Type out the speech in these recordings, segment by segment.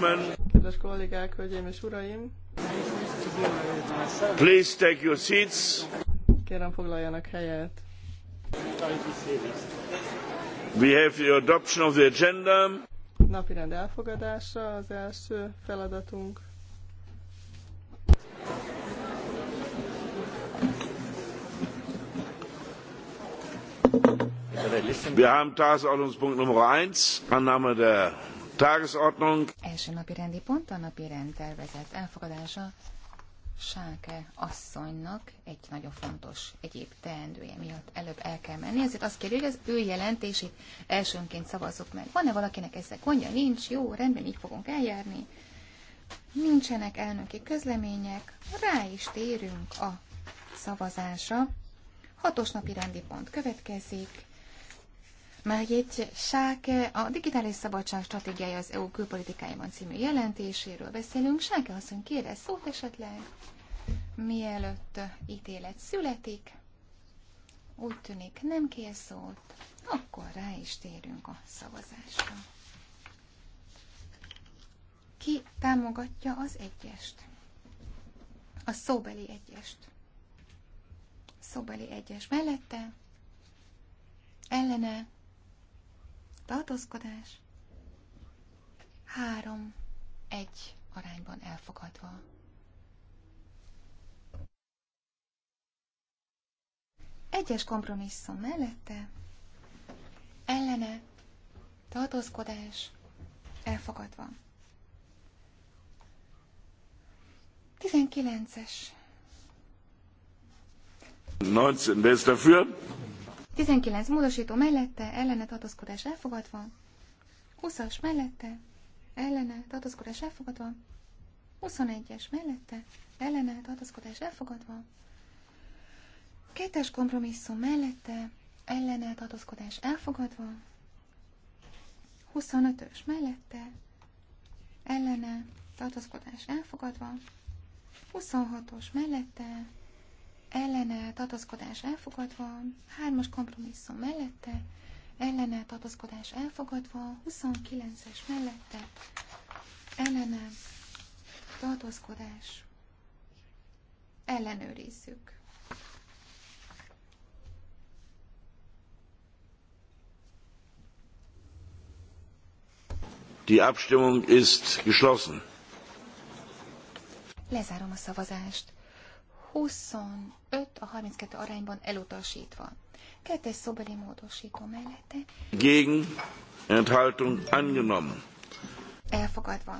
gentlemen. Kedves kollégák, hölgyeim és uraim. Please take your seats. Kérem foglaljanak helyet. We have the adoption of the agenda. Napi rend elfogadása az első feladatunk. Wir haben Tagesordnungspunkt Nummer 1, Annahme der Tagesordnung. Első napi rendi pont a napi rendtervezet elfogadása Sáke asszonynak egy nagyon fontos egyéb teendője miatt előbb el kell menni, ezért azt kérjük, hogy az ő jelentését elsőnként szavazzuk meg. Van-e valakinek ezzel gondja? Nincs, jó, rendben, így fogunk eljárni. Nincsenek elnöki közlemények, rá is térünk a szavazásra. Hatos napi rendi pont következik egy Sáke, a Digitális Szabadság Stratégiája az EU külpolitikájában című jelentéséről beszélünk. Sáke asszony kére szót esetleg, mielőtt ítélet születik. Úgy tűnik nem kér szót, akkor rá is térünk a szavazásra. Ki támogatja az egyest? A szóbeli egyest. Szóbeli egyes mellette, ellene, tartózkodás, három, egy arányban elfogadva. Egyes kompromisszum mellette, ellene, tartózkodás, elfogadva. 19-es. 19, wer ist dafür? 19 módosító mellette, ellene tartózkodás elfogadva. 20-as mellette, ellene tartózkodás elfogadva. 21-es mellette, ellene tartózkodás elfogadva. Kettes kompromisszum mellette, ellene tartózkodás elfogadva. 25-ös mellette, ellene tartózkodás elfogadva. 26-os mellette, ellene tartozkodás elfogadva, hármas kompromisszum mellette, ellene tartozkodás elfogadva, 29-es mellette, ellene tartozkodás ellenőrizzük. Die Abstimmung ist geschlossen. Lezárom a szavazást. 25 a 32 arányban elutasítva. Kettes szobeli módosító mellette. Gegen Enthaltung angenommen. Elfogadva.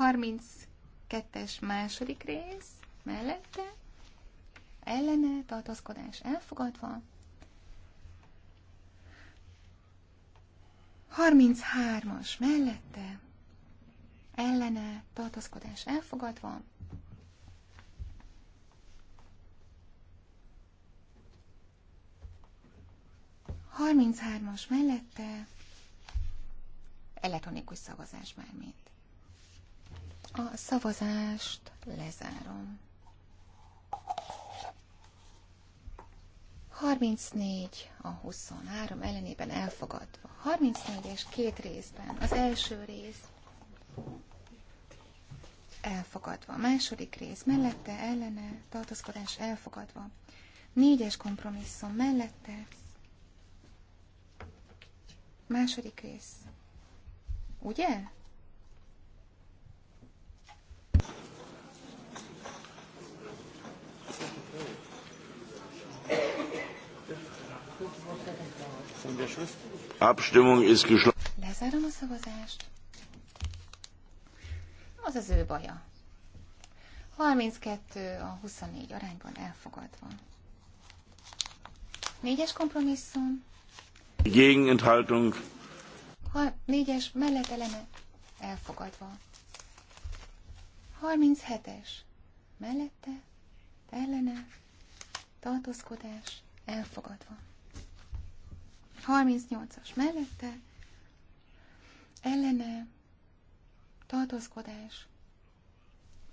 32-es második rész mellette. Ellene tartózkodás elfogadva. 33-as mellette ellene tartaszkodás elfogadva. hármas mellette elektronikus szavazás mármint. A szavazást lezárom. 34 a 23 ellenében elfogadva. 34 es két részben. Az első rész elfogadva. Második rész mellette, ellene, tartozkodás elfogadva. Négyes kompromisszum mellette, második rész. Ugye? Abstimmung ist geschlossen. Lezárom a szavazást az az ő baja. 32 a 24 arányban elfogadva. Négyes kompromisszum. Gegenenthaltung. Ha négyes mellett eleme elfogadva. 37-es mellette ellene tartózkodás elfogadva. 38-as mellette ellene Tartózkodás.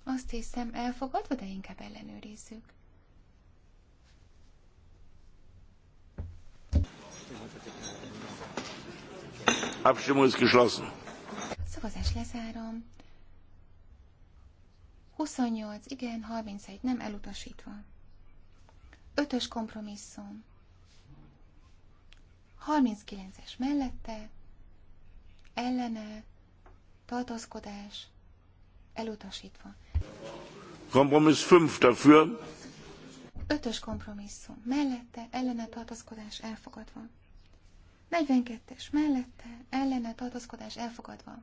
Azt hiszem elfogadva, de inkább ellenőrizzük. Szavazás lezárom. 28 igen, 31 nem elutasítva. Ötös kompromisszum. 39-es mellette, ellene, tartózkodás elutasítva. Kompromiss 5 dafür. Ötös kompromisszum. Mellette ellene tartózkodás elfogadva. 42-es mellette ellene tartózkodás elfogadva.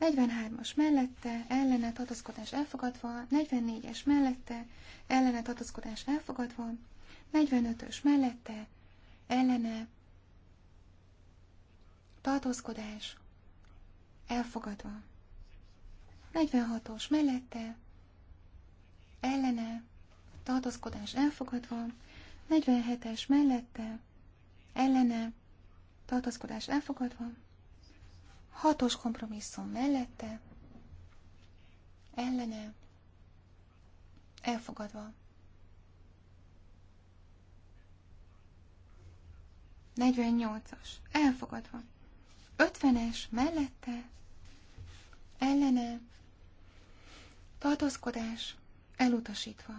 43-as mellette ellene tartózkodás elfogadva, 44-es mellette ellene tartózkodás elfogadva, 45-ös mellette ellene tartózkodás elfogadva. 46-os mellette, ellene, tartózkodás elfogadva, 47-es mellette, ellene, tartózkodás elfogadva, 6-os kompromisszum mellette, ellene, elfogadva. 48-as, elfogadva. 50-es mellette, ellene, tartózkodás, elutasítva.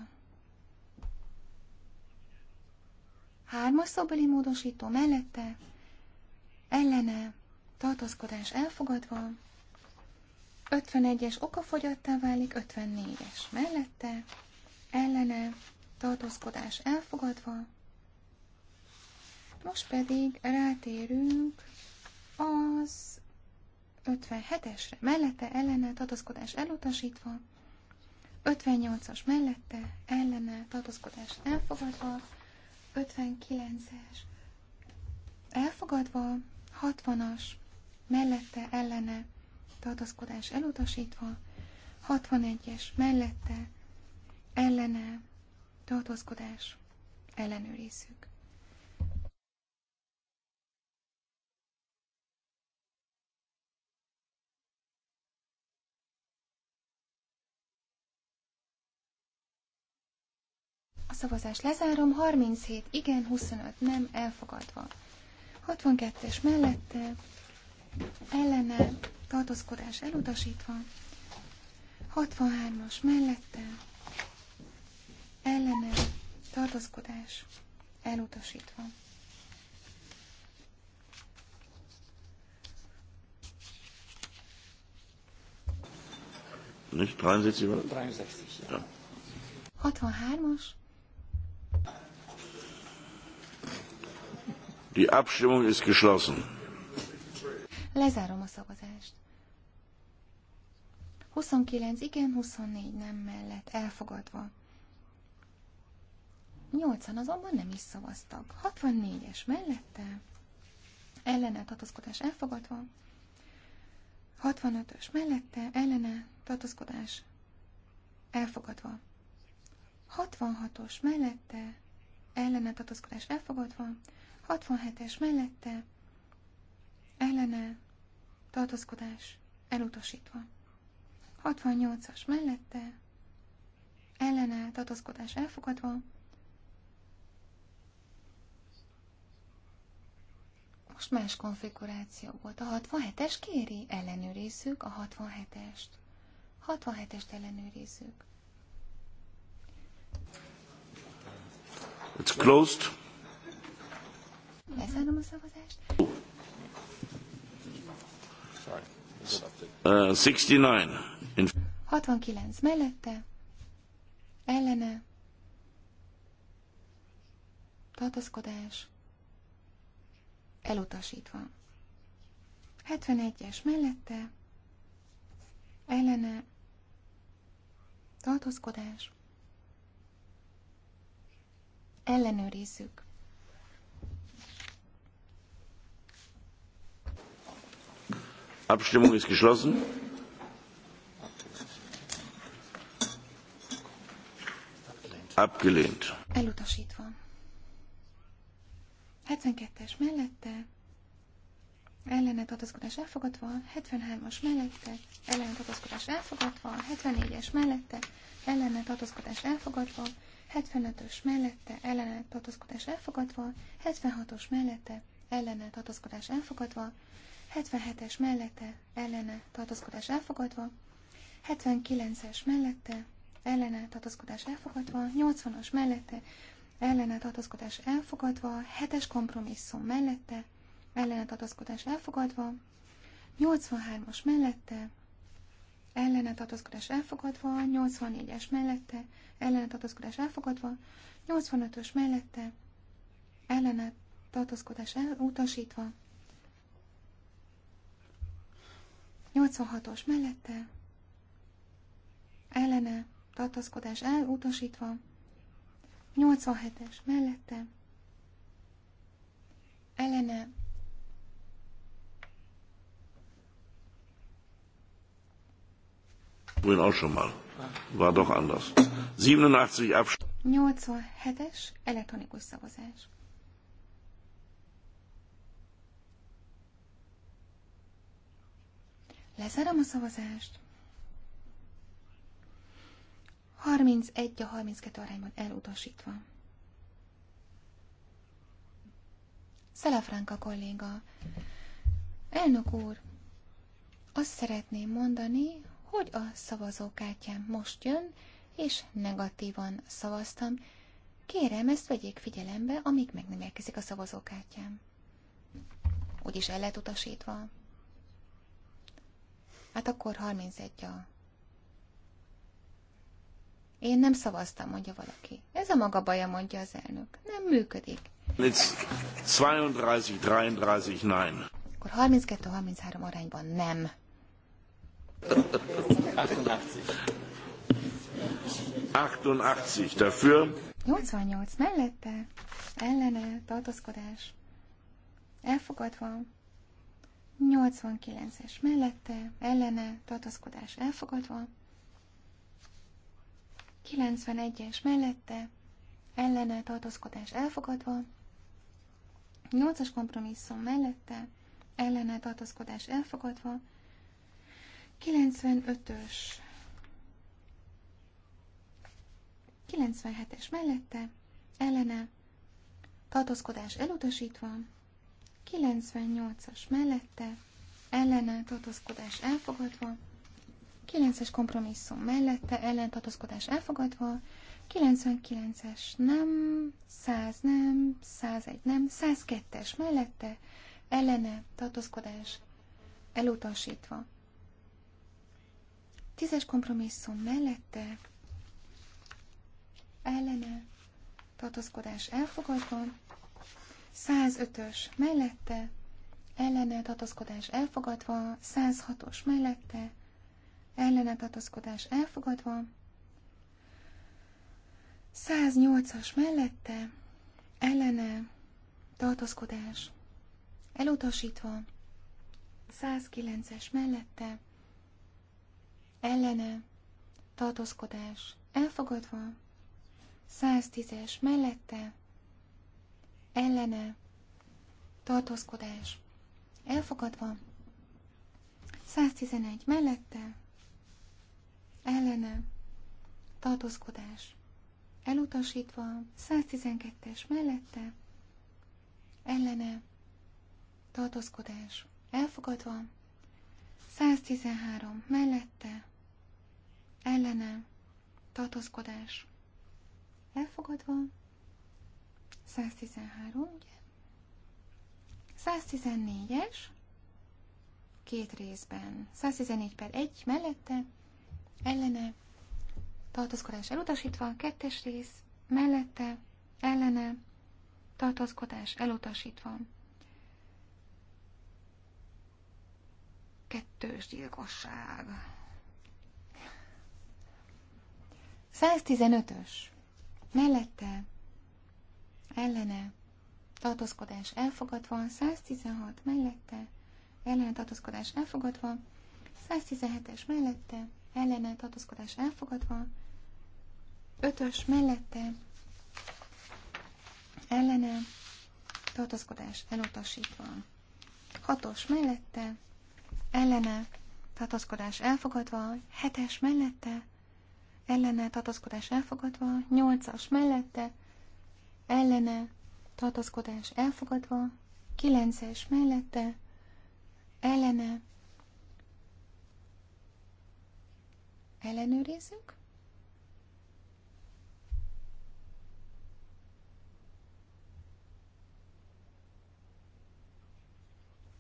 Hármas szobeli módosító mellette, ellene, tartózkodás elfogadva, 51-es okafogyattá válik, 54-es mellette, ellene, tartózkodás elfogadva. Most pedig rátérünk az 57-esre mellette ellene tartózkodás elutasítva, 58-as mellette ellene tartózkodás elfogadva, 59-es elfogadva, 60-as mellette ellene tartózkodás elutasítva, 61-es mellette ellene tartózkodás ellenőrizzük. A szavazás lezárom, 37 igen, 25 nem, elfogadva. 62-es mellette, ellene, tartózkodás elutasítva. 63-as mellette, ellene, tartózkodás elutasítva. Nicht 63 war? 63, ja. 63-as Die Abstimmung ist geschlossen. Lezárom a szavazást. 29 igen, 24 nem mellett elfogadva. 80 azonban nem is szavaztak. 64-es mellette, ellene tartózkodás elfogadva. 65-ös mellette, ellene tartózkodás elfogadva. 66-os mellette, ellene tartózkodás elfogadva. 67-es mellette, ellene, tartózkodás, elutasítva. 68-as mellette, ellene, tartózkodás elfogadva. Most más konfiguráció volt. A 67-es kéri, ellenőrizzük a 67-est. 67-est ellenőrizzük. It's closed a szavazást. Uh, 69. mellette, ellene, tartozkodás, elutasítva. 71-es mellette, ellene, tartozkodás, ellenőrizzük. Abstimmung ist geschlossen. Abgelehnt. Elutasítva. 72-es mellette, ellene tartozkodás elfogadva, 73-as mellette, ellene tartozkodás elfogadva, 74-es mellette, ellene tartozkodás elfogadva, 75-ös mellette, ellene tartozkodás elfogadva, 76-os mellette, ellene tartozkodás elfogadva, 77-es mellette, ellene, tartózkodás elfogadva, 79-es mellette, ellene, tartózkodás elfogadva, 80-as mellette, ellene, tartózkodás elfogadva, 7-es kompromisszum mellette, ellene, tartózkodás elfogadva, 83-as mellette, ellene tartózkodás elfogadva, 84-es mellette, ellene tartózkodás elfogadva, 85-ös mellette, ellene tartózkodás elutasítva, 86-os mellette, ellene, tartaszkodás elutasítva, 87-es mellette, ellene, Vorhin auch schon mal. War doch anders. 87 Abstimmung. 87-es elektronikus szavazás. Lezárom a szavazást. 31 a 32 arányban elutasítva. Szelefránka kolléga, elnök úr, azt szeretném mondani, hogy a szavazókártyám most jön, és negatívan szavaztam. Kérem, ezt vegyék figyelembe, amíg meg nem érkezik a szavazókártyám. Úgyis el lehet utasítva. Hát akkor 31 a... Én nem szavaztam, mondja valaki. Ez a maga baja, mondja az elnök. Nem működik. It's 32-33 nein. Akkor 32-33 arányban nem. 88 dafür. 88 mellette. Ellene, tartózkodás. Elfogadva. 89-es mellette, ellene, tartózkodás elfogadva. 91-es mellette, ellene, tartózkodás elfogadva. 8-as kompromisszum mellette, ellene, tartózkodás elfogadva. 95-ös 97-es mellette, ellene, tartózkodás elutasítva, 98-as mellette, ellene elfogadva, 9-es kompromisszum mellette, ellen elfogadva, 99-es nem, 100 nem, 101 nem, 102-es mellette, ellene tartózkodás elutasítva. 10-es kompromisszum mellette, ellene tartózkodás elfogadva, 105-ös mellette, ellene tartózkodás elfogadva, 106-os mellette, ellene tartózkodás elfogadva, 108-as mellette, ellene tartózkodás elutasítva, 109-es mellette, ellene tartózkodás elfogadva, 110-es mellette, ellene, tartózkodás, elfogadva, 111 mellette, ellene, tartózkodás, elutasítva, 112-es mellette, ellene, tartózkodás, elfogadva, 113 mellette, ellene, tartózkodás, elfogadva, 113, ugye? 114-es, két részben. 114 per 1 mellette, ellene, tartózkodás elutasítva, kettes rész, mellette, ellene, tartózkodás elutasítva. Kettős gyilkosság. 115-ös. Mellette, ellene tartózkodás elfogadva, 116 mellette, ellene tartózkodás elfogadva, 117-es mellette, ellene tartózkodás elfogadva, 5-ös mellette, ellene tartózkodás elutasítva, 6-os mellette, ellene tartózkodás elfogadva, 7-es mellette, ellene tartózkodás elfogadva, 8-as mellette, ellene, tartaszkodás elfogadva, kilences mellette, ellene, ellenőrizzük,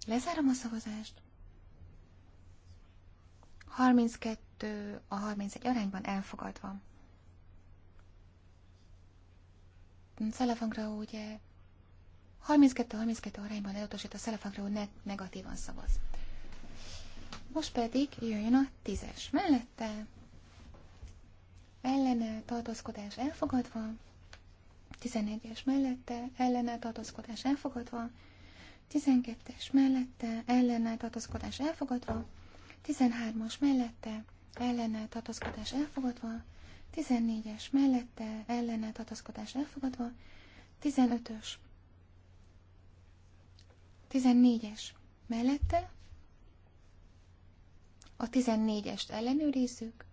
Lezárom a szavazást. 32 a 31 arányban elfogadva. Szalafangra ugye 32-32 arányban elutasít a hogy ne negatívan szavaz. Most pedig jöjjön a tízes mellette. Ellene tartózkodás elfogadva. 11-es mellette, ellene tartózkodás elfogadva. 12-es mellette, ellene tartózkodás elfogadva. 13-as mellette, ellene tartózkodás elfogadva. 14-es mellette ellene tartaszkodás elfogadva, 15-ös, 14-es mellette, a 14-est ellenőrizzük,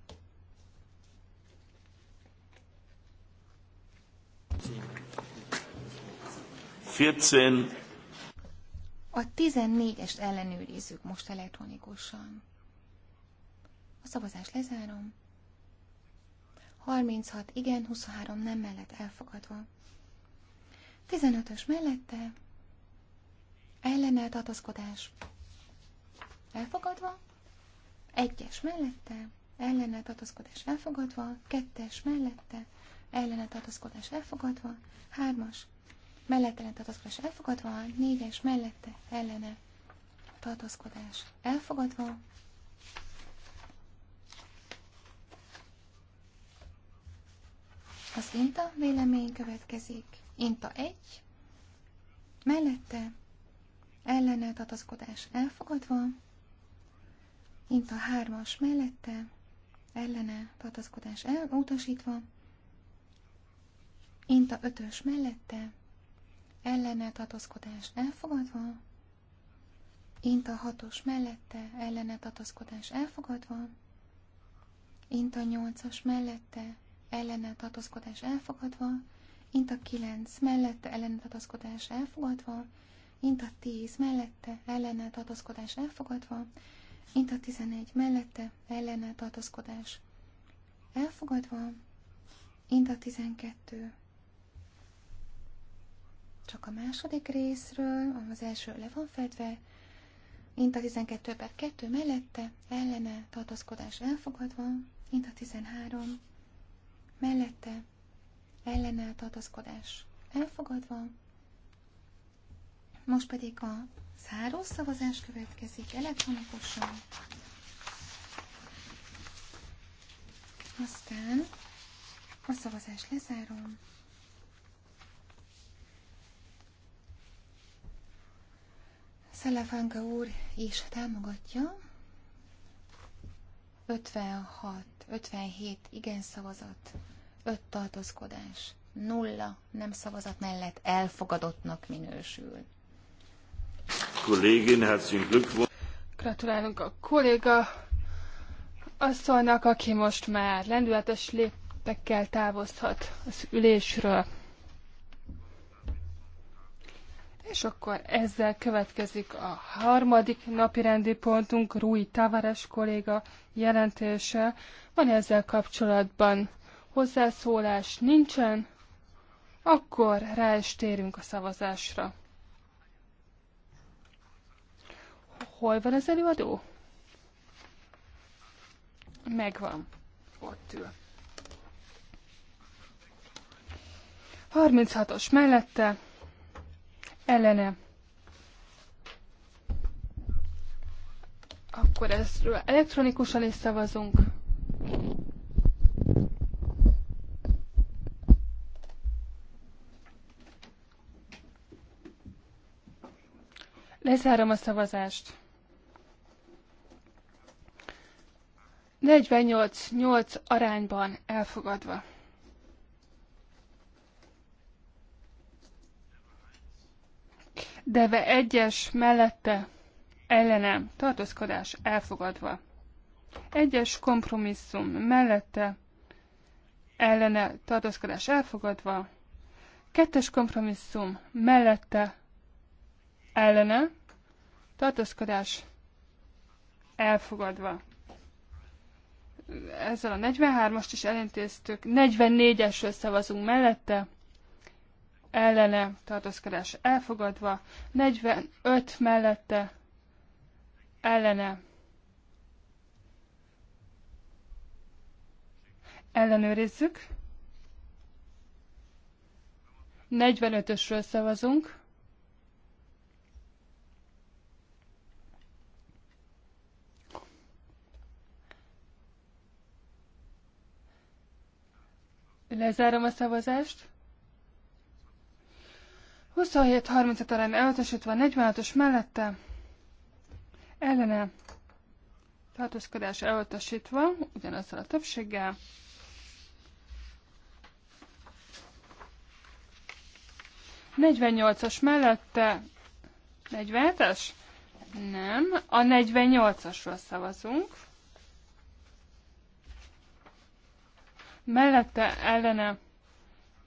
A 14-est ellenőrizzük most elektronikusan. A szavazást lezárom. 36 igen, 23 nem mellett elfogadva. 15-ös mellette ellenelt tartozkodás elfogadva, 1-es mellette ellenelt tartozkodás elfogadva, 2-es mellette ellenelt tartozkodás elfogadva, 3-as mellette ellen tartozkodás elfogadva, 4-es mellette ellene tartozkodás elfogadva, Az INTA vélemény következik. INTA 1. Mellette ellene tartozkodás elfogadva. INTA 3-as mellette ellene tartozkodás elutasítva. Inta 5-ös mellette, ellene tartozkodás elfogadva, Inta 6-os mellette, ellene tartozkodás elfogadva, Inta 8-as mellette, ellene tartózkodás elfogadva, mint a 9 mellette ellene tartózkodás elfogadva, mint a 10 mellette ellene tartózkodás elfogadva, mint a 11 mellette ellene tartózkodás elfogadva, mint a 12 csak a második részről, az első le van fedve, mint a 12 per 2 mellette ellene tartózkodás elfogadva, mint a 13 mellette ellene tartózkodás elfogadva. Most pedig a záró szavazás következik elektronikusan. Aztán a szavazás lezárom. Szelefánka úr is támogatja 56, 57 igen szavazat, 5 tartózkodás, 0 nem szavazat mellett elfogadottnak minősül. Kollégin, herzlichen Glückwunsch. Gratulálunk a kolléga asszonynak, aki most már lendületes léptekkel távozhat az ülésről. És akkor ezzel következik a harmadik napi rendi pontunk, Rui Tavares kolléga jelentése. Van ezzel kapcsolatban hozzászólás nincsen, akkor rá is térünk a szavazásra. Hol van az előadó? Megvan. Ott ül. 36-os mellette ellene. Akkor ezről elektronikusan is szavazunk. Lezárom a szavazást. 48-8 arányban elfogadva. deve egyes mellette ellenem tartózkodás elfogadva. Egyes kompromisszum mellette ellene tartózkodás elfogadva. Kettes kompromisszum mellette ellene tartózkodás elfogadva. Ezzel a 43-ast is elintéztük. 44-esről szavazunk mellette ellene tartózkodás elfogadva, 45 mellette ellene ellenőrizzük. 45-ösről szavazunk. Lezárom a szavazást. 27-35 arány elutasítva, 46-os mellette ellene tartózkodás elutasítva, ugyanazzal a többséggel. as mellette 47-es? Nem, a 48-asról szavazunk. Mellette ellene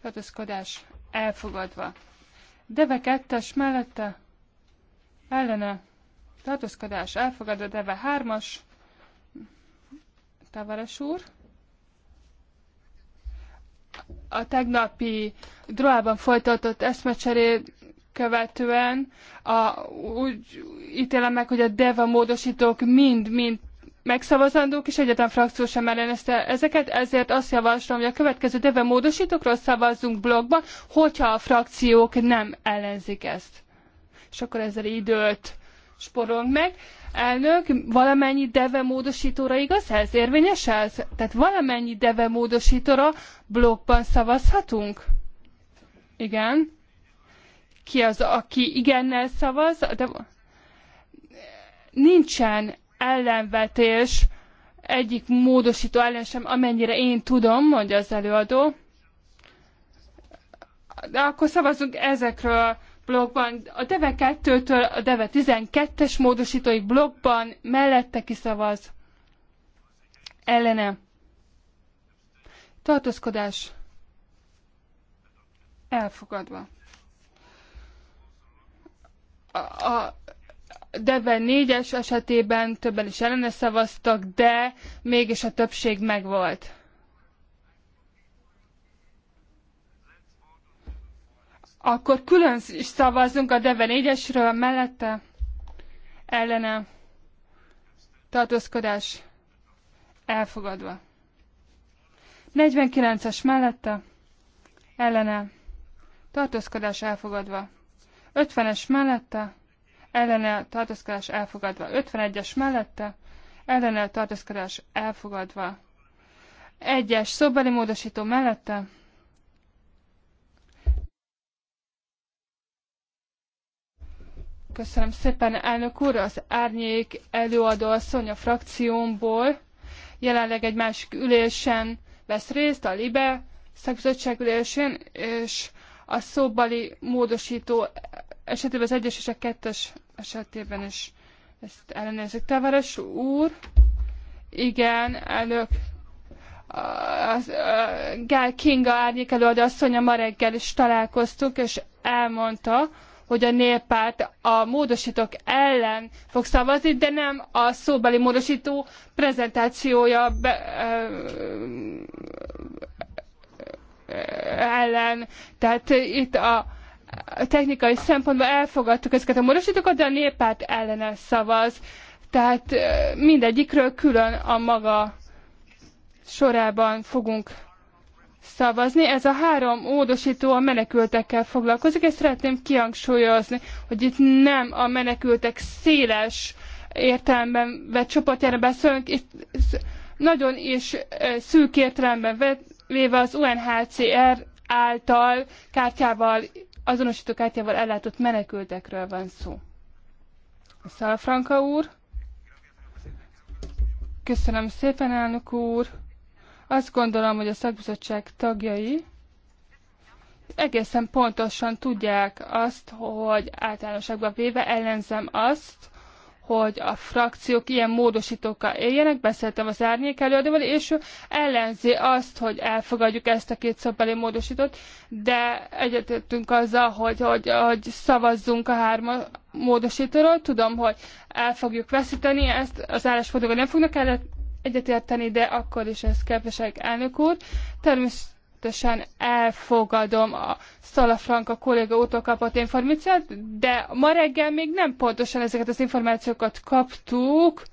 tartózkodás elfogadva. Deve kettes mellette ellene tartózkodás a Deve hármas. Tavares úr. A tegnapi Droában folytatott eszmecserét követően a, úgy ítélem meg, hogy a DEVA módosítók mind-mind megszavazandók, és egyetlen frakció sem ellenezte ezeket, ezért azt javaslom, hogy a következő deve módosítókról szavazzunk blogban, hogyha a frakciók nem ellenzik ezt. És akkor ezzel időt sporolunk meg. Elnök, valamennyi deve módosítóra igaz ez? Érvényes ez? Tehát valamennyi deve módosítóra blogban szavazhatunk? Igen. Ki az, aki igennel szavaz? De nincsen ellenvetés egyik módosító ellen sem, amennyire én tudom, mondja az előadó. De akkor szavazunk ezekről blogban. A DEVE 2-től a DEVE 12-es módosítói blogban mellette kiszavaz. Ellene. Tartózkodás. Elfogadva. A, a Deve 4-es esetében többen is ellene szavaztak, de mégis a többség megvolt. Akkor külön is szavazzunk a Deve 4-esről mellette. Ellene. Tartózkodás. Elfogadva. 49-es mellette. Ellene. Tartózkodás elfogadva. 50-es mellette ellene tartózkodás elfogadva. 51-es mellette ellene tartózkodás elfogadva. 1-es szóbeli módosító mellette Köszönöm szépen, elnök úr, az árnyék előadó asszony a frakciómból. Jelenleg egy másik ülésen vesz részt, a LIBE szakbizottság ülésén, és a szóbali módosító esetében az egyes és a kettes esetében is ezt ellenőrzik. Tavares úr, igen, elnök a Gál Kinga árnyék előadó asszonya ma reggel is találkoztunk, és elmondta, hogy a néppárt a módosítók ellen fog szavazni, de nem a szóbeli módosító prezentációja be, ellen. Tehát itt a technikai szempontból elfogadtuk ezeket a módosítókat, de a néppárt ellene szavaz. Tehát mindegyikről külön a maga sorában fogunk szavazni. Ez a három módosító a menekültekkel foglalkozik, ezt szeretném kihangsúlyozni, hogy itt nem a menekültek széles értelemben vett csoportjára beszélünk, itt nagyon is szűk értelemben véve az UNHCR által kártyával azonosító kártyával ellátott menekültekről van szó. Szalfranka úr. Köszönöm szépen, elnök úr. Azt gondolom, hogy a szakbizottság tagjai egészen pontosan tudják azt, hogy általánosságban véve ellenzem azt, hogy a frakciók ilyen módosítókkal éljenek, beszéltem az árnyék előadóval, és ő ellenzi azt, hogy elfogadjuk ezt a két szabbeli módosítót, de egyetértünk azzal, hogy, hogy, hogy szavazzunk a hárma módosítóról. Tudom, hogy el fogjuk veszíteni, ezt az álláspontokat nem fognak el egyetérteni, de akkor is ezt képesek elnök úr. Természetesen természetesen elfogadom a Szalafranka kolléga útól kapott információt, de ma reggel még nem pontosan ezeket az információkat kaptuk,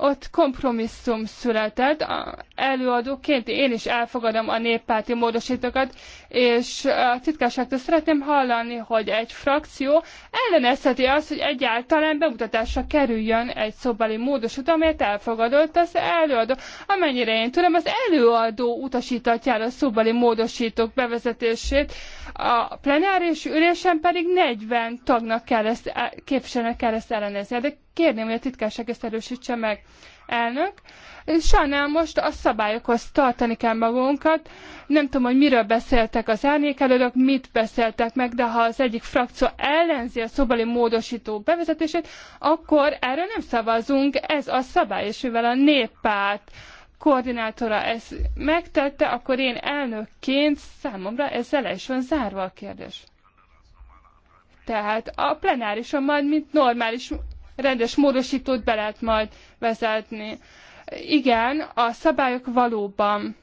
ott kompromisszum született. Előadóként én is elfogadom a néppárti módosítókat, és a titkárságtól szeretném hallani, hogy egy frakció ellenezheti azt, hogy egyáltalán bemutatásra kerüljön egy szobali módosító, amelyet elfogadott az előadó. Amennyire én tudom, az előadó utasítatja el a szobali módosítók bevezetését, a plenáris ülésen pedig 40 tagnak kell ezt, képviselőnek kell ezt ellenezni. De kérném, hogy a titkárság ezt erősítse meg. Elnök, sajnálom most a szabályokhoz tartani kell magunkat. Nem tudom, hogy miről beszéltek az árnyékelődök, mit beszéltek meg, de ha az egyik frakció ellenzi a szobali módosító bevezetését, akkor erről nem szavazunk, ez a szabály, és mivel a néppárt koordinátora ezt megtette, akkor én elnökként számomra ezzel is van zárva a kérdés. Tehát a plenárison majd, mint normális rendes módosítót be lehet majd vezetni. Igen, a szabályok valóban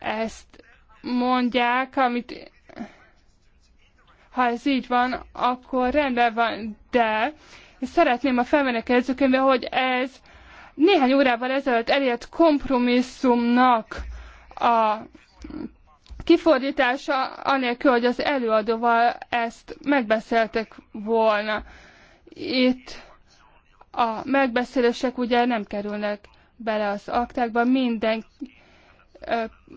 ezt mondják, amit ha ez így van, akkor rendben van, de szeretném a felmenekezőkönyvbe, hogy ez néhány órával ezelőtt elért kompromisszumnak a kifordítása, anélkül, hogy az előadóval ezt megbeszéltek volna itt a megbeszélések ugye nem kerülnek bele az aktákba, minden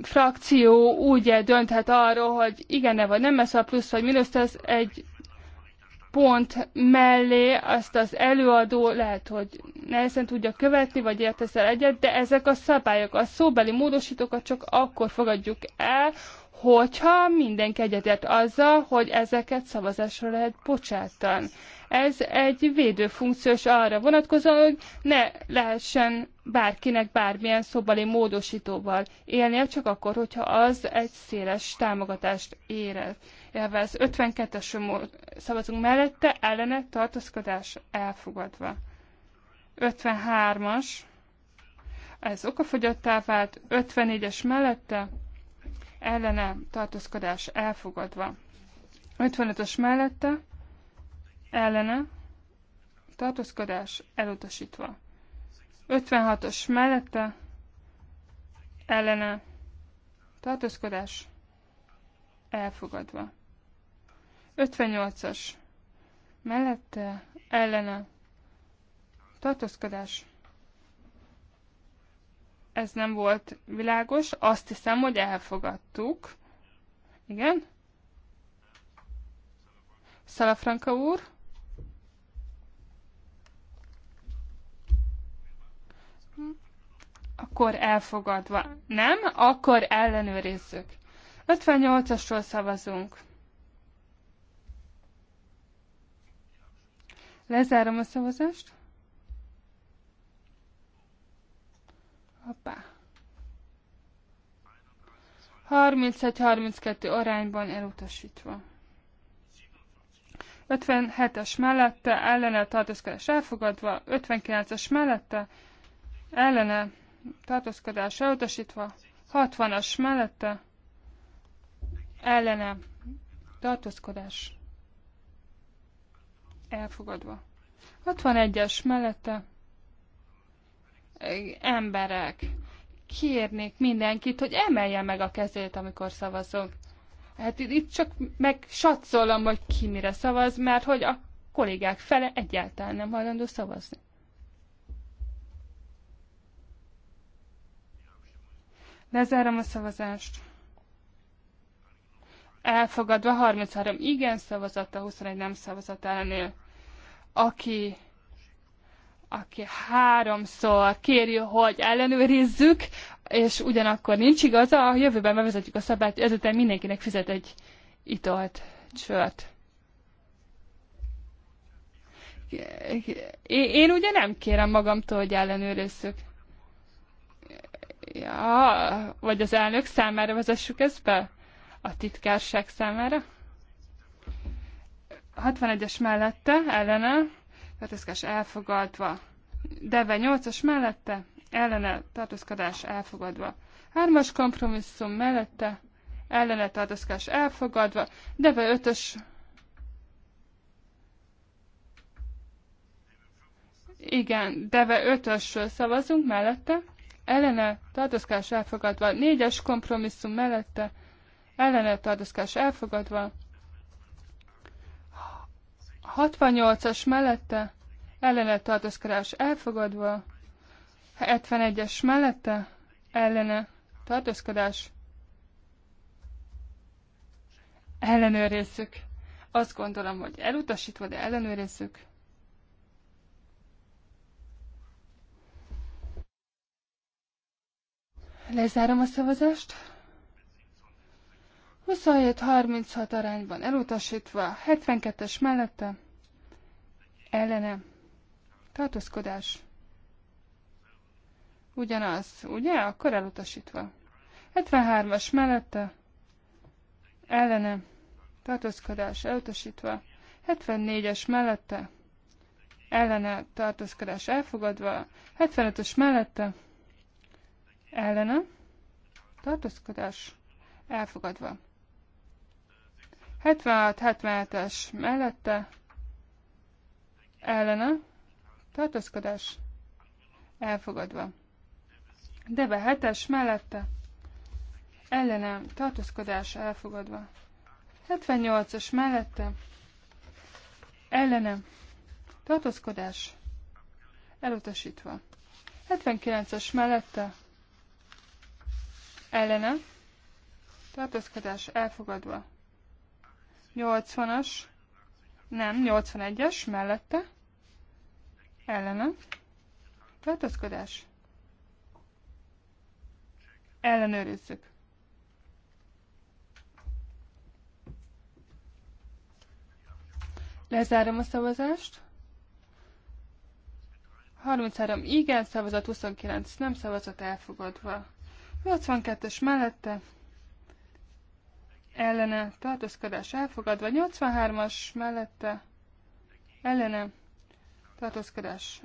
frakció úgy dönthet arról, hogy igen-e vagy nem ez a plusz vagy mínusz, ez egy pont mellé azt az előadó lehet, hogy nehezen tudja követni, vagy ért egyet, de ezek a szabályok, a szóbeli módosítókat csak akkor fogadjuk el, hogyha mindenki egyetért azzal, hogy ezeket szavazásra lehet bocsátani. Ez egy védőfunkciós arra vonatkozó, hogy ne lehessen bárkinek bármilyen szobali módosítóval élnie, csak akkor, hogyha az egy széles támogatást érez. Élvez 52-es szavazunk mellette, ellene tartózkodás elfogadva. 53-as, ez okafogyottá vált, 54-es mellette, ellene tartózkodás elfogadva. 55-ös mellette ellene tartózkodás elutasítva. 56-os mellette ellene tartózkodás elfogadva. 58-as mellette ellene tartózkodás ez nem volt világos. Azt hiszem, hogy elfogadtuk. Igen. Szalafranka úr. Akkor elfogadva. Nem? Akkor ellenőrizzük. 58-asról szavazunk. Lezárom a szavazást. Hoppá. 31-32 arányban elutasítva. 57-es mellette ellene tartózkodás elfogadva, 59-es mellette ellene tartózkodás elutasítva, 60-as mellette ellene tartózkodás elfogadva. 61-es mellette emberek, kérnék mindenkit, hogy emelje meg a kezét, amikor szavazunk. Hát itt csak meg satszolom, hogy ki mire szavaz, mert hogy a kollégák fele egyáltalán nem hajlandó szavazni. Lezárom a szavazást. Elfogadva 33 igen szavazata, 21 nem szavazat ellenél. Aki aki háromszor kéri, hogy ellenőrizzük, és ugyanakkor nincs igaza, a jövőben bevezetjük a szabályt, ezután mindenkinek fizet egy italt, csört. Én, én ugye nem kérem magamtól, hogy ellenőrizzük. Ja, vagy az elnök számára vezessük ezt be? A titkárság számára? 61-es mellette, ellene tartózkodás elfogadva. Deve 8-as mellette, ellene tartózkodás elfogadva. 3-as kompromisszum mellette, ellene tartózkodás elfogadva. Deve 5-ös Igen, Deve 5-ösről szavazunk mellette. Ellene tartózkodás elfogadva. 4-es kompromisszum mellette, ellene tartózkodás elfogadva. 68-as mellette ellene tartózkodás elfogadva, 71-es mellette ellene tartózkodás ellenőrizzük. Azt gondolom, hogy elutasítva, de ellenőrizzük. Lezárom a szavazást. 27-36 arányban elutasítva, 72-es mellette, ellene, tartózkodás, ugyanaz, ugye? Akkor elutasítva. 73-as mellette, ellene, tartózkodás, elutasítva, 74-es mellette, ellene, tartózkodás, elfogadva, 75-ös mellette, ellene, tartózkodás, elfogadva. 76-77-es mellette ellene tartózkodás elfogadva. Debe 7-es mellette ellene tartózkodás elfogadva. 78-as mellette ellene tartózkodás elutasítva. 79-es mellette ellene tartózkodás elfogadva. 80-as, nem, 81-es, mellette, ellene, tartózkodás, ellenőrizzük. Lezárom a szavazást. 33 igen, szavazat 29 nem szavazat elfogadva. 82-es mellette ellene tartózkodás elfogadva, 83-as mellette ellene tartózkodás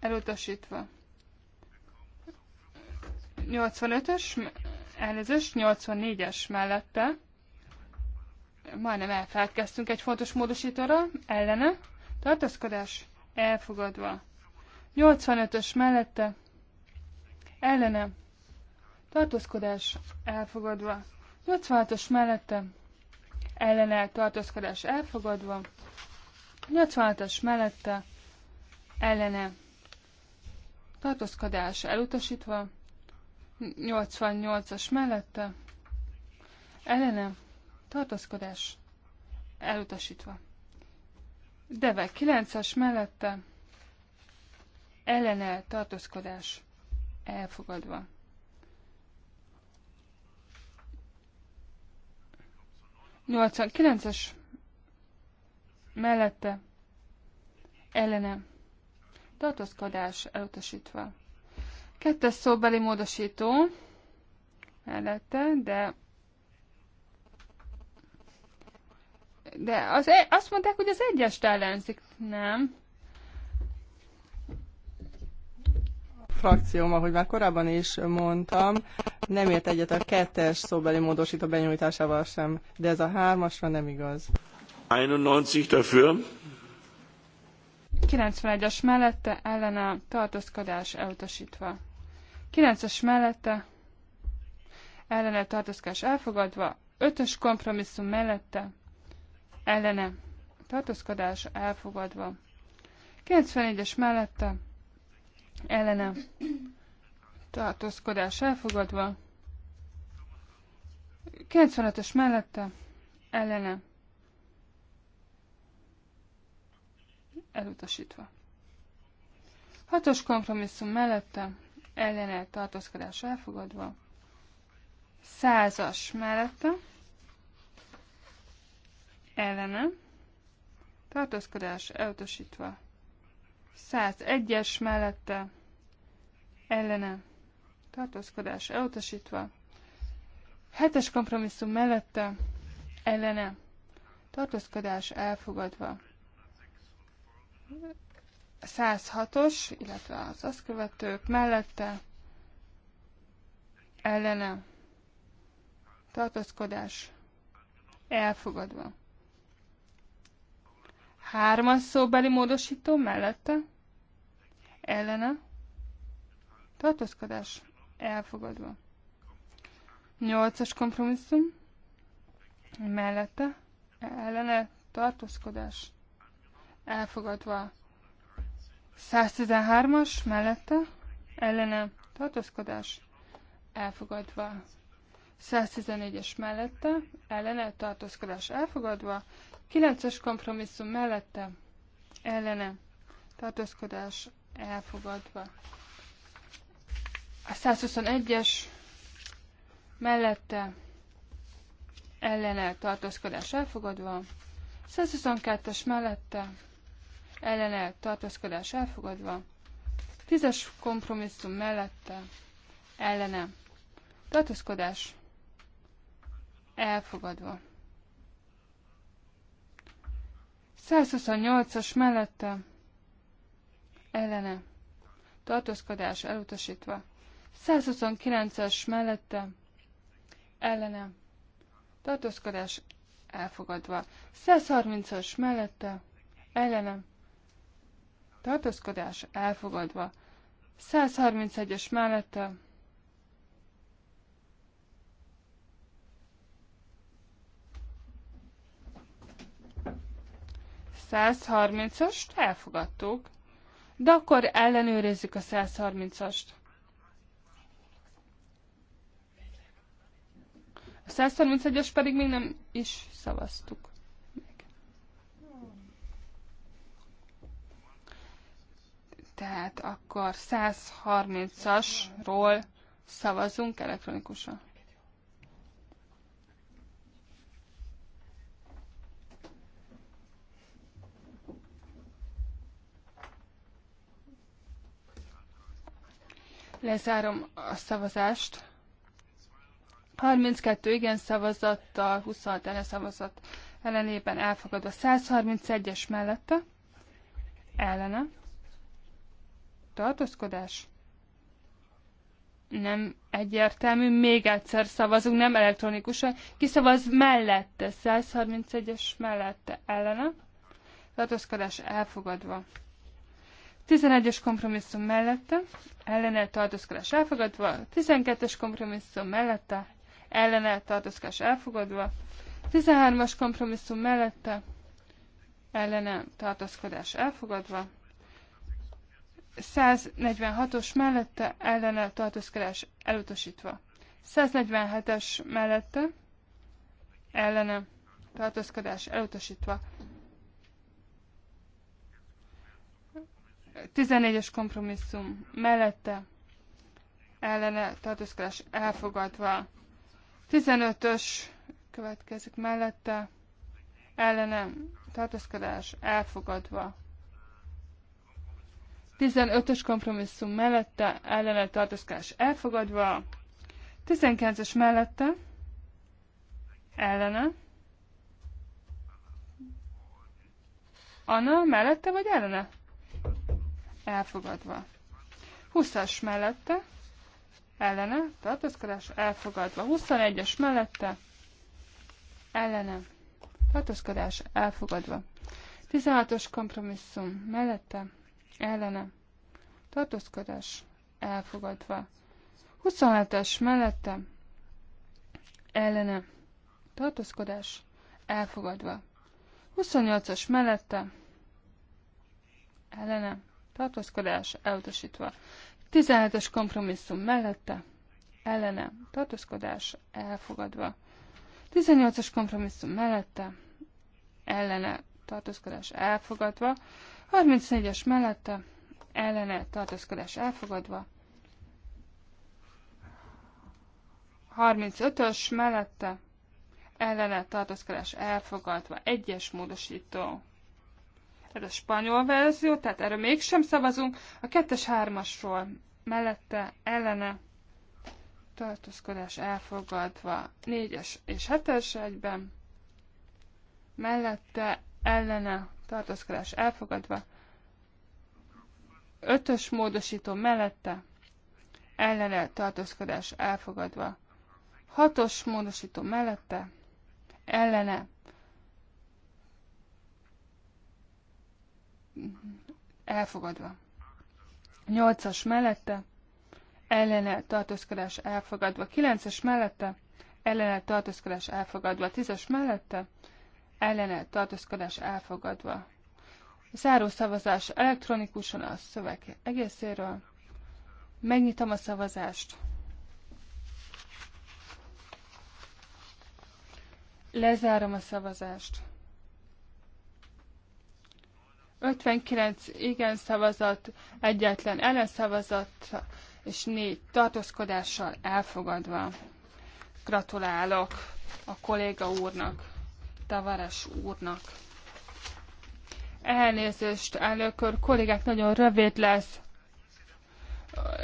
elutasítva. 85-ös, elnézős, 84-es mellette majdnem elfelelkeztünk egy fontos módosítóra, ellene tartózkodás elfogadva. 85-ös mellette ellene tartózkodás elfogadva. 86 mellette ellene tartózkodás elfogadva, 86 mellette ellene tartózkodás elutasítva, 88-as mellette ellene tartózkodás elutasítva. Deve 9-as mellette ellene tartózkodás elfogadva. 89-es mellette ellene tartózkodás elutasítva. Kettes szóbeli módosító mellette, de de az, e- azt mondták, hogy az egyest ellenzik. Nem. frakcióm, ahogy már korábban is mondtam, nem ért egyet a kettes szóbeli módosító benyújtásával sem, de ez a hármasra nem igaz. 91 dafür. 91-es mellette ellene tartózkodás elutasítva. 9-es mellette ellene tartózkodás elfogadva. 5-ös kompromisszum mellette ellene tartózkodás elfogadva. 91-es mellette ellene tartózkodás elfogadva, 95-ös mellette ellene elutasítva. Hatos kompromisszum mellette ellene tartózkodás elfogadva, százas mellette ellene tartózkodás elutasítva. 101-es mellette ellene tartózkodás elutasítva, 7-es kompromisszum mellette ellene tartózkodás elfogadva, 106-os, illetve az azt követők mellette ellene tartózkodás elfogadva. Hármas szóbeli módosító mellette? Ellene? Tartózkodás elfogadva. Nyolcas kompromisszum mellette? Ellene? Tartózkodás elfogadva. 113-as mellette? Ellene? Tartózkodás elfogadva. 114-es mellette, ellene tartózkodás elfogadva, Kilences kompromisszum mellette ellene tartózkodás elfogadva. A 121-es mellette ellene tartózkodás elfogadva. 122-es mellette ellene tartózkodás elfogadva. 10-es kompromisszum mellette ellene tartózkodás elfogadva. 128-as mellette ellene tartózkodás elutasítva. 129-es mellette ellene tartózkodás elfogadva. 130-as mellette ellene tartózkodás elfogadva. 131-es mellette 130-ast elfogadtuk, de akkor ellenőrizzük a 130-ast. A 131-es pedig még nem is szavaztuk. Meg. Tehát akkor 130-asról szavazunk elektronikusan. Lezárom a szavazást. 32 igen szavazattal, 26 ellen szavazat ellenében elfogadva. 131-es mellette. Ellene. Tartózkodás. Nem egyértelmű. Még egyszer szavazunk, nem elektronikusan. Kiszavaz mellette. 131-es mellette. Ellene. Tartózkodás elfogadva. 11-es kompromisszum mellette, ellene tartózkodás elfogadva, 12-es kompromisszum mellette, ellene tartózkodás elfogadva, 13-as kompromisszum mellette, ellene tartózkodás elfogadva, 146-os mellette, ellene tartózkodás elutasítva, 147-es mellette, ellene tartózkodás elutasítva, 14-es kompromisszum mellette ellene tartózkodás elfogadva. 15-ös következik mellette ellene tartózkodás elfogadva. 15-ös kompromisszum mellette ellene tartózkodás elfogadva. 19-es mellette ellene Anna mellette vagy ellene? elfogadva. 20-as mellette, ellene, tartózkodás elfogadva. 21-es mellette, ellene, tartózkodás elfogadva. 16-os kompromisszum mellette, ellene, tartózkodás elfogadva. 27-es mellette, ellene, tartózkodás elfogadva. 28-as mellette, ellene, tartózkodás elutasítva. 17-es kompromisszum mellette, ellene, tartózkodás elfogadva. 18-as kompromisszum mellette, ellene, tartózkodás elfogadva. 34-es mellette, ellene, tartózkodás elfogadva. 35-ös mellette, ellene, tartózkodás elfogadva. 1-es módosító ez a spanyol verzió, tehát erre mégsem szavazunk. A kettes-hármasról mellette ellene tartózkodás elfogadva négyes és hetes egyben, mellette ellene tartózkodás elfogadva ötös módosító mellette ellene tartózkodás elfogadva hatos módosító mellette ellene elfogadva. Nyolcas mellette ellene tartózkodás elfogadva. Kilences mellette ellene tartózkodás elfogadva. Tízes mellette ellene tartózkodás elfogadva. Záró szavazás elektronikusan a szöveg egészéről. Megnyitom a szavazást. Lezárom a szavazást. 59 igen szavazat, egyetlen ellenszavazat és négy tartózkodással elfogadva. Gratulálok a kolléga úrnak, Tavares úrnak. Elnézést, elnök úr, kollégák, nagyon rövid lesz.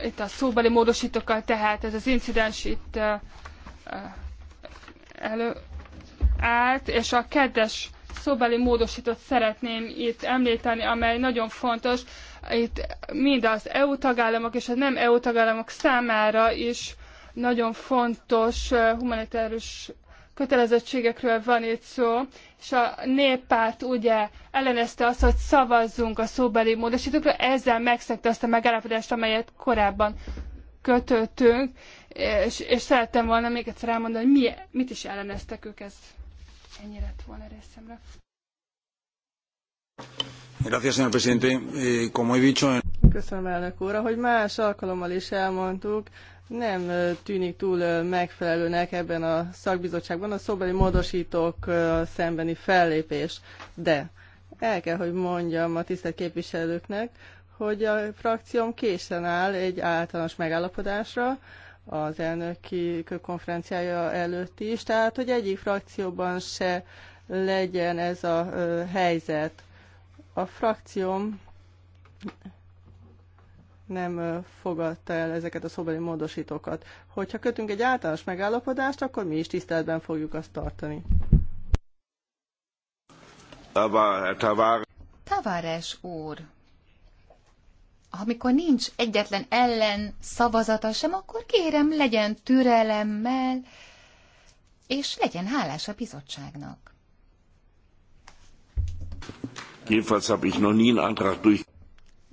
Itt a szóbeli módosítókkal, tehát ez az incidens itt elő állt, és a kedves szóbeli módosítót szeretném itt említeni, amely nagyon fontos, itt mind az EU tagállamok és a nem EU tagállamok számára is nagyon fontos humanitárius kötelezettségekről van itt szó, és a néppárt ugye ellenezte azt, hogy szavazzunk a szóbeli módosítókra, ezzel megszegte azt a megállapodást, amelyet korábban kötöttünk, és, és szerettem volna még egyszer elmondani, hogy mi, mit is elleneztek ők ezt Ennyi lett volna részemre. Gracias, señor presidente. Eh, como he dicho... Köszönöm, elnök úr. Ahogy más alkalommal is elmondtuk, nem tűnik túl megfelelőnek ebben a szakbizottságban a szóbeli módosítók szembeni fellépés, de el kell, hogy mondjam a tisztelt képviselőknek, hogy a frakcióm készen áll egy általános megállapodásra, az elnöki konferenciája előtt is, tehát hogy egyik frakcióban se legyen ez a helyzet. A frakcióm nem fogadta el ezeket a szobeli módosítókat. Hogyha kötünk egy általános megállapodást, akkor mi is tiszteletben fogjuk azt tartani. Tavares úr, amikor nincs egyetlen ellen szavazata sem, akkor kérem, legyen türelemmel, és legyen hálás a bizottságnak.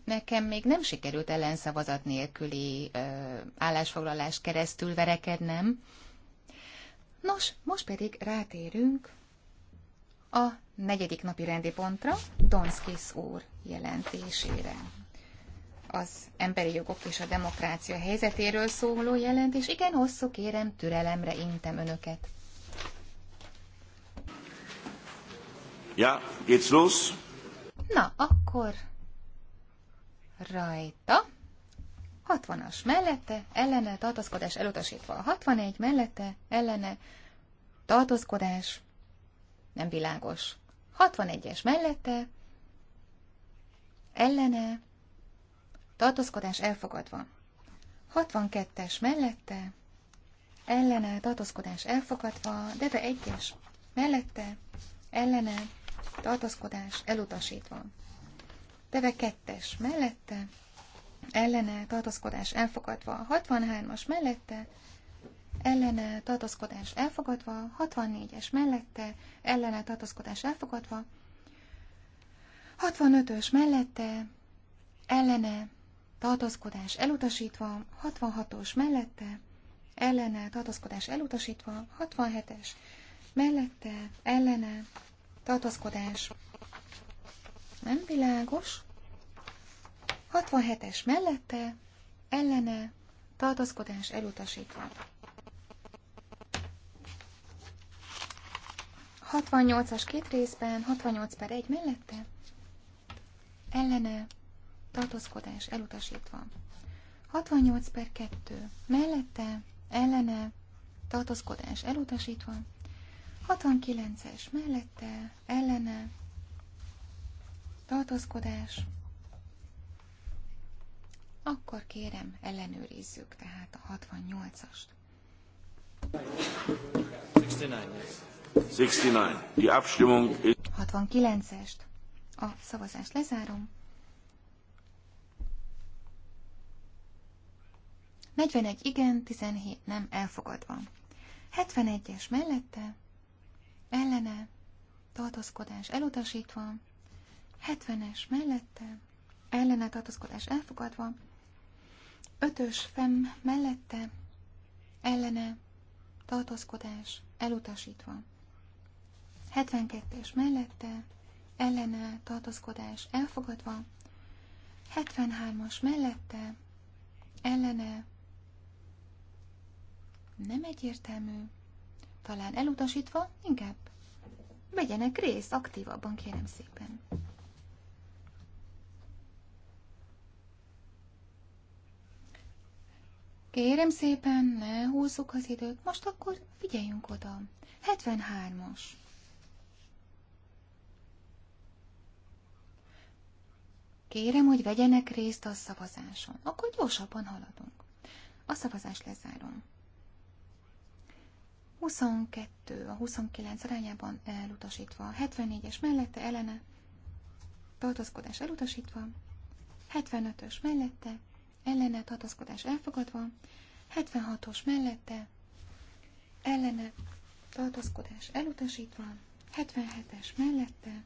Nekem még nem sikerült ellenszavazat nélküli ö, állásfoglalás keresztül verekednem. Nos, most pedig rátérünk a negyedik napi rendi pontra, Donskis úr jelentésére az emberi jogok és a demokrácia helyzetéről szóló jelentés. Igen, hosszú kérem, türelemre intem önöket. Ja, geht's los? Na, akkor rajta. 60-as mellette, ellene, tartózkodás elutasítva. 61 mellette, ellene, tartózkodás, nem világos. 61-es mellette, ellene, tartózkodás elfogadva. 62-es mellette, ellene, tartózkodás elfogadva, de 1-es mellette, ellene, tartózkodás elutasítva. Deve 2-es mellette, ellene, tartózkodás elfogadva, 63-as mellette, ellene, tartózkodás elfogadva, 64-es mellette, ellene, tartózkodás elfogadva, 65-ös mellette, ellene, tartózkodás elutasítva, 66-os mellette, ellene, tartózkodás elutasítva, 67-es mellette, ellene, tartózkodás nem világos, 67-es mellette, ellene, tartózkodás elutasítva. 68-as két részben, 68 per 1 mellette, ellene, tartózkodás elutasítva. 68 per 2 mellette, ellene, tartózkodás elutasítva. 69-es mellette, ellene, tartózkodás. Akkor kérem, ellenőrizzük tehát a 68-ast. 69. 69-est. A szavazást lezárom. 41 igen, 17 nem elfogadva. 71-es mellette, ellene, tartózkodás elutasítva, 70-es mellette, ellene tartózkodás elfogadva, 5-ös fem mellette, ellene, tartózkodás elutasítva, 72-es mellette, ellene, tartózkodás elfogadva, 73-as mellette, ellene, nem egyértelmű. Talán elutasítva, inkább vegyenek részt aktívabban, kérem szépen. Kérem szépen, ne húzzuk az időt, most akkor figyeljünk oda. 73-as. Kérem, hogy vegyenek részt a szavazáson, akkor gyorsabban haladunk. A szavazást lezárom. 22 a 29 arányában elutasítva, 74-es mellette ellene, tartózkodás elutasítva, 75-ös mellette, ellene tartózkodás elfogadva, 76-os mellette, ellene tartózkodás elutasítva, 77-es mellette,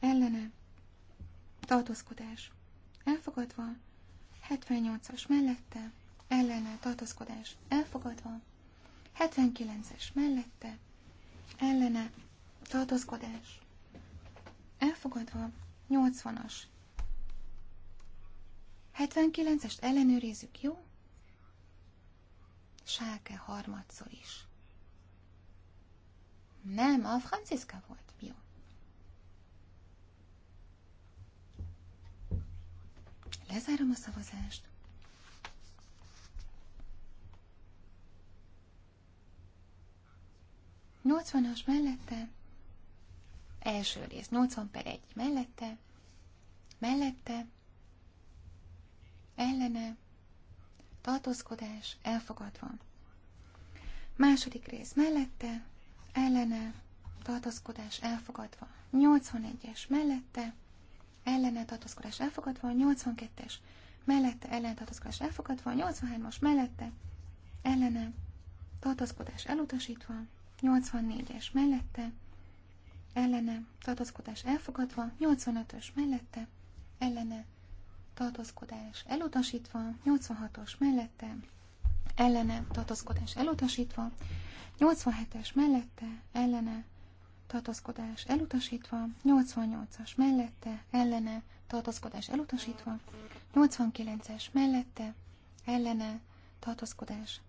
ellene tartózkodás elfogadva, 78-as mellette, ellene tartózkodás elfogadva, 79-es mellette, ellene, tartozkodás, elfogadva, 80-as. 79-est ellenőrizzük, jó? Sáke harmadszor is. Nem, a Franciszka volt. Jó. Lezárom a szavazást. 80-as mellette, első rész, 80 per 1 mellette, mellette, ellene, tartózkodás, elfogadva. Második rész mellette, ellene, tartózkodás, elfogadva. 81-es mellette, ellene, tartózkodás, elfogadva. 82-es mellette, ellene, tartózkodás, elfogadva. 83-as mellette, ellene, tartózkodás, elutasítva. 84-es mellette, ellene, tartózkodás elfogadva, 85-ös mellette, ellene, tartózkodás elutasítva, 86-os mellette, ellene, tartózkodás elutasítva, 87-es mellette, ellene, tartózkodás elutasítva, 88-as mellette, ellene, tartózkodás elutasítva, 89-es mellette, ellene, tartózkodás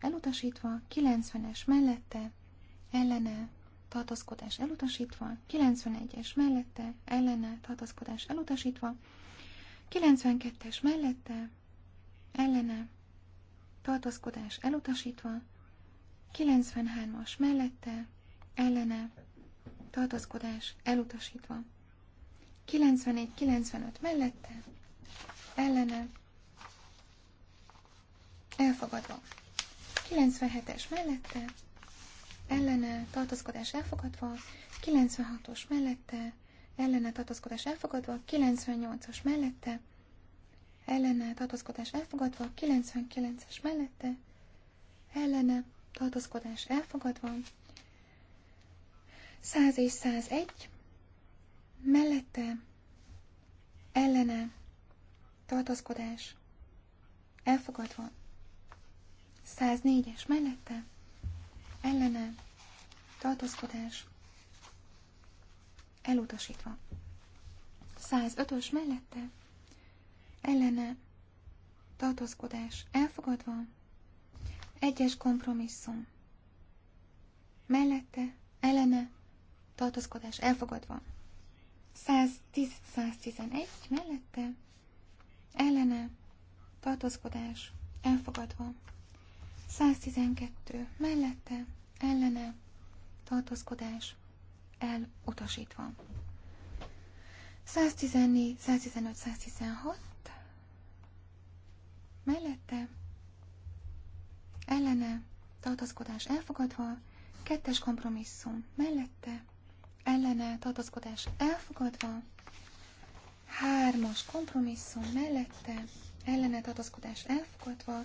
elutasítva, 90-es mellette, ellene, tartozkodás elutasítva, 91-es mellette, ellene, tartozkodás elutasítva, 92-es mellette, ellene, tartozkodás elutasítva, 93-as mellette, ellene, tartozkodás elutasítva, 94-95 mellette, ellene, elfogadva. 97-es mellette, ellene tartózkodás elfogadva, 96-os mellette, ellene tartózkodás elfogadva, 98-as mellette, ellene tartózkodás elfogadva, 99-es mellette, ellene tartózkodás elfogadva, 100 és 101 mellette, ellene tartózkodás elfogadva, 104-es mellette, ellene, tartózkodás, elutasítva. 105-ös mellette, ellene, tartózkodás, elfogadva, egyes kompromisszum, mellette, ellene, tartózkodás, elfogadva. 110-111 mellette, ellene, tartózkodás, elfogadva. 112 mellette, ellene, tartózkodás, elutasítva. 114, 115, 116 mellette, ellene, tartózkodás elfogadva, kettes kompromisszum mellette, ellene, tartózkodás elfogadva, hármas kompromisszum mellette, ellene, tartózkodás elfogadva,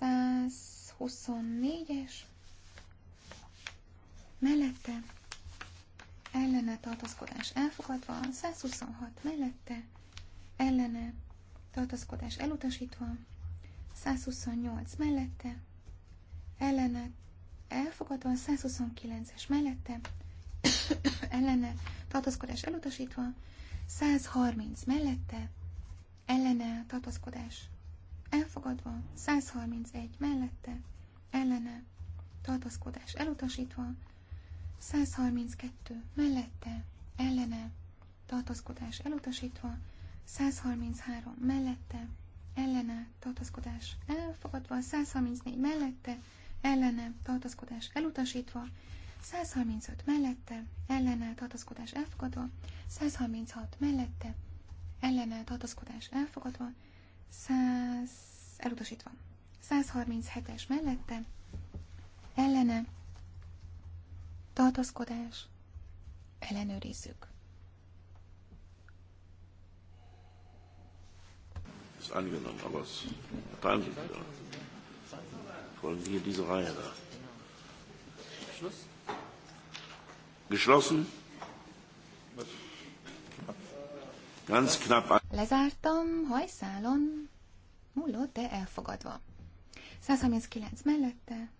124-es mellette ellene tartozkodás elfogadva, 126 mellette ellene tartozkodás elutasítva, 128 mellette ellene elfogadva, 129-es mellette ellene tartozkodás elutasítva, 130 mellette ellene tartozkodás elfogadva, 131 mellette, ellene, tartózkodás elutasítva, 132 mellette, ellene, tartózkodás elutasítva, 133 mellette, ellene, tartózkodás elfogadva, 134 mellette, ellene, tartózkodás elutasítva, 135 mellette, ellene, tartózkodás elfogadva, 136 mellette, ellene, tartózkodás elfogadva, 100, elutasítva. 137-es mellette, ellene, tartozkodás, ellenőrizzük. Ist angenommen, aber es A sich wieder. Vor allem hier diese Reihe da. Geschlossen? Ganz knapp. Lezártam, hajszálon, mullott, de elfogadva. 139 mellette,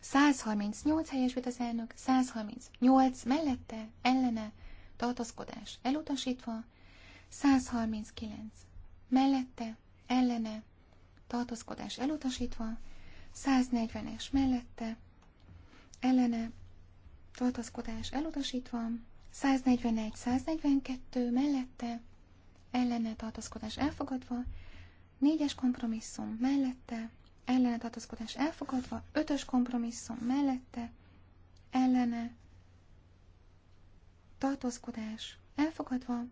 138 helyesült az elnök, 138 mellette, ellene, tartozkodás elutasítva, 139 mellette, ellene, tartozkodás elutasítva, 140-es mellette, ellene, tartozkodás elutasítva, 141-142 mellette, ellene tartozkodás elfogadva, 4-es kompromisszum mellette, ellene tartozkodás elfogadva, 5-ös kompromisszum mellette, ellene tartózkodás elfogadva,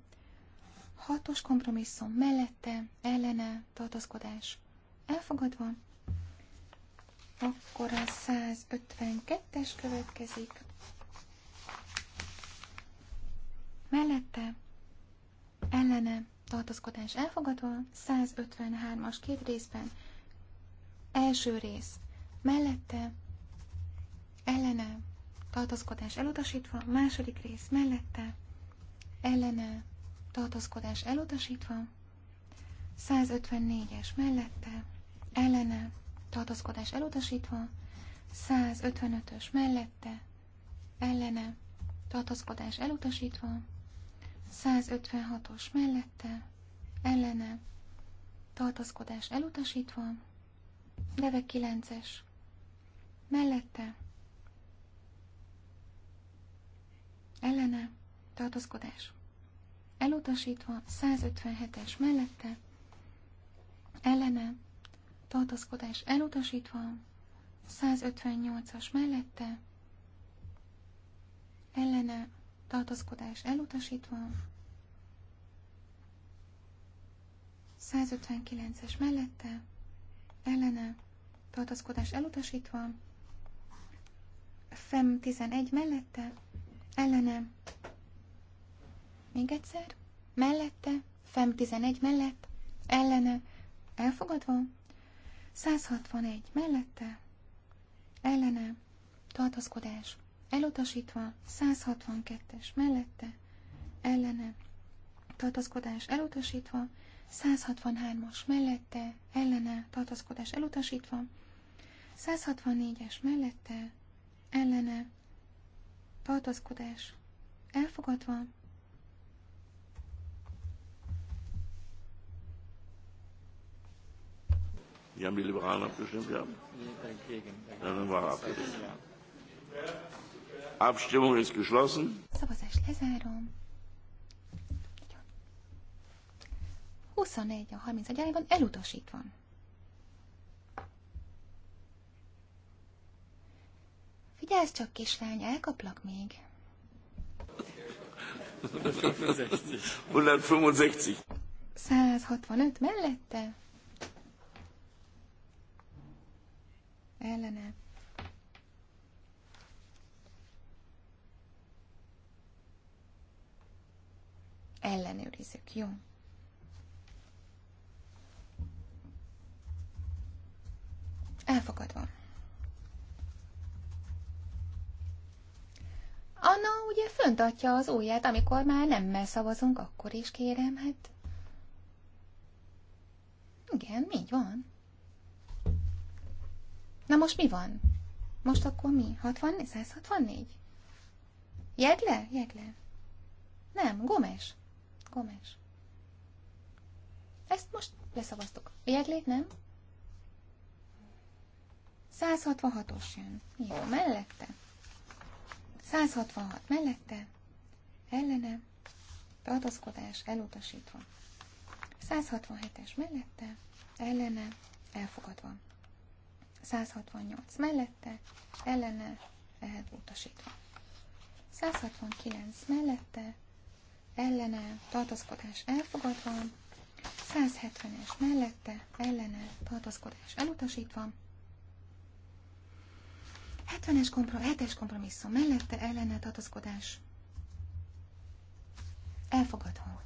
6-os kompromisszum mellette, ellene tartozkodás elfogadva, akkor a 152-es következik mellette, ellene, tartózkodás elfogadva, 153-as két részben, első rész, mellette, ellene, tartózkodás elutasítva, második rész, mellette, ellene, tartózkodás elutasítva, 154-es mellette, ellene, tartózkodás elutasítva, 155-ös mellette, ellene, tartózkodás elutasítva, 156-os mellette, ellene, tartózkodás elutasítva, neve 9-es, mellette, ellene, tartózkodás elutasítva, 157-es mellette, ellene, tartózkodás elutasítva, 158-as mellette, ellene, tartozkodás elutasítva, 159-es mellette, ellene, tartozkodás elutasítva, FEM 11 mellette, ellene, még egyszer, mellette, FEM 11 mellett, ellene, elfogadva, 161 mellette, ellene, tartózkodás elutasítva, 162-es mellette, ellene, tartaszkodás. elutasítva, 163-as mellette, ellene, tartaszkodás. elutasítva, 164-es mellette, ellene, tartaszkodás. elfogadva, Die haben Liberalen abgestimmt, ja? Dann war er abgestimmt. Abstimmung ist geschlossen. Szavazás Figyelsz csak, kislány, elkaplak még. 165. 165 mellette. Ellene. ellenőrizzük, jó? Elfogadva. Anna ugye föntartja az ujját, amikor már nemmel szavazunk, akkor is kérem, hát... Igen, így van. Na most mi van? Most akkor mi? 64? 164? Jegle? Jegle. Nem, Gomes. Gomes. Ezt most leszavaztuk. Egyetlét nem? 166-os jön. Jó, mellette. 166 mellette. Ellene. Tartozkodás elutasítva. 167-es mellette. Ellene. Elfogadva. 168 mellette. Ellene. Elutasítva. 169 mellette ellene tartózkodás elfogadva, 170-es mellette ellene tartózkodás elutasítva, 70-es komprom es kompromisszum mellette ellene tartózkodás elfogadva.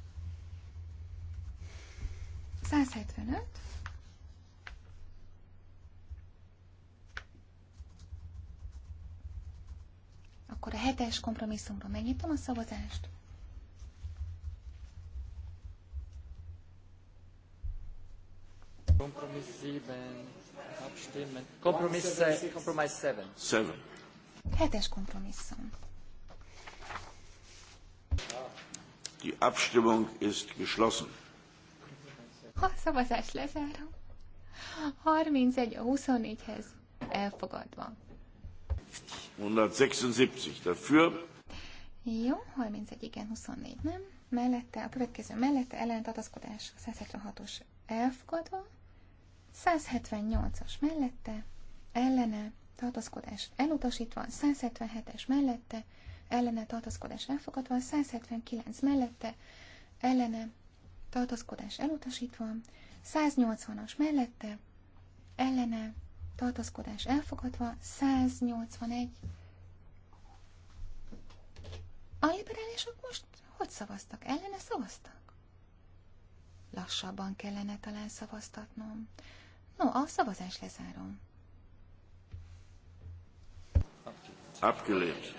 175 Akkor a hetes kompromisszumra megnyitom a szavazást. Kompromiss 7. Abstimmen. Kompromiss 7. 7. Hetes kompromisszum. Die Abstimmung ist geschlossen. A szavazás lezárom. 31 a 24-hez elfogadva. 176 dafür. Jó, 31 igen, 24 nem. Mellette, a következő mellette ellen tartaszkodás 176-os elfogadva. 178-as mellette, ellene, tartaszkodás elutasítva, 177-es mellette, ellene tartaszkodás elfogadva, 179 mellette, ellene tartaszkodás elutasítva, 180-as mellette, ellene tartaszkodás elfogadva, 181. A liberálisok most hogy szavaztak? Ellene szavaztak? Lassabban kellene talán szavaztatnom. No, a szavazás lezárom. Abgelehnt.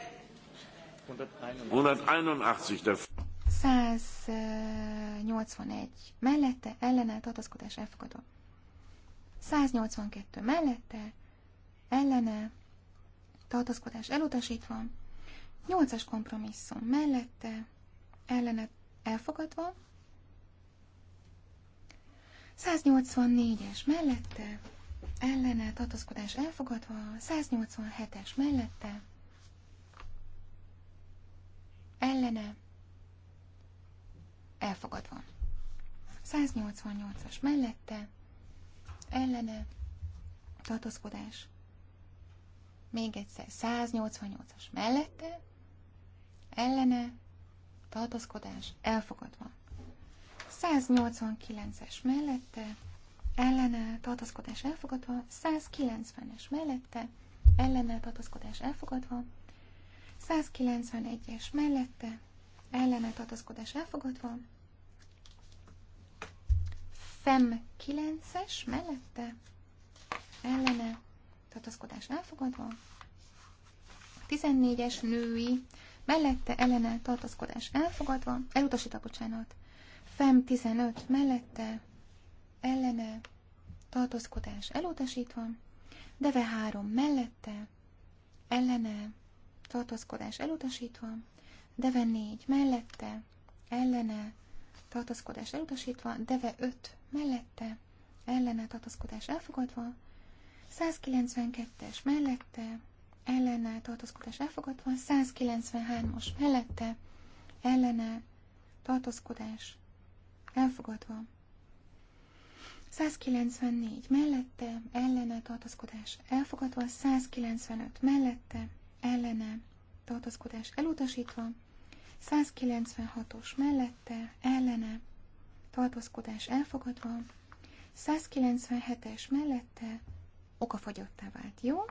181 181 mellette, ellene, tartozkodás elfogadó. 182 mellette, ellene, tartozkodás elutasítva. 8-as kompromisszum mellette, ellene, elfogadva. 184-es mellette, ellene tartozkodás elfogadva, 187-es mellette, ellene elfogadva. 188-as mellette, ellene tartozkodás. Még egyszer 188-as mellette, ellene tartozkodás elfogadva. 189-es mellette, ellene tartózkodás elfogadva, 190-es mellette, ellene tartózkodás elfogadva, 191-es mellette, ellene tartózkodás elfogadva, FEM 9-es mellette, ellene tartózkodás elfogadva, 14-es női mellette ellene tartózkodás elfogadva, elutasítva, bocsánat, FEM 15 mellette, ellene, tartózkodás elutasítva, DEVE 3 mellette, ellene, tartózkodás elutasítva, DEVE 4 mellette, ellene, tartózkodás elutasítva, DEVE 5 mellette, ellene, tartózkodás elfogadva, 192-es mellette, ellene, tartózkodás elfogadva, 193-os mellette, ellene, tartózkodás elfogadva. 194 mellette, ellene tartozkodás. elfogadva, 195 mellette, ellene tartozkodás. elutasítva, 196-os mellette, ellene tartózkodás elfogadva, 197-es mellette okafogyottá vált, jó?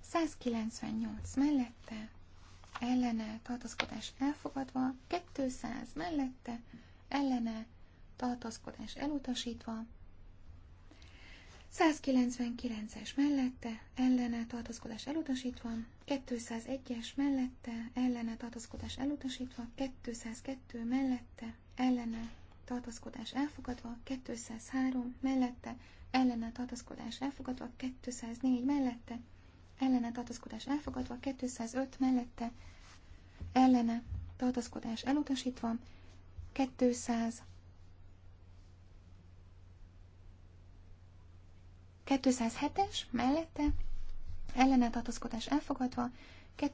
198 mellette ellene tartózkodás elfogadva, 200 mellette ellene tartózkodás elutasítva, 199-es mellette ellene tartózkodás elutasítva, 201-es mellette ellene tartózkodás elutasítva, 202 mellette ellene tartózkodás elfogadva, 203 mellette ellene tartózkodás elfogadva, 204 mellette ellene tartózkodás elfogadva, 205 mellette ellene tartózkodás elutasítva, 200 207-es mellette ellene tartózkodás elfogadva,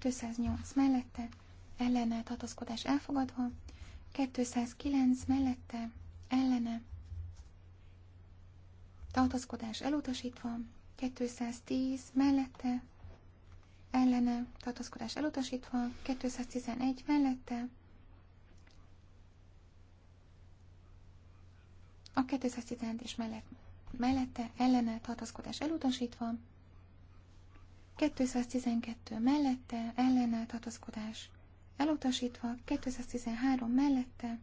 208 mellette ellene tartózkodás elfogadva, 209 mellette ellene tartózkodás elutasítva, 210 mellette ellene tartózkodás elutasítva, 211 mellette, a 211 és mellett, mellette ellene tartózkodás elutasítva, 212 mellette ellene tartózkodás elutasítva, 213 mellette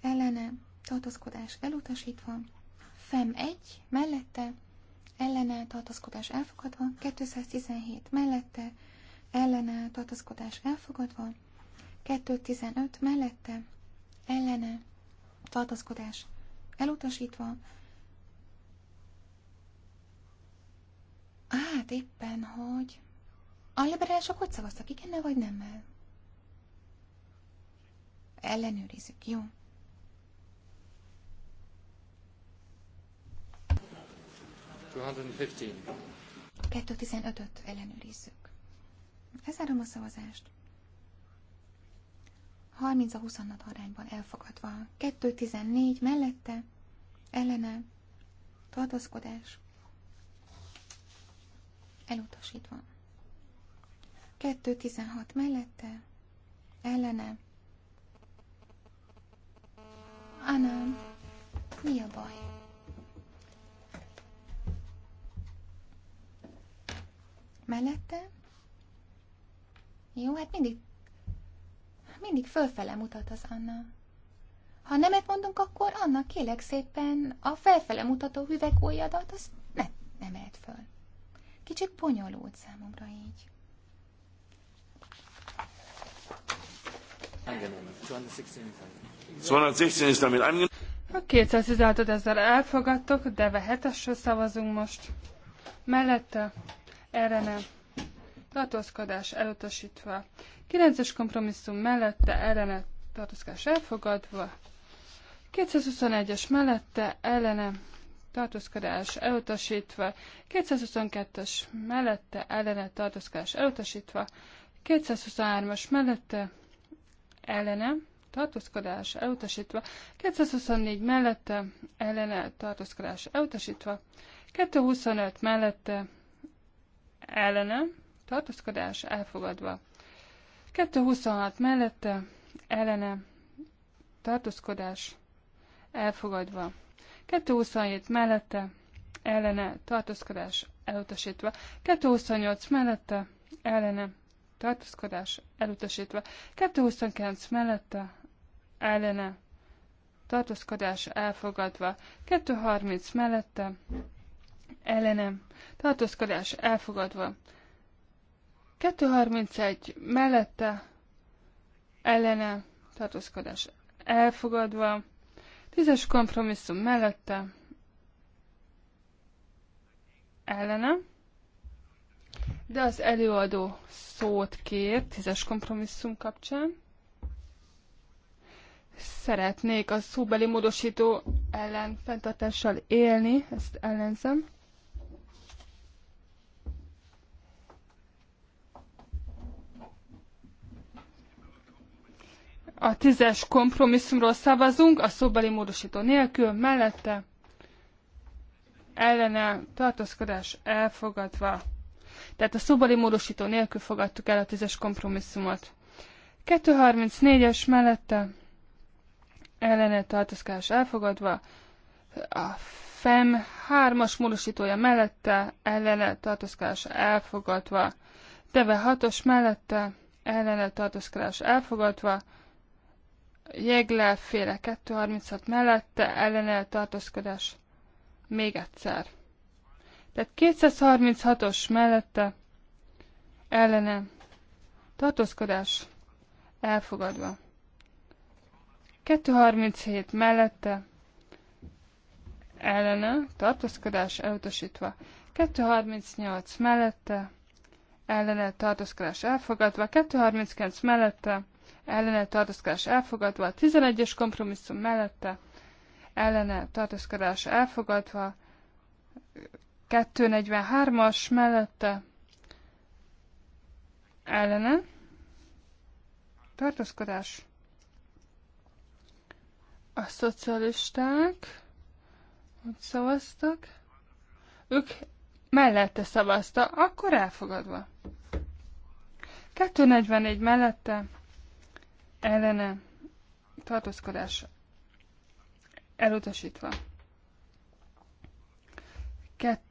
ellene tartózkodás elutasítva, FEM 1 mellette ellenáll tartózkodás elfogadva, 217 mellette, ellene tartózkodás elfogadva, 215 mellette, ellene tartózkodás elutasítva, Hát éppen, hogy... A liberálisok hogy szavaztak, igennel vagy nemmel? Ellenőrizzük, jó? 215. 215-öt ellenőrizzük. Lezárom a szavazást. 30 a 26 arányban elfogadva. 214 mellette, ellene, Tartozkodás. elutasítva. 216 mellette, ellene, Anám, mi a baj? Mellette? Jó, hát mindig, mindig fölfele mutat az Anna. Ha nemet mondunk, akkor Anna kélek szépen a felfele mutató hüvegolyadat, az. ne, nem elt föl. Kicsit bonyolult számomra így. Szóval a 216-ot ezzel elfogadtok, de vehetesről szavazunk most. Mellette ellene tartózkodás elutasítva. 9-es kompromisszum mellette ellene tartózkodás elfogadva. 221-es mellette ellene tartózkodás elutasítva. 222-es mellette ellene tartózkodás elutasítva. 223-as mellette ellene tartózkodás elutasítva, 224 mellette ellene tartózkodás elutasítva, 225 mellette ellene, tartózkodás elfogadva. 226 mellette, ellene, tartózkodás elfogadva. 227 mellette, ellene, tartózkodás elutasítva. 228 mellette, ellene, tartózkodás elutasítva. 229 mellette, ellene, tartózkodás elfogadva. 230 mellette, ellene, tartózkodás elfogadva. 231 mellette ellene tartózkodás elfogadva. 10-es kompromisszum mellette ellene. De az előadó szót kér tízes kompromisszum kapcsán. Szeretnék a szóbeli módosító ellen fenntartással élni, ezt ellenzem. A tízes kompromisszumról szavazunk, a szóbeli módosító nélkül, mellette ellene tartózkodás elfogadva. Tehát a szóbeli módosító nélkül fogadtuk el a tízes kompromisszumot. 234-es mellette ellene tartózkodás elfogadva, a FEM 3-as módosítója mellette ellene tartózkodás elfogadva, DEVE 6-os mellette ellene tartózkodás elfogadva, Jeglel féle 236 mellette ellenel tartózkodás még egyszer. Tehát 236-os mellette ellene tartózkodás elfogadva. 237 mellette ellene tartózkodás elutasítva. 238 mellette ellene tartózkodás elfogadva. 239 mellette ellene tartózkodás elfogadva, 11-es kompromisszum mellette ellene tartózkodás elfogadva, 243-as mellette ellene tartózkodás. A szocialisták hogy szavaztak, ők mellette szavazta, akkor elfogadva. 244 mellette ellene tartózkodás elutasítva.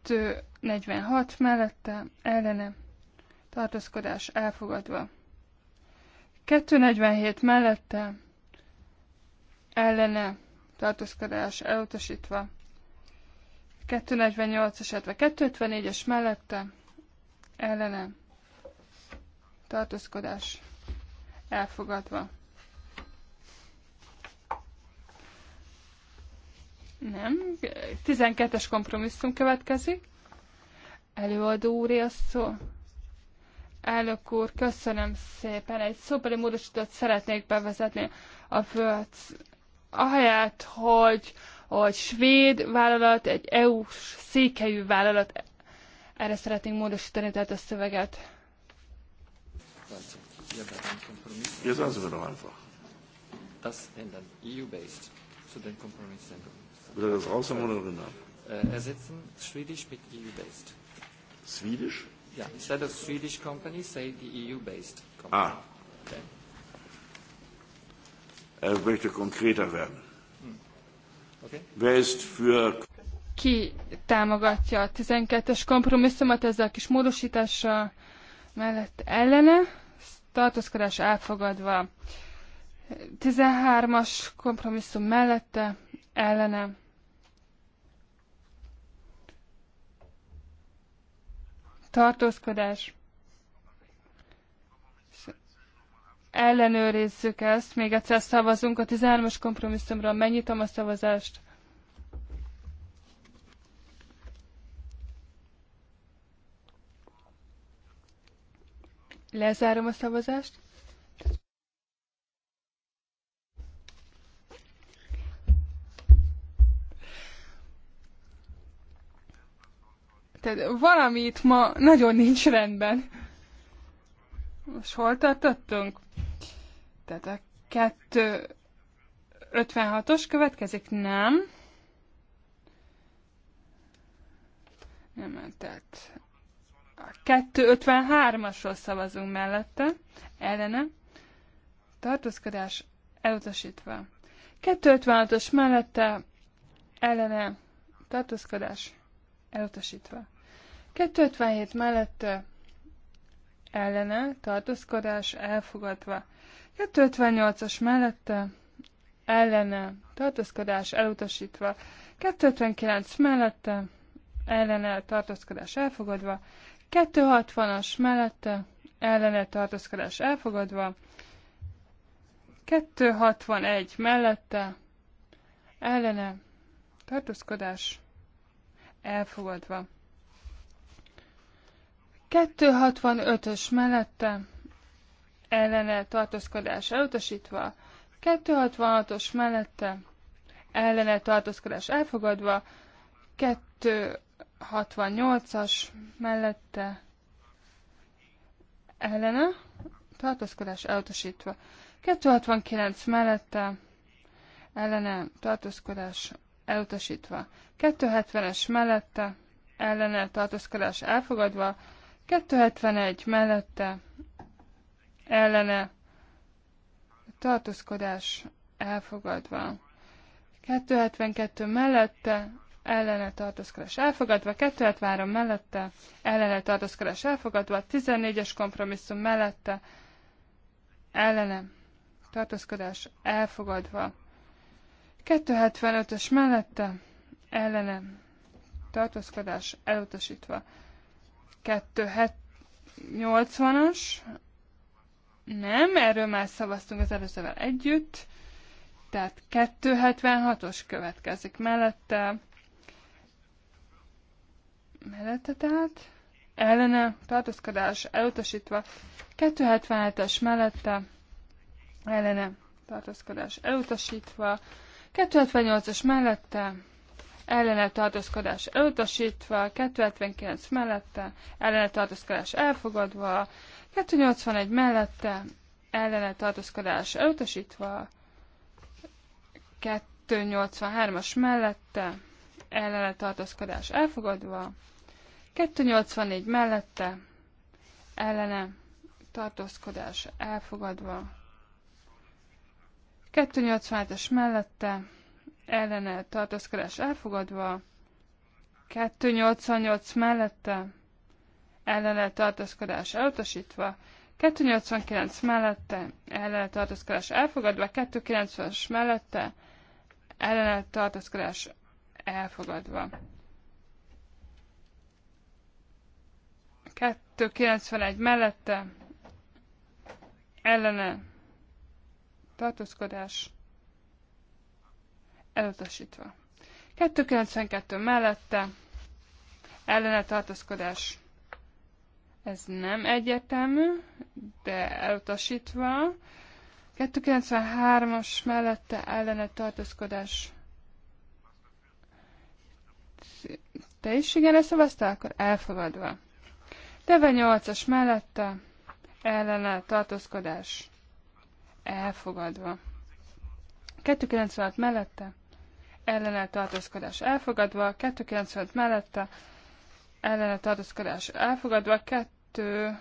246 mellette ellene tartózkodás elfogadva. 247 mellette ellene tartózkodás elutasítva. 248, esetve 254-es mellette ellene tartózkodás elfogadva. Nem. 12-es kompromisszum következik. Előadó úr szó. Elnök úr, köszönöm szépen. Egy szóbeli módosítót szeretnék bevezetni a föld. Ahelyett, hogy, hogy svéd vállalat, egy EU-s székelyű vállalat, erre szeretnénk módosítani tehát a szöveget. Ez az hogy a Das ändern. EU-based zu den Er oder das raus haben oder drin haben? Ersetzen Swedish mit EU-based. Swedish? Ja, yeah, instead of Swedish company, say the EU-based company. Ah. Okay. Er möchte konkreter werden. Hm. Okay. Wer ist für... Ki támogatja a 12-es kompromisszumot ezzel a kis módosítással mellett ellene, tartózkodás elfogadva. 13-as kompromisszum mellette ellene tartózkodás. Ellenőrizzük ezt, még egyszer szavazunk a 13-as kompromisszumra, megnyitom a szavazást. Lezárom a szavazást. Tehát valami itt ma nagyon nincs rendben. Most hol tartottunk? Tehát a 256-os következik? Nem. Nem tehát A 253-asról szavazunk mellette. Ellene. Tartózkodás elutasítva. 256-os mellette. Ellene. Tartózkodás elutasítva. 257 mellette ellene tartózkodás elfogadva. 258-as mellette ellene tartózkodás elutasítva. 259 mellette ellene tartózkodás elfogadva. 260-as mellette ellene tartózkodás elfogadva. 261 mellette ellene tartózkodás elfogadva. 265-ös mellette ellene tartózkodás elutasítva, 266-os mellette ellene tartózkodás elfogadva, 268-as mellette ellene tartózkodás elutasítva, 269 mellette ellene tartózkodás elutasítva. 270-es mellette ellene tartózkodás elfogadva, 271 mellette ellene tartózkodás elfogadva. 272 mellette ellene tartózkodás elfogadva, 273 mellette ellene tartózkodás elfogadva, 14-es kompromisszum mellette ellene tartózkodás elfogadva. 275-ös mellette ellene tartózkodás elutasítva. 280-as nem, erről már szavaztunk az előzővel együtt, tehát 276-os következik mellette. Mellette tehát ellene tartózkodás elutasítva, 277-es mellette ellene tartózkodás elutasítva, 278-as mellette ellene tartózkodás elutasítva, 279 mellette ellene tartózkodás elfogadva, 281 mellette ellene tartózkodás elutasítva, 283-as mellette ellene tartózkodás elfogadva, 284 mellette ellene tartózkodás elfogadva, 287-es mellette ellene tartózkodás elfogadva, 288 mellette ellene tartózkodás elutasítva, 289 mellette ellene tartózkodás elfogadva, 290-es mellette ellene tartózkodás elfogadva. 291 mellette ellene tartózkodás elutasítva. 292 mellette ellene tartózkodás ez nem egyetemű, de elutasítva. 293-as mellette ellene tartózkodás. Te is igen szavaztál? Akkor elfogadva. Teve 8-as mellette ellene tartózkodás elfogadva. 296 mellette ellene tartózkodás elfogadva, 295 mellette ellene tartózkodás elfogadva, 2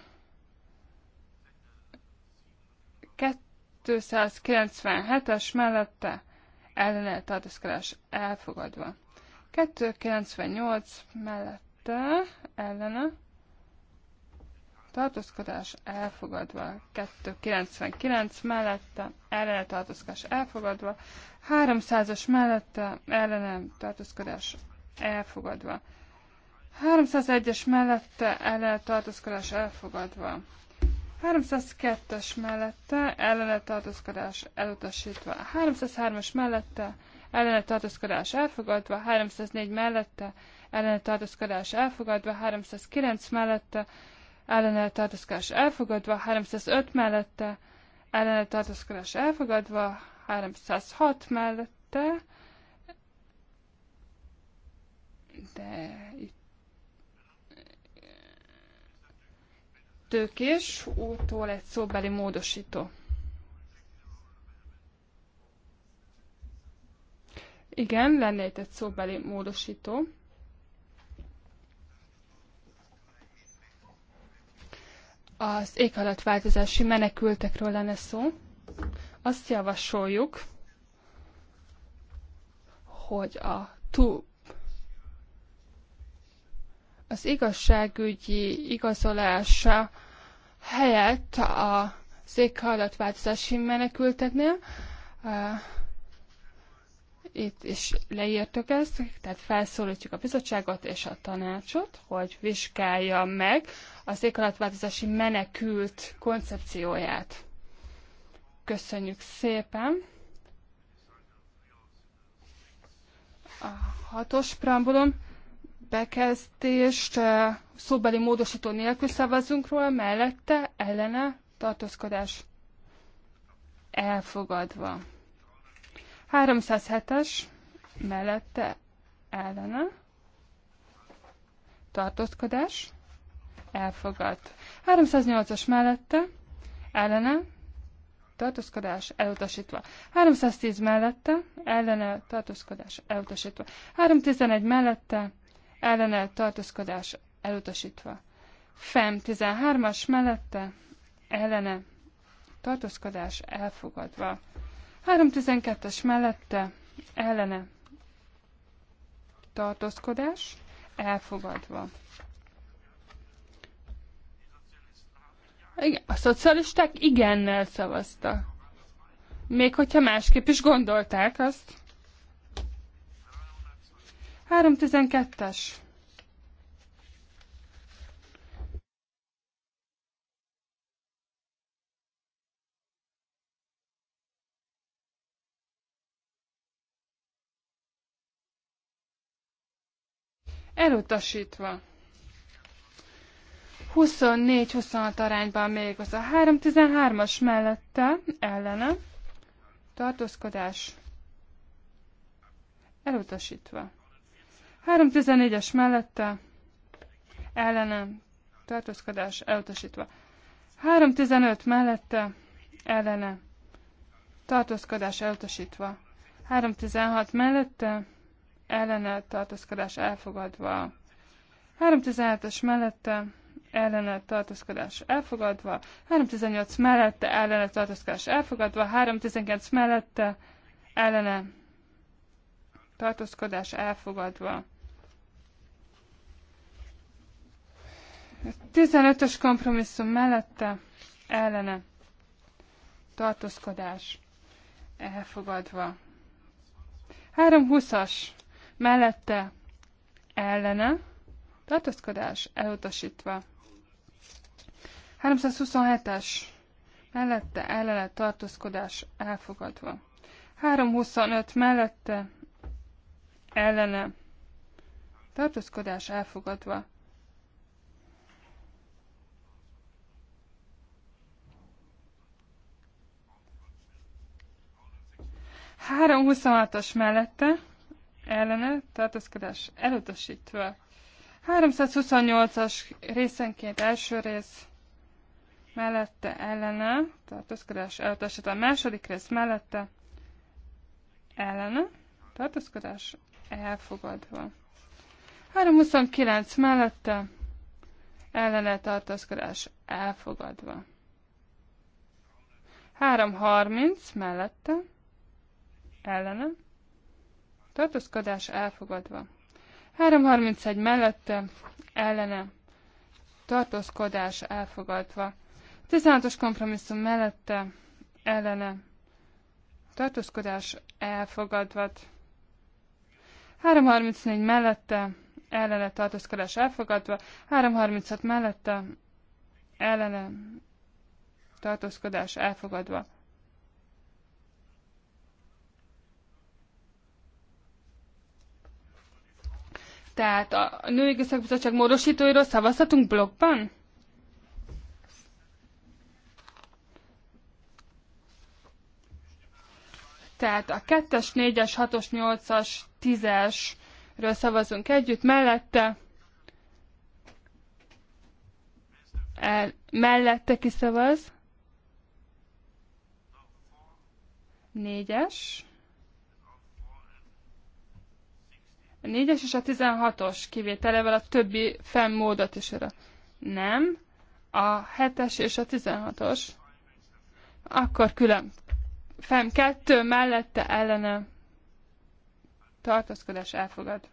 297-es mellette ellene tartózkodás elfogadva. 298 mellette ellene tartózkodás elfogadva, 299 mellette, ellene tartózkodás elfogadva, 300-as mellette, ellene tartózkodás elfogadva, 301-es mellette, ellene tartózkodás elfogadva, 302-es mellette, ellene tartózkodás elutasítva, 303-as mellette, ellene tartózkodás elfogadva, 304 mellette, ellene tartózkodás elfogadva, 309 mellette, ellene tartózkodás elfogadva, 305 mellette ellene tartózkodás elfogadva, 306 mellette, de itt tőkés útól egy szóbeli módosító. Igen, lenne itt egy szóbeli módosító. az éghajlatváltozási menekültekről lenne szó. Azt javasoljuk, hogy a túl az igazságügyi igazolása helyett a éghajlatváltozási menekülteknél eh, itt is leírtuk ezt, tehát felszólítjuk a bizottságot és a tanácsot, hogy vizsgálja meg az éghajlatváltozási menekült koncepcióját. Köszönjük szépen! A hatos prambulom bekezdést eh, szóbeli módosító nélkül szavazunk róla, mellette ellene tartózkodás elfogadva. 307-es mellette ellene tartózkodás elfogadt. 308-as mellette ellene tartózkodás elutasítva. 310 mellette ellene tartózkodás elutasítva. 311 mellette ellene tartózkodás elutasítva. FEM 13-as mellette ellene tartózkodás elfogadva. 312-es mellette ellene tartózkodás elfogadva. Igen, a szocialisták igennel szavaztak. Még hogyha másképp is gondolták azt. 312-es. elutasítva. 24-26 arányban még az a 3-13-as mellette ellene tartózkodás elutasítva. 3-14-es mellette ellene tartózkodás elutasítva. 3-15 mellette ellene tartózkodás elutasítva. 3-16 mellette ellenet tartózkodás elfogadva. 317-es mellette ellenet tartózkodás elfogadva, 318 mellette ellenet tartózkodás elfogadva, 319 mellette ellene tartózkodás elfogadva. 15-ös kompromisszum mellette ellene tartózkodás elfogadva. 320-as mellette ellene, tartózkodás elutasítva. 327-es mellette ellene tartózkodás elfogadva. 325 mellette ellene tartózkodás elfogadva. 326 huszonhatos mellette ellene tartózkodás elutasítva. 328-as részenként első rész mellette ellene tartózkodás elutasítva. A második rész mellette ellene tartózkodás elfogadva. 329 mellette ellene tartózkodás elfogadva. 330 mellette ellene tartózkodás elfogadva. 331 mellette ellene tartózkodás elfogadva. 16-os kompromisszum mellette ellene tartózkodás elfogadva. 334 mellette ellene tartózkodás elfogadva, 336 mellette ellene tartózkodás elfogadva. Tehát a Női Szakbizottság módosítóiról szavazhatunk blogban? Tehát a 2-es, 4-es, 6-os, 8-as, 10-esről szavazunk együtt, mellette el, mellette ki szavaz? 4-es. Négyes 4-es és a 16-os kivételével a többi módot is örök. Nem. A 7-es és a 16-os. Akkor külön. Fem kettő mellette ellene tartózkodás elfogad.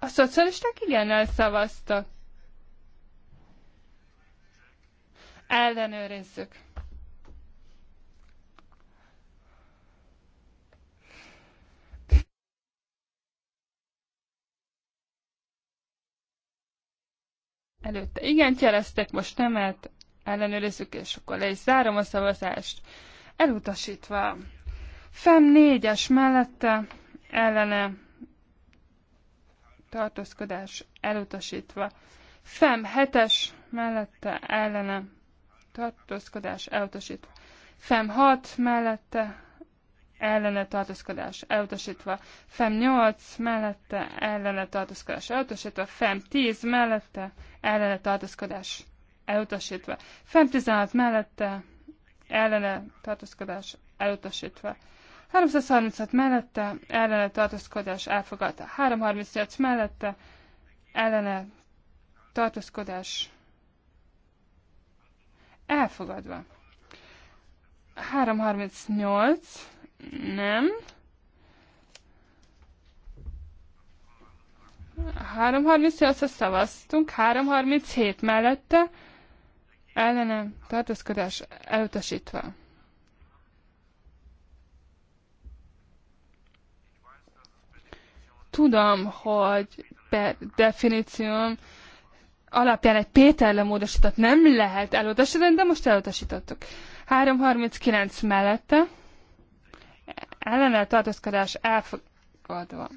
A szocialisták igen elszavaztak. Ellenőrizzük. Előtte igen jeleztek, most nemet, ellenőrizzük, és akkor le is zárom a szavazást. Elutasítva. Fem négyes mellette, ellene tartózkodás elutasítva. Fem hetes mellette, ellene tartózkodás elutasítva. Fem hat mellette, ellene tartózkodás elutasítva, FEM 8 mellette ellene tartózkodás elutasítva, FEM 10 mellette ellene tartózkodás elutasítva, FEM 16 mellette ellene tartózkodás elutasítva. 336 mellette ellene tartózkodás elfogadta. 338 mellette ellene tartózkodás elfogadva. 338 nem. 338-ra szavaztunk, 337 mellette, ellenem tartózkodás elutasítva. Tudom, hogy per definícióm alapján egy Péterle módosított nem lehet elutasítani, de most elutasítottuk. 339 mellette ellenel tartózkodás elfogadva.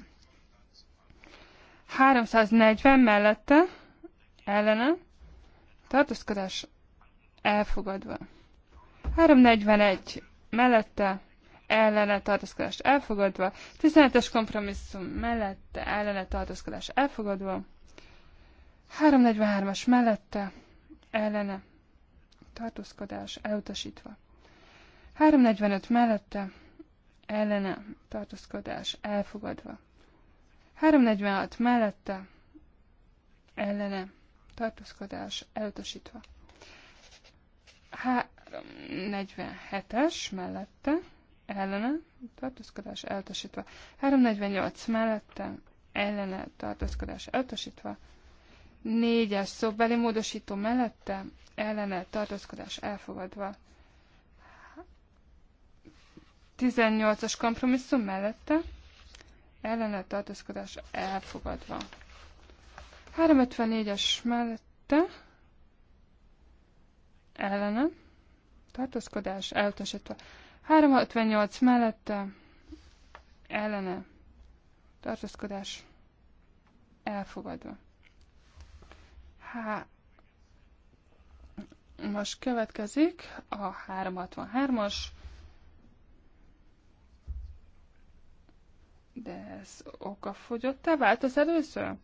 340 mellette ellene tartózkodás elfogadva. 341 mellette ellene tartózkodás elfogadva. 17-es kompromisszum mellette ellene tartózkodás elfogadva. 343-as mellette ellene tartózkodás elutasítva. 345 mellette ellene tartózkodás elfogadva. 346 mellette ellene tartózkodás elutasítva. 347-es mellette ellene tartózkodás elutasítva. 348 mellette ellene tartózkodás elutasítva. 4-es szóbeli módosító mellette ellene tartózkodás elfogadva. 18-as kompromisszum mellette ellene tartózkodás elfogadva. 354-es mellette ellene tartózkodás elutasítva. 358 mellette ellene tartózkodás elfogadva. Há, most következik a 363-as de ez oka fogyott fogyottá vált az előző?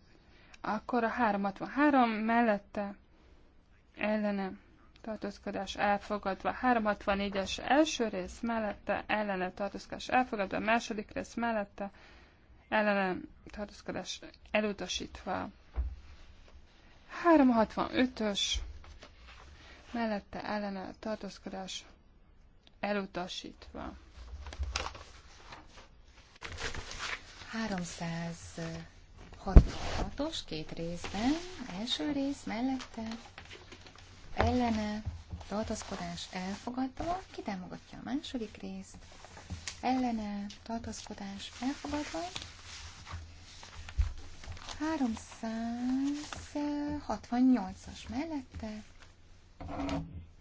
Akkor a 363 mellette ellene tartózkodás elfogadva, 364-es első rész mellette ellene tartózkodás elfogadva, második rész mellette ellene tartózkodás elutasítva. 365-ös mellette ellene tartózkodás elutasítva. 366-os két részben, első rész mellette, ellene, tartózkodás elfogadva, ki támogatja a második részt, ellene, tartózkodás elfogadva, 368-as mellette,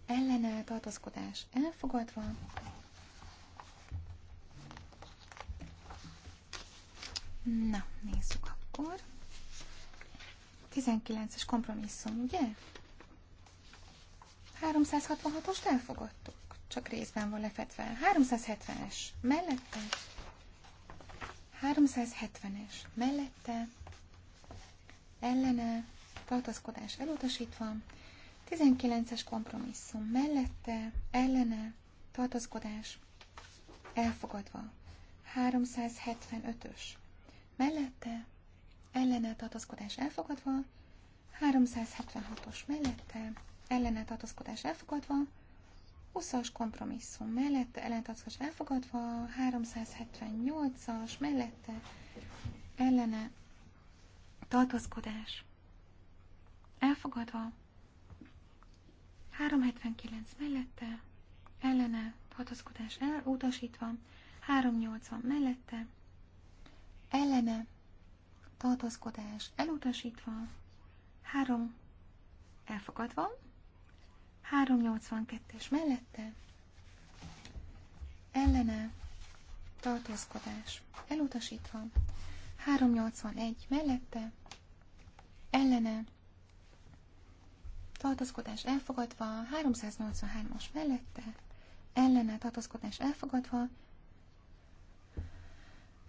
ellene, tartózkodás elfogadva, Na, nézzük akkor. 19-es kompromisszum, ugye? 366-ost elfogadtuk, csak részben van lefetve. 370-es, mellette. 370-es, mellette. Ellene, Tartaszkodás elutasítva. 19-es kompromisszum, mellette, ellene, Tartaszkodás elfogadva. 375-ös, mellette, ellene tartózkodás elfogadva, 376-os mellette, ellene tartózkodás elfogadva, 20-as kompromisszum mellette, ellene tartózkodás elfogadva, 378-as mellette, ellene tartózkodás elfogadva, 379 mellette, ellene tartózkodás elutasítva, 380 mellette, ellene, tartózkodás elutasítva, 3 elfogadva, 382-es mellette, ellene, tartózkodás elutasítva, 381 mellette, ellene, tartózkodás elfogadva, 383-as mellette, ellene tartózkodás elfogadva,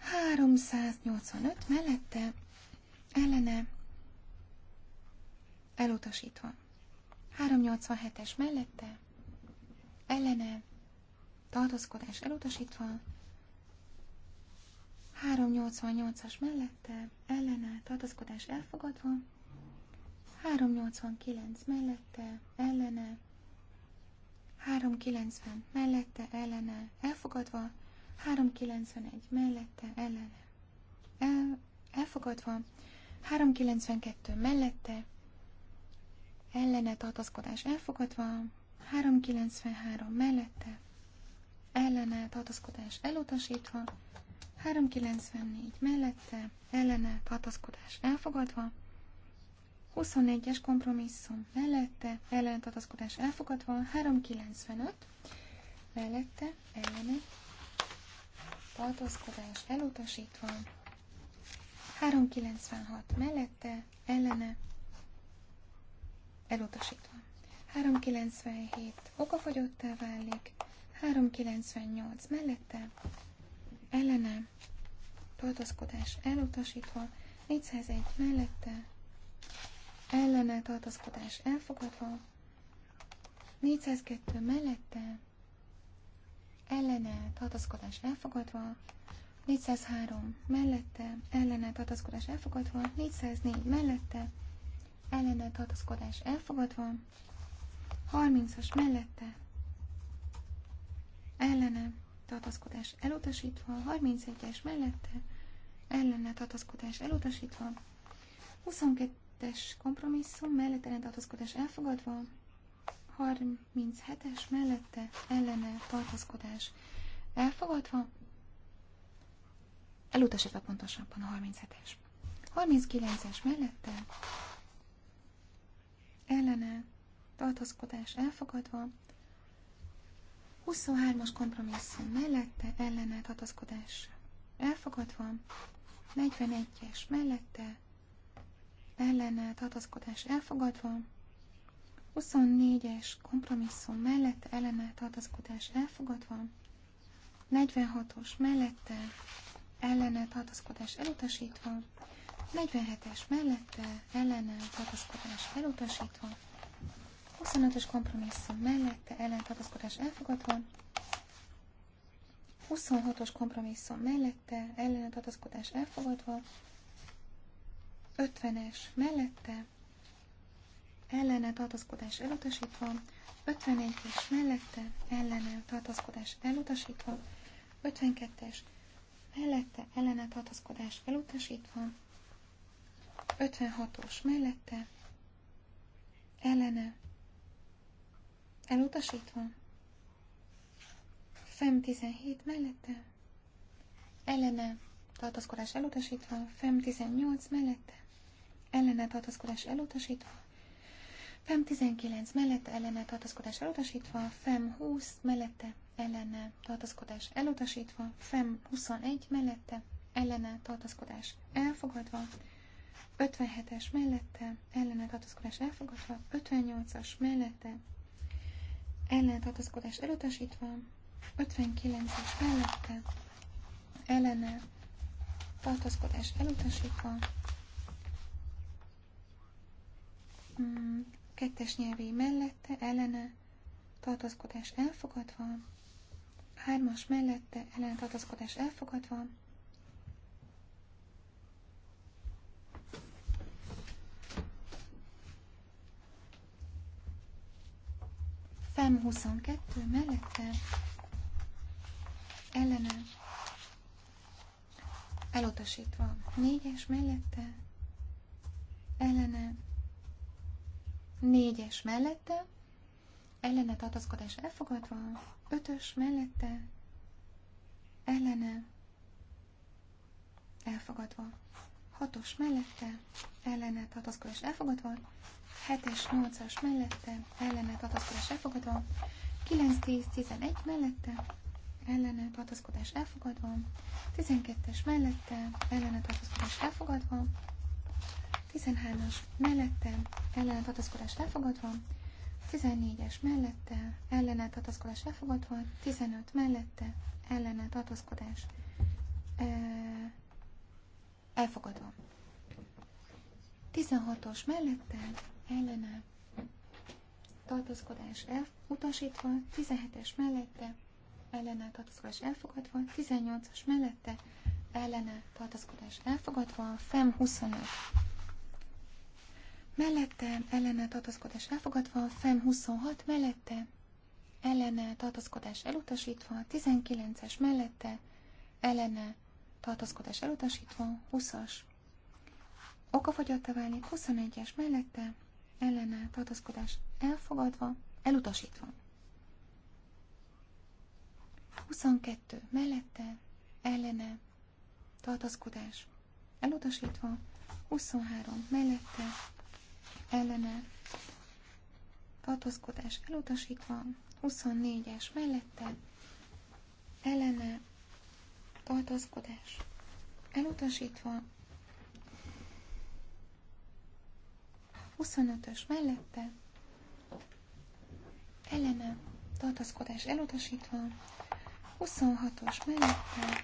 385 mellette ellene elutasítva. 387-es mellette ellene tartózkodás elutasítva. 388-as mellette ellene tartózkodás elfogadva. 389 mellette ellene 390 mellette ellene elfogadva. 391 mellette, ellene. El, elfogadva. 392 mellette, ellene tartaszkodás elfogadva. 393 mellette, ellene tartaszkodás elutasítva. 394 mellette, ellene tartaszkodás elfogadva. 21-es kompromisszum mellette, ellene tartaszkodás elfogadva. 395 mellette, ellene tartózkodás elutasítva, 396 mellette, ellene, elutasítva. 397 okafogyottá válik, 398 mellette, ellene, tartózkodás elutasítva, 401 mellette, ellene tartózkodás elfogadva, 402 mellette, ellene tartaszkodás elfogadva, 403 mellette, ellene tartaszkodás elfogadva, 404 mellette, ellene tartaszkodás elfogadva, 30-as mellette, ellene tartaszkodás elutasítva, 31-es mellette, ellene tartaszkodás elutasítva, 22-es kompromisszum mellett ellene tartaszkodás elfogadva, 37-es mellette ellene tartózkodás elfogadva, elutasítva pontosabban a 37-es. 39-es mellette ellene tartózkodás elfogadva, 23-as kompromisszum mellette ellene tartózkodás elfogadva, 41-es mellette ellene tartózkodás elfogadva, 24-es kompromisszum mellette ellene tartozkodás elfogadva. 46-os mellette ellene tartozkodás elutasítva. 47-es mellette ellene tartozkodás elutasítva. 25-ös kompromisszum mellette ellen tartozkodás elfogadva. 26-os kompromisszum mellette ellene tartozkodás elfogadva. 50-es mellette ellene tartózkodás elutasítva, 51-es mellette ellene tartózkodás elutasítva, 52-es mellette ellene tartózkodás elutasítva, 56-os mellette ellene elutasítva, FEM 17 mellette ellene tartózkodás elutasítva, FEM 18 mellette ellene tartózkodás elutasítva, FEM 19 mellette ellene tartaszkodás elutasítva, FEM 20 mellette ellene tartaszkodás elutasítva, FEM 21 mellette ellene tartaszkodás elfogadva, 57-es mellette ellene tartaszkodás elfogadva, 58-as mellette ellene tartaszkodás elutasítva, 59-es mellette ellene tartaszkodás elutasítva, mm, Kettes nyelvé mellette, ellene, tartozkodás elfogadva. Hármas mellette, ellene, tartozkodás elfogadva. FEM 22 mellette ellene elutasítva. Négyes mellette ellene Négyes mellette, ellene tartózkodás elfogadva, ötös mellette, ellene, elfogadva, hatos mellette, ellene tartózkodás elfogadva, hetes, nyolcas mellette, ellene tartózkodás elfogadva, kilenc, tíz, tizenegy mellette, ellene tartózkodás elfogadva, tizenkettes mellette, ellene tartózkodás elfogadva, 13-as mellette ellenet tartózkodás lefogadva, 14-es mellette ellenet tartózkodás lefogadva, 15 mellette ellene tartózkodás elfogadva. 16-os mellette ellene tartózkodás utasítva, 17-es mellette ellene tartózkodás elfogadva, 18-as mellette ellene tartózkodás elfogadva, FEM 25 mellette ellene tartozkodás elfogadva, FEM 26 mellette ellene tartozkodás elutasítva, 19-es mellette ellene tartozkodás elutasítva, 20-as Okafogyatta válni, 21-es mellette ellene tartozkodás elfogadva, elutasítva. 22 mellette ellene tartozkodás elutasítva, 23 mellette ellene tartózkodás elutasítva, 24-es mellette ellene tartózkodás elutasítva, 25-ös mellette ellene tartózkodás elutasítva, 26-os mellette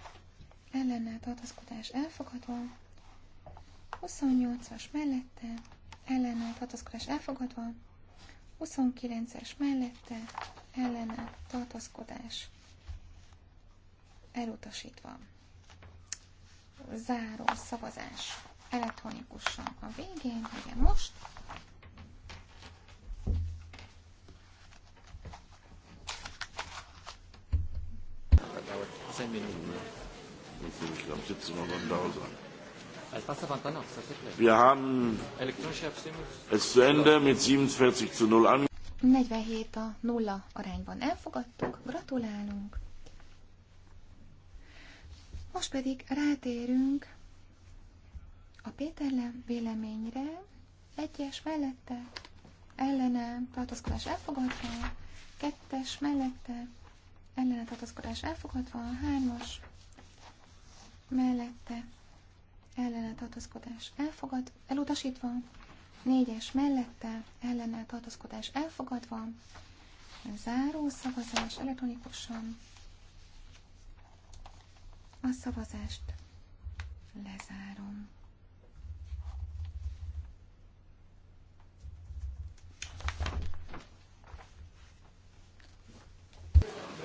ellene tartózkodás elfogadva, 28-as mellette ellene tartózkodás elfogadva, 29-es mellette ellene tartózkodás elutasítva. Záró szavazás elektronikusan a végén, igen most. Zehn Minuten. Wie viel? Ich glaube, 17 Uhr dauert Wir haben es zu Ende mit 47 zu 0 an. 47 a 0 arányban elfogadtuk, gratulálunk. Most pedig rátérünk a Péterle véleményre, egyes mellette, ellene tartozkodás elfogadva, kettes mellette, ellene tartozkodás elfogadva, hármas mellette, ellene tartozkodás elfogad, elutasítva, négyes mellette ellene tartozkodás elfogadva, záró szavazás elektronikusan, a szavazást lezárom.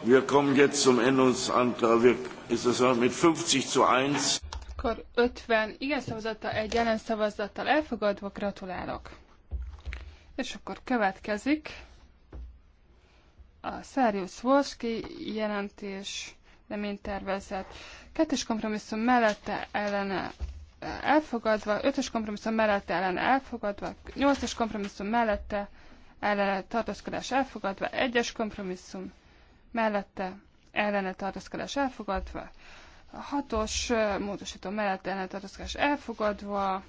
Wir kommen jetzt zum Änderungsantrag. ist es mit 50 zu 1? akkor 50 igen szavazata, egy ellen szavazattal elfogadva, gratulálok. És akkor következik a Szárius Volski jelentés reménytervezet. Kettes kompromisszum mellette ellene elfogadva, ötös kompromisszum mellette ellene elfogadva, nyolcas kompromisszum mellette ellene tartózkodás elfogadva, egyes kompromisszum mellette ellene tartózkodás elfogadva, hatos módosító mellett ellentartozkodás elfogadva.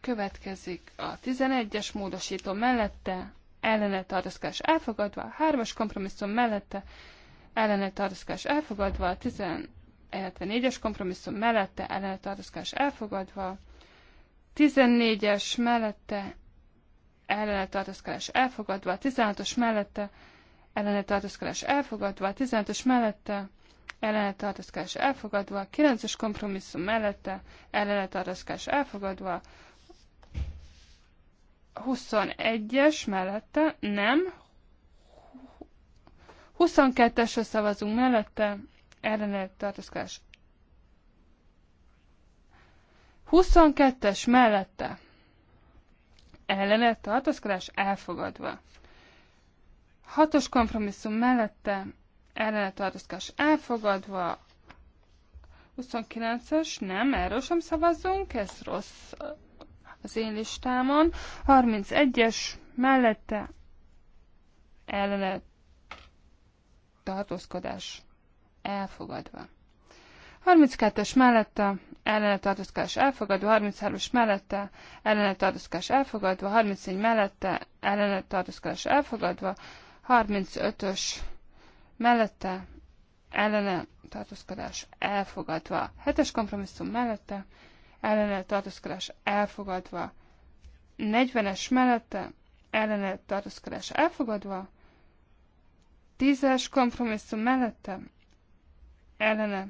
Következik a 11-es módosító mellette ellene tartozkodás elfogadva, 3-as kompromisszum mellette ellene tartozkodás elfogadva, 14 es kompromisszum mellette ellene tartozkodás elfogadva, 14-es mellette ellene tartozkodás elfogadva, 16-os mellette ellenet tartózkodás elfogadva, 15-ös mellette ellenet tartózkodás elfogadva, 9-ös kompromisszum mellette ellenet tartózkodás elfogadva, 21-es mellette nem, 22-esre szavazunk mellette, ellenet tartózkodás 22-es mellette ellenet tartózkodás elfogadva. Hatos kompromisszum mellette ellenetartozkás elfogadva. 29-es, nem, erről sem szavazzunk, ez rossz az én listámon. 31-es mellette ellene tartózkodás elfogadva. 32-es mellette ellene tartózkodás elfogadva, 33-as mellette ellene tartózkodás elfogadva, 34 mellette ellene tartózkodás elfogadva, 35-ös mellette ellene tartózkodás elfogadva. 7-es kompromisszum mellette ellene tartózkodás elfogadva. 40-es mellette ellene tartózkodás elfogadva. 10-es kompromisszum mellette ellene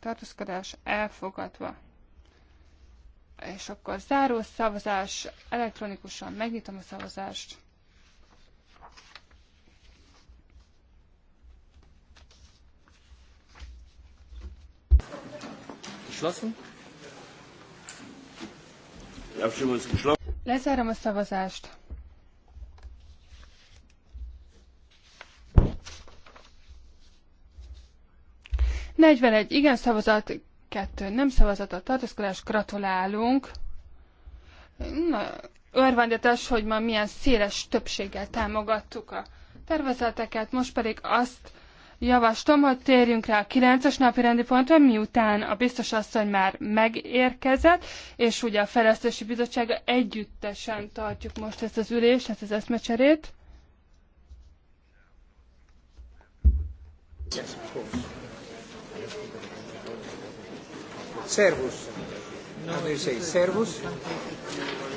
tartózkodás elfogadva. És akkor záró szavazás, elektronikusan megnyitom a szavazást. geschlossen. Die Abstimmung ist geschlossen. Lezárom a szavazást. egy igen szavazat, kettő nem szavazat a tartózkodás. Gratulálunk. Na, örvendetes, hogy ma milyen széles többséggel támogattuk a tervezeteket, most pedig azt javaslom, hogy térjünk rá a 9-es napi rendi pontra, miután a biztos asszony már megérkezett, és ugye a Fejlesztési Bizottsága együttesen tartjuk most ezt az ülést, ezt az eszmecserét. Servus. How Servus?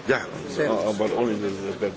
Yeah, Servus. Uh, but only the, the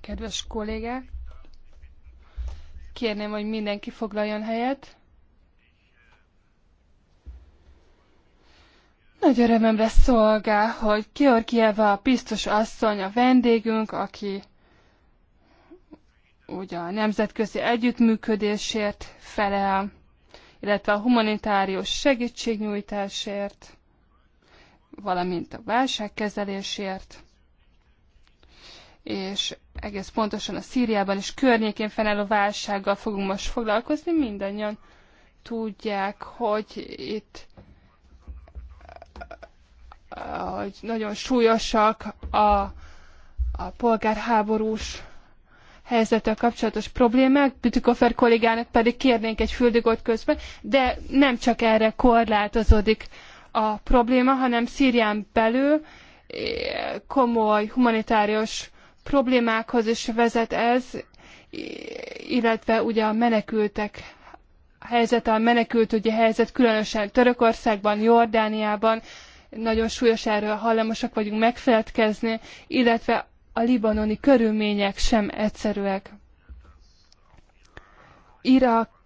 Kedves kollégák! Kérném, hogy mindenki foglaljon helyet. Nagy örömömre szolgál, hogy Georgieva a biztos asszony a vendégünk, aki ugye a nemzetközi együttműködésért felel, illetve a humanitárius segítségnyújtásért, valamint a válságkezelésért és egész pontosan a Szíriában és környékén fennálló válsággal fogunk most foglalkozni. Mindannyian tudják, hogy itt hogy nagyon súlyosak a, a polgárháborús helyzettel kapcsolatos problémák, Bütikofer kollégának pedig kérnénk egy füldögót közben, de nem csak erre korlátozódik a probléma, hanem Szírián belül eh, komoly humanitárius problémákhoz is vezet ez, illetve ugye a menekültek helyzete, a menekültügyi helyzet, különösen Törökországban, Jordániában, nagyon súlyos erről hallamosak vagyunk megfeledkezni, illetve a libanoni körülmények sem egyszerűek. Irak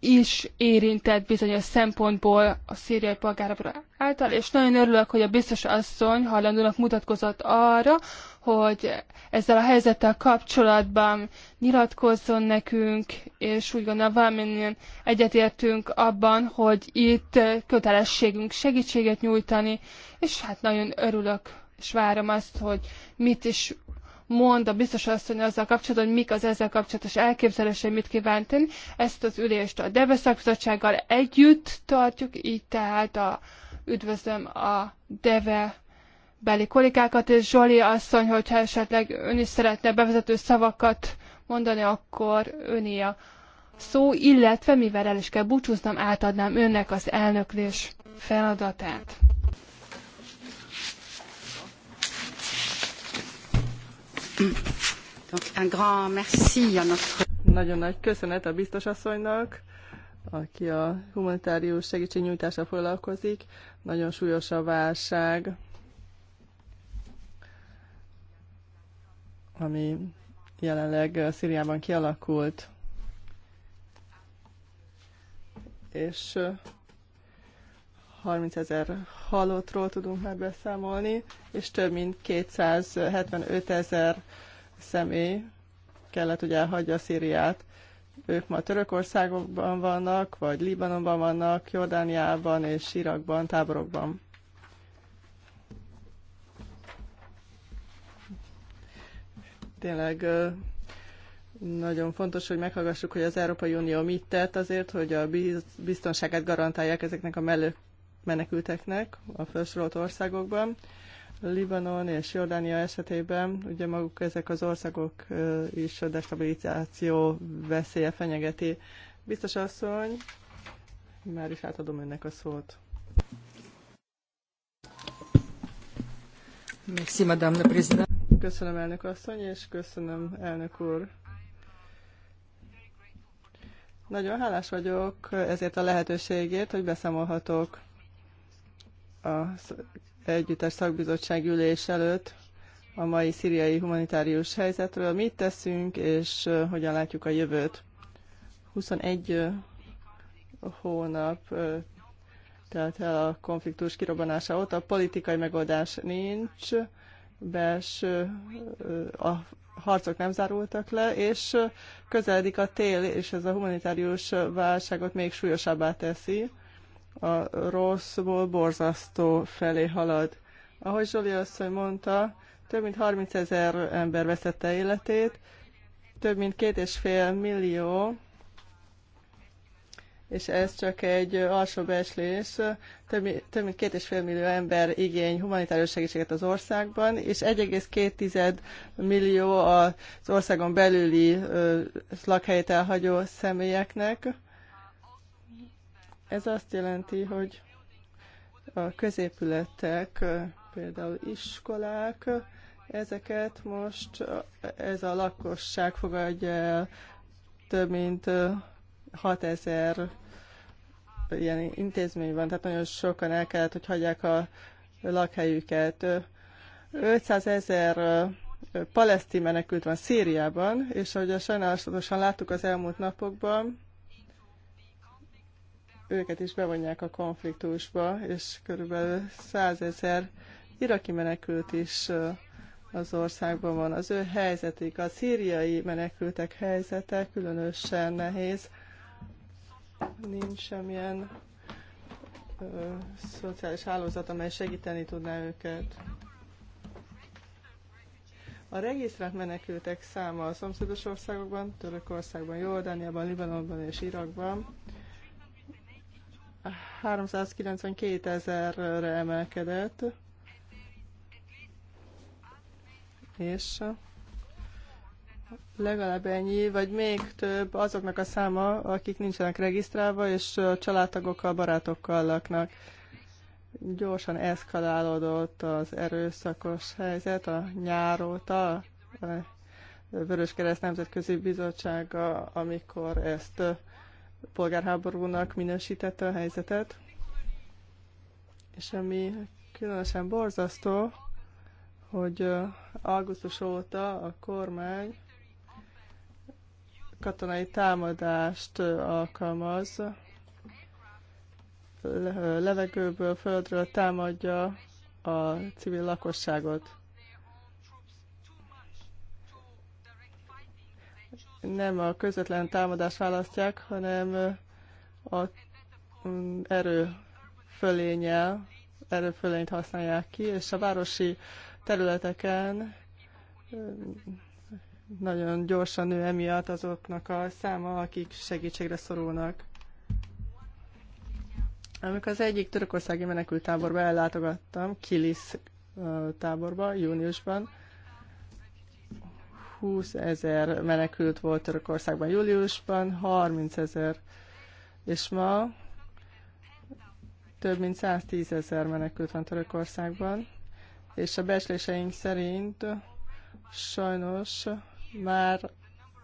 is érintett bizonyos szempontból a szíriai polgárok által, és nagyon örülök, hogy a biztos asszony hajlandónak mutatkozott arra, hogy ezzel a helyzettel kapcsolatban nyilatkozzon nekünk, és úgy gondolom valamennyien egyetértünk abban, hogy itt kötelességünk segítséget nyújtani, és hát nagyon örülök, és várom azt, hogy mit is mond a biztos asszony azzal kapcsolatban, hogy mik az ezzel kapcsolatos elképzelései, mit kíván tenni. Ezt az ülést a Deveszakbizottsággal együtt tartjuk, így tehát a, üdvözlöm a DEVE beli kollégákat, és Zsoli asszony, hogyha esetleg ön is szeretne bevezető szavakat mondani, akkor öné a szó, illetve mivel el is kell búcsúznom, átadnám önnek az elnöklés feladatát. Nagyon nagy köszönet a biztos asszonynak, aki a humanitárius segítségnyújtásra foglalkozik. Nagyon súlyos a válság, ami jelenleg Szíriában kialakult. És 30 ezer halottról tudunk már beszámolni, és több mint 275 ezer személy kellett, hogy elhagyja Szíriát. Ők ma Törökországban vannak, vagy Libanonban vannak, Jordániában és Irakban, táborokban. Tényleg nagyon fontos, hogy meghallgassuk, hogy az Európai Unió mit tett azért, hogy a biztonságát garantálják ezeknek a mellő menekülteknek a felsorolt országokban. Libanon és Jordánia esetében ugye maguk ezek az országok is a destabilizáció veszélye fenyegeti. Biztos asszony, már is átadom önnek a szót. Merci, Madame la Présidente. Köszönöm, elnök asszony, és köszönöm, elnök úr. Nagyon hálás vagyok ezért a lehetőségért, hogy beszámolhatok a együttes szakbizottság ülés előtt a mai szíriai humanitárius helyzetről, mit teszünk, és hogyan látjuk a jövőt. 21 hónap telt el a konfliktus kirobbanása óta, a politikai megoldás nincs, belső a harcok nem zárultak le, és közeledik a tél, és ez a humanitárius válságot még súlyosabbá teszi a rosszból borzasztó felé halad. Ahogy Zsoli asszony mondta, több mint 30 ezer ember veszette életét, több mint két és fél millió, és ez csak egy alsó beslés, több, több mint két és fél millió ember igény humanitárius segítséget az országban, és 1,2 millió az országon belüli lakhelyet elhagyó személyeknek ez azt jelenti, hogy a középületek, például iskolák, ezeket most ez a lakosság fogadja el több mint 6000 ilyen intézmény van, tehát nagyon sokan el kellett, hogy hagyják a lakhelyüket. 500 ezer palesztin menekült van Szíriában, és ahogy a sajnálatosan láttuk az elmúlt napokban, őket is bevonják a konfliktusba, és körülbelül százezer iraki menekült is az országban van. Az ő helyzetük, a szíriai menekültek helyzete különösen nehéz. Nincs semmilyen ö, szociális hálózat, amely segíteni tudná őket. A regisztrált menekültek száma a szomszédos országokban, Törökországban, Jordániában, Libanonban és Irakban 392 ezerre emelkedett, és legalább ennyi, vagy még több azoknak a száma, akik nincsenek regisztrálva, és családtagokkal, barátokkal laknak. Gyorsan eszkalálódott az erőszakos helyzet a nyár óta, a Vöröskereszt Nemzetközi Bizottsága, amikor ezt polgárháborúnak minősítette a helyzetet, és ami különösen borzasztó, hogy augusztus óta a kormány katonai támadást alkalmaz, levegőből, földről támadja a civil lakosságot. nem a közvetlen támadást választják, hanem a mm, erő fölényel, erőfölényt használják ki, és a városi területeken nagyon gyorsan nő emiatt azoknak a száma, akik segítségre szorulnak. Amikor az egyik törökországi menekültáborba ellátogattam, Kilis táborba, júniusban, 20 ezer menekült volt Törökországban júliusban, 30 ezer, és ma több mint 110 ezer menekült van Törökországban, és a becsléseink szerint sajnos már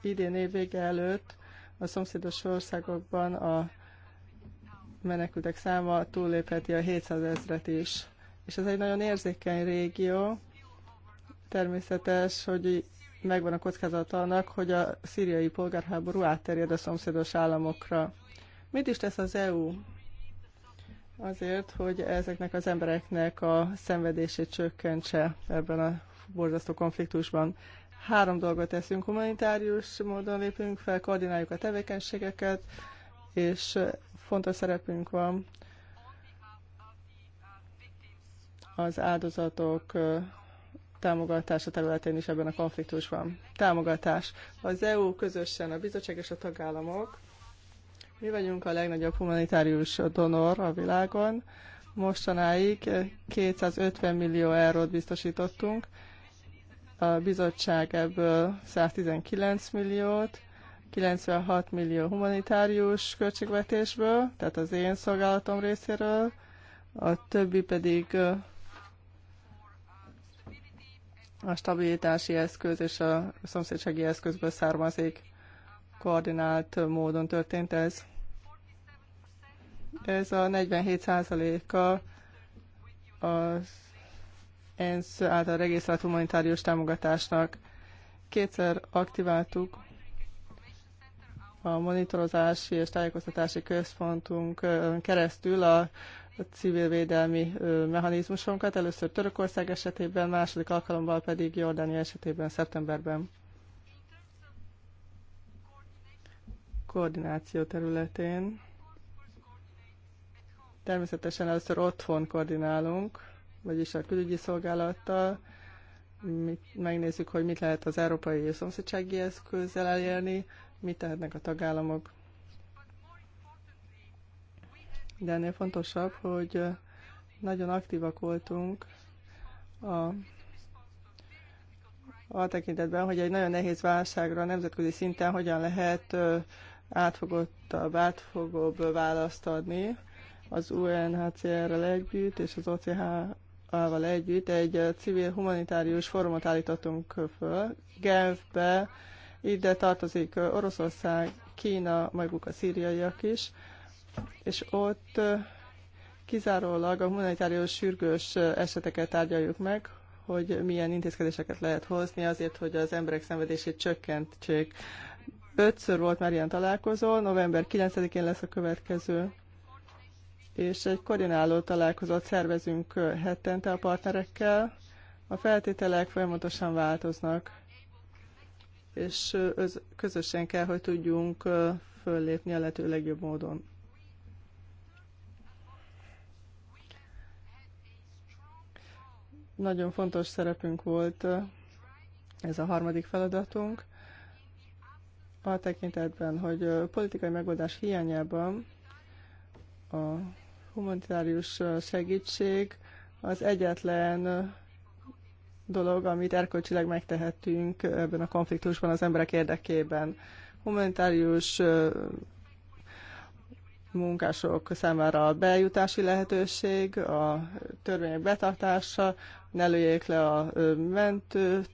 idén évvége előtt a szomszédos országokban a menekültek száma túllépheti a 700 ezret is. És ez egy nagyon érzékeny régió, természetes, hogy megvan a kockázata annak, hogy a szíriai polgárháború átterjed a szomszédos államokra. Mit is tesz az EU azért, hogy ezeknek az embereknek a szenvedését csökkentse ebben a borzasztó konfliktusban? Három dolgot teszünk, humanitárius módon lépünk fel, koordináljuk a tevékenységeket, és fontos szerepünk van az áldozatok támogatása területén is ebben a konfliktusban. Támogatás. Az EU közösen, a bizottság és a tagállamok, mi vagyunk a legnagyobb humanitárius donor a világon. Mostanáig 250 millió eurót biztosítottunk, a bizottság ebből 119 milliót, 96 millió humanitárius költségvetésből, tehát az én szolgálatom részéről, a többi pedig a stabilitási eszköz és a szomszédsági eszközből származik. Koordinált módon történt ez. Ez a 47%-a az ENSZ által regisztrált humanitárius támogatásnak. Kétszer aktiváltuk a monitorozási és tájékoztatási központunk keresztül a a civil védelmi mechanizmusunkat, először Törökország esetében, második alkalommal pedig Jordánia esetében szeptemberben. Koordináció területén. Természetesen először otthon koordinálunk, vagyis a külügyi szolgálattal, mit, megnézzük, hogy mit lehet az európai szomszédsági eszközzel elérni, mit tehetnek a tagállamok de ennél fontosabb, hogy nagyon aktívak voltunk a, a tekintetben, hogy egy nagyon nehéz válságra a nemzetközi szinten hogyan lehet átfogottabb, átfogóbb választ adni az UNHCR-rel együtt és az OCH-val együtt. Egy civil humanitárius fórumot állítottunk föl Genfbe, ide tartozik Oroszország, Kína, majd a szíriaiak is, és ott kizárólag a humanitárius sürgős eseteket tárgyaljuk meg, hogy milyen intézkedéseket lehet hozni azért, hogy az emberek szenvedését csökkentsék. Ötször volt már ilyen találkozó, november 9-én lesz a következő, és egy koordináló találkozót szervezünk hetente a partnerekkel. A feltételek folyamatosan változnak, és közösen kell, hogy tudjunk föllépni a lehető legjobb módon. Nagyon fontos szerepünk volt ez a harmadik feladatunk, a tekintetben, hogy politikai megoldás hiányában a humanitárius segítség az egyetlen dolog, amit erkölcsileg megtehetünk ebben a konfliktusban az emberek érdekében. Humanitárius munkások számára a bejutási lehetőség, a törvények betartása, ne lőjék le a mentő,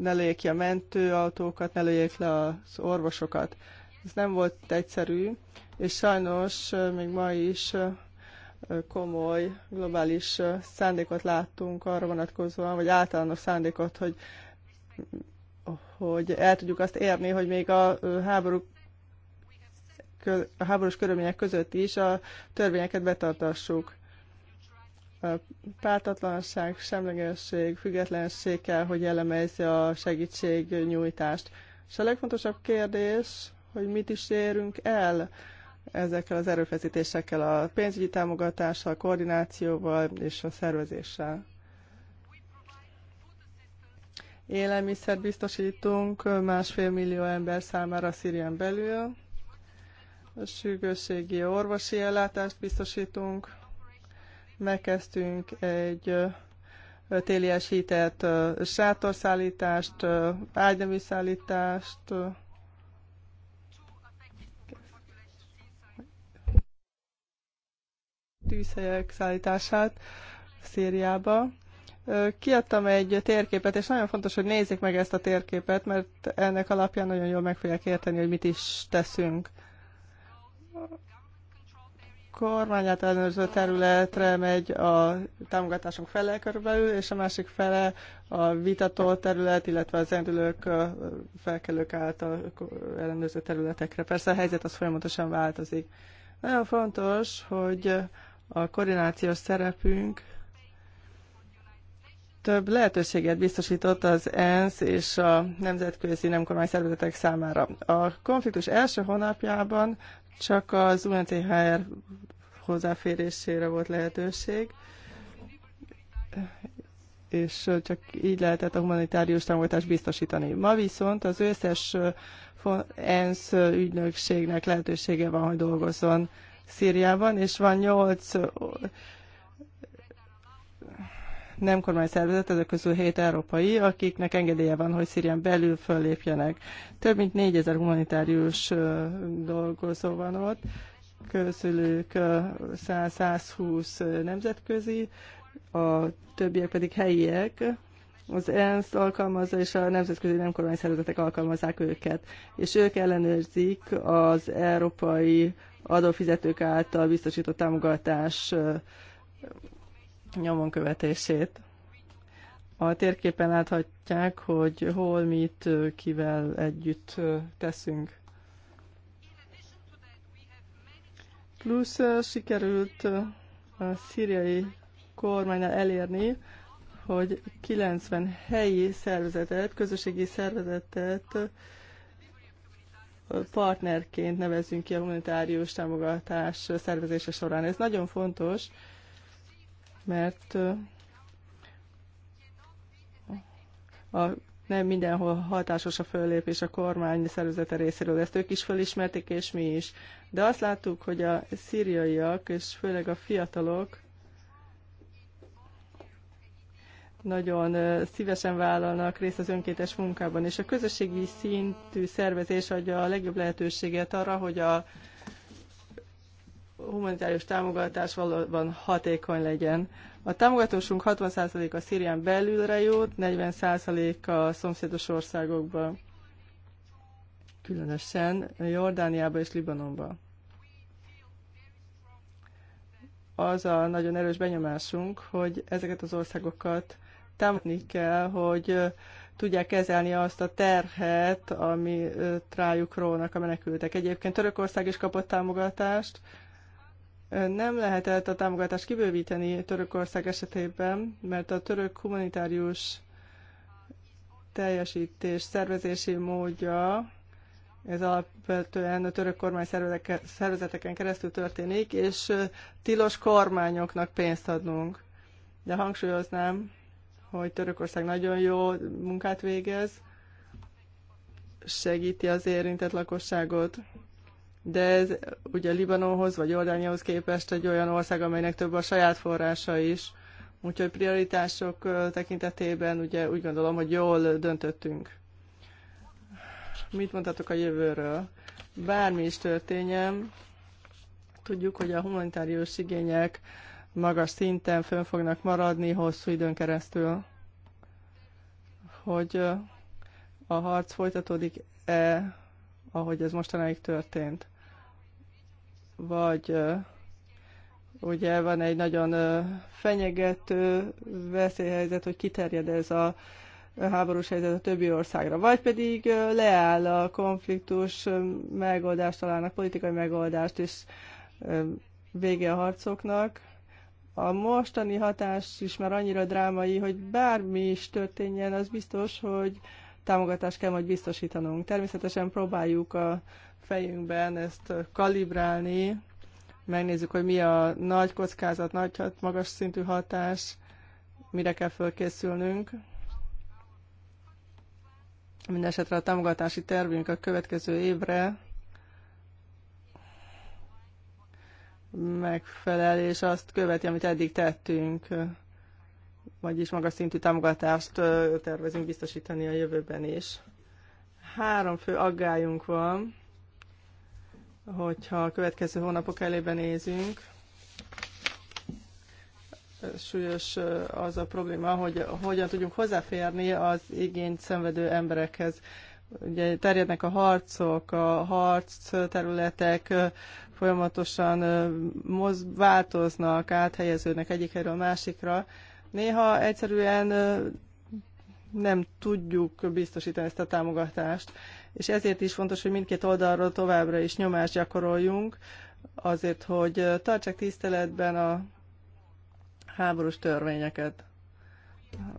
ne lőjék ki a mentőautókat, ne lőjék le az orvosokat. Ez nem volt egyszerű, és sajnos még ma is komoly globális szándékot láttunk arra vonatkozóan, vagy általános szándékot, hogy hogy el tudjuk azt érni, hogy még a háború a háborús körülmények között is a törvényeket betartassuk. A pártatlanság, semlegesség, függetlenség kell, hogy elemezze a segítségnyújtást. És a legfontosabb kérdés, hogy mit is érünk el ezekkel az erőfeszítésekkel, a pénzügyi támogatással, a koordinációval és a szervezéssel élelmiszer biztosítunk másfél millió ember számára Szírián belül sürgősségi orvosi ellátást biztosítunk. Megkezdtünk egy télies hitet, sátorszállítást, szállítást. tűzhelyek szállítását Szíriába. Kiadtam egy térképet, és nagyon fontos, hogy nézzék meg ezt a térképet, mert ennek alapján nagyon jól meg fogják érteni, hogy mit is teszünk kormány ellenőrző területre megy a támogatásunk fele körülbelül, és a másik fele a vitatott terület, illetve az endülők felkelők által ellenőrző területekre. Persze a helyzet az folyamatosan változik. Nagyon fontos, hogy a koordinációs szerepünk több lehetőséget biztosított az ENSZ és a nemzetközi nem kormány szervezetek számára. A konfliktus első hónapjában csak az UNTHR hozzáférésére volt lehetőség, és csak így lehetett a humanitárius támogatást biztosítani. Ma viszont az összes ENSZ ügynökségnek lehetősége van, hogy dolgozzon Szíriában, és van nyolc nem kormány szervezet, ezek közül hét európai, akiknek engedélye van, hogy Szírián belül föllépjenek. Több mint négyezer humanitárius dolgozó van ott, közülük 100 120 nemzetközi, a többiek pedig helyiek, az ENSZ alkalmazza, és a nemzetközi nem szervezetek alkalmazzák őket, és ők ellenőrzik az európai adófizetők által biztosított támogatás nyomon követését. A térképen láthatják, hogy hol mit kivel együtt teszünk. Plusz sikerült a szíriai kormánynál elérni, hogy 90 helyi szervezetet, közösségi szervezetet partnerként nevezünk ki a humanitárius támogatás szervezése során. Ez nagyon fontos, mert a, nem mindenhol hatásos a föllépés a kormány szervezete részéről. Ezt ők is felismerték és mi is. De azt láttuk, hogy a szíriaiak, és főleg a fiatalok nagyon szívesen vállalnak részt az önkéntes munkában, és a közösségi szintű szervezés adja a legjobb lehetőséget arra, hogy a humanitárius támogatás valóban hatékony legyen. A támogatósunk 60%-a Szírián belülre jut, 40 a szomszédos országokba, különösen Jordániába és Libanonba. Az a nagyon erős benyomásunk, hogy ezeket az országokat támogatni kell, hogy tudják kezelni azt a terhet, ami rájuk rónak a menekültek. Egyébként Törökország is kapott támogatást, nem lehetett a támogatást kibővíteni Törökország esetében, mert a török humanitárius teljesítés szervezési módja ez alapvetően a török kormány szervezeteken keresztül történik, és tilos kormányoknak pénzt adnunk. De hangsúlyoznám, hogy Törökország nagyon jó munkát végez, segíti az érintett lakosságot, de ez ugye Libanonhoz vagy Jordániahoz képest egy olyan ország, amelynek több a saját forrása is, úgyhogy prioritások tekintetében ugye úgy gondolom, hogy jól döntöttünk. Mit mondhatok a jövőről? Bármi is történjen, tudjuk, hogy a humanitárius igények magas szinten fönn fognak maradni hosszú időn keresztül, hogy a harc folytatódik-e, ahogy ez mostanáig történt vagy ugye van egy nagyon fenyegető veszélyhelyzet, hogy kiterjed ez a háborús helyzet a többi országra, vagy pedig leáll a konfliktus, megoldást találnak, politikai megoldást, és vége a harcoknak. A mostani hatás is már annyira drámai, hogy bármi is történjen, az biztos, hogy támogatást kell majd biztosítanunk. Természetesen próbáljuk a fejünkben ezt kalibrálni, megnézzük, hogy mi a nagy kockázat, nagy magas szintű hatás, mire kell fölkészülnünk. Mindenesetre a támogatási tervünk a következő évre megfelel, és azt követi, amit eddig tettünk, vagyis magas szintű támogatást tervezünk biztosítani a jövőben is. Három fő aggályunk van hogyha a következő hónapok elébe nézünk, súlyos az a probléma, hogy hogyan tudjunk hozzáférni az igényt szenvedő emberekhez. Ugye terjednek a harcok, a harc területek folyamatosan moz, változnak, áthelyeződnek egyik helyről a másikra. Néha egyszerűen nem tudjuk biztosítani ezt a támogatást és ezért is fontos, hogy mindkét oldalról továbbra is nyomást gyakoroljunk, azért, hogy tartsák tiszteletben a háborús törvényeket.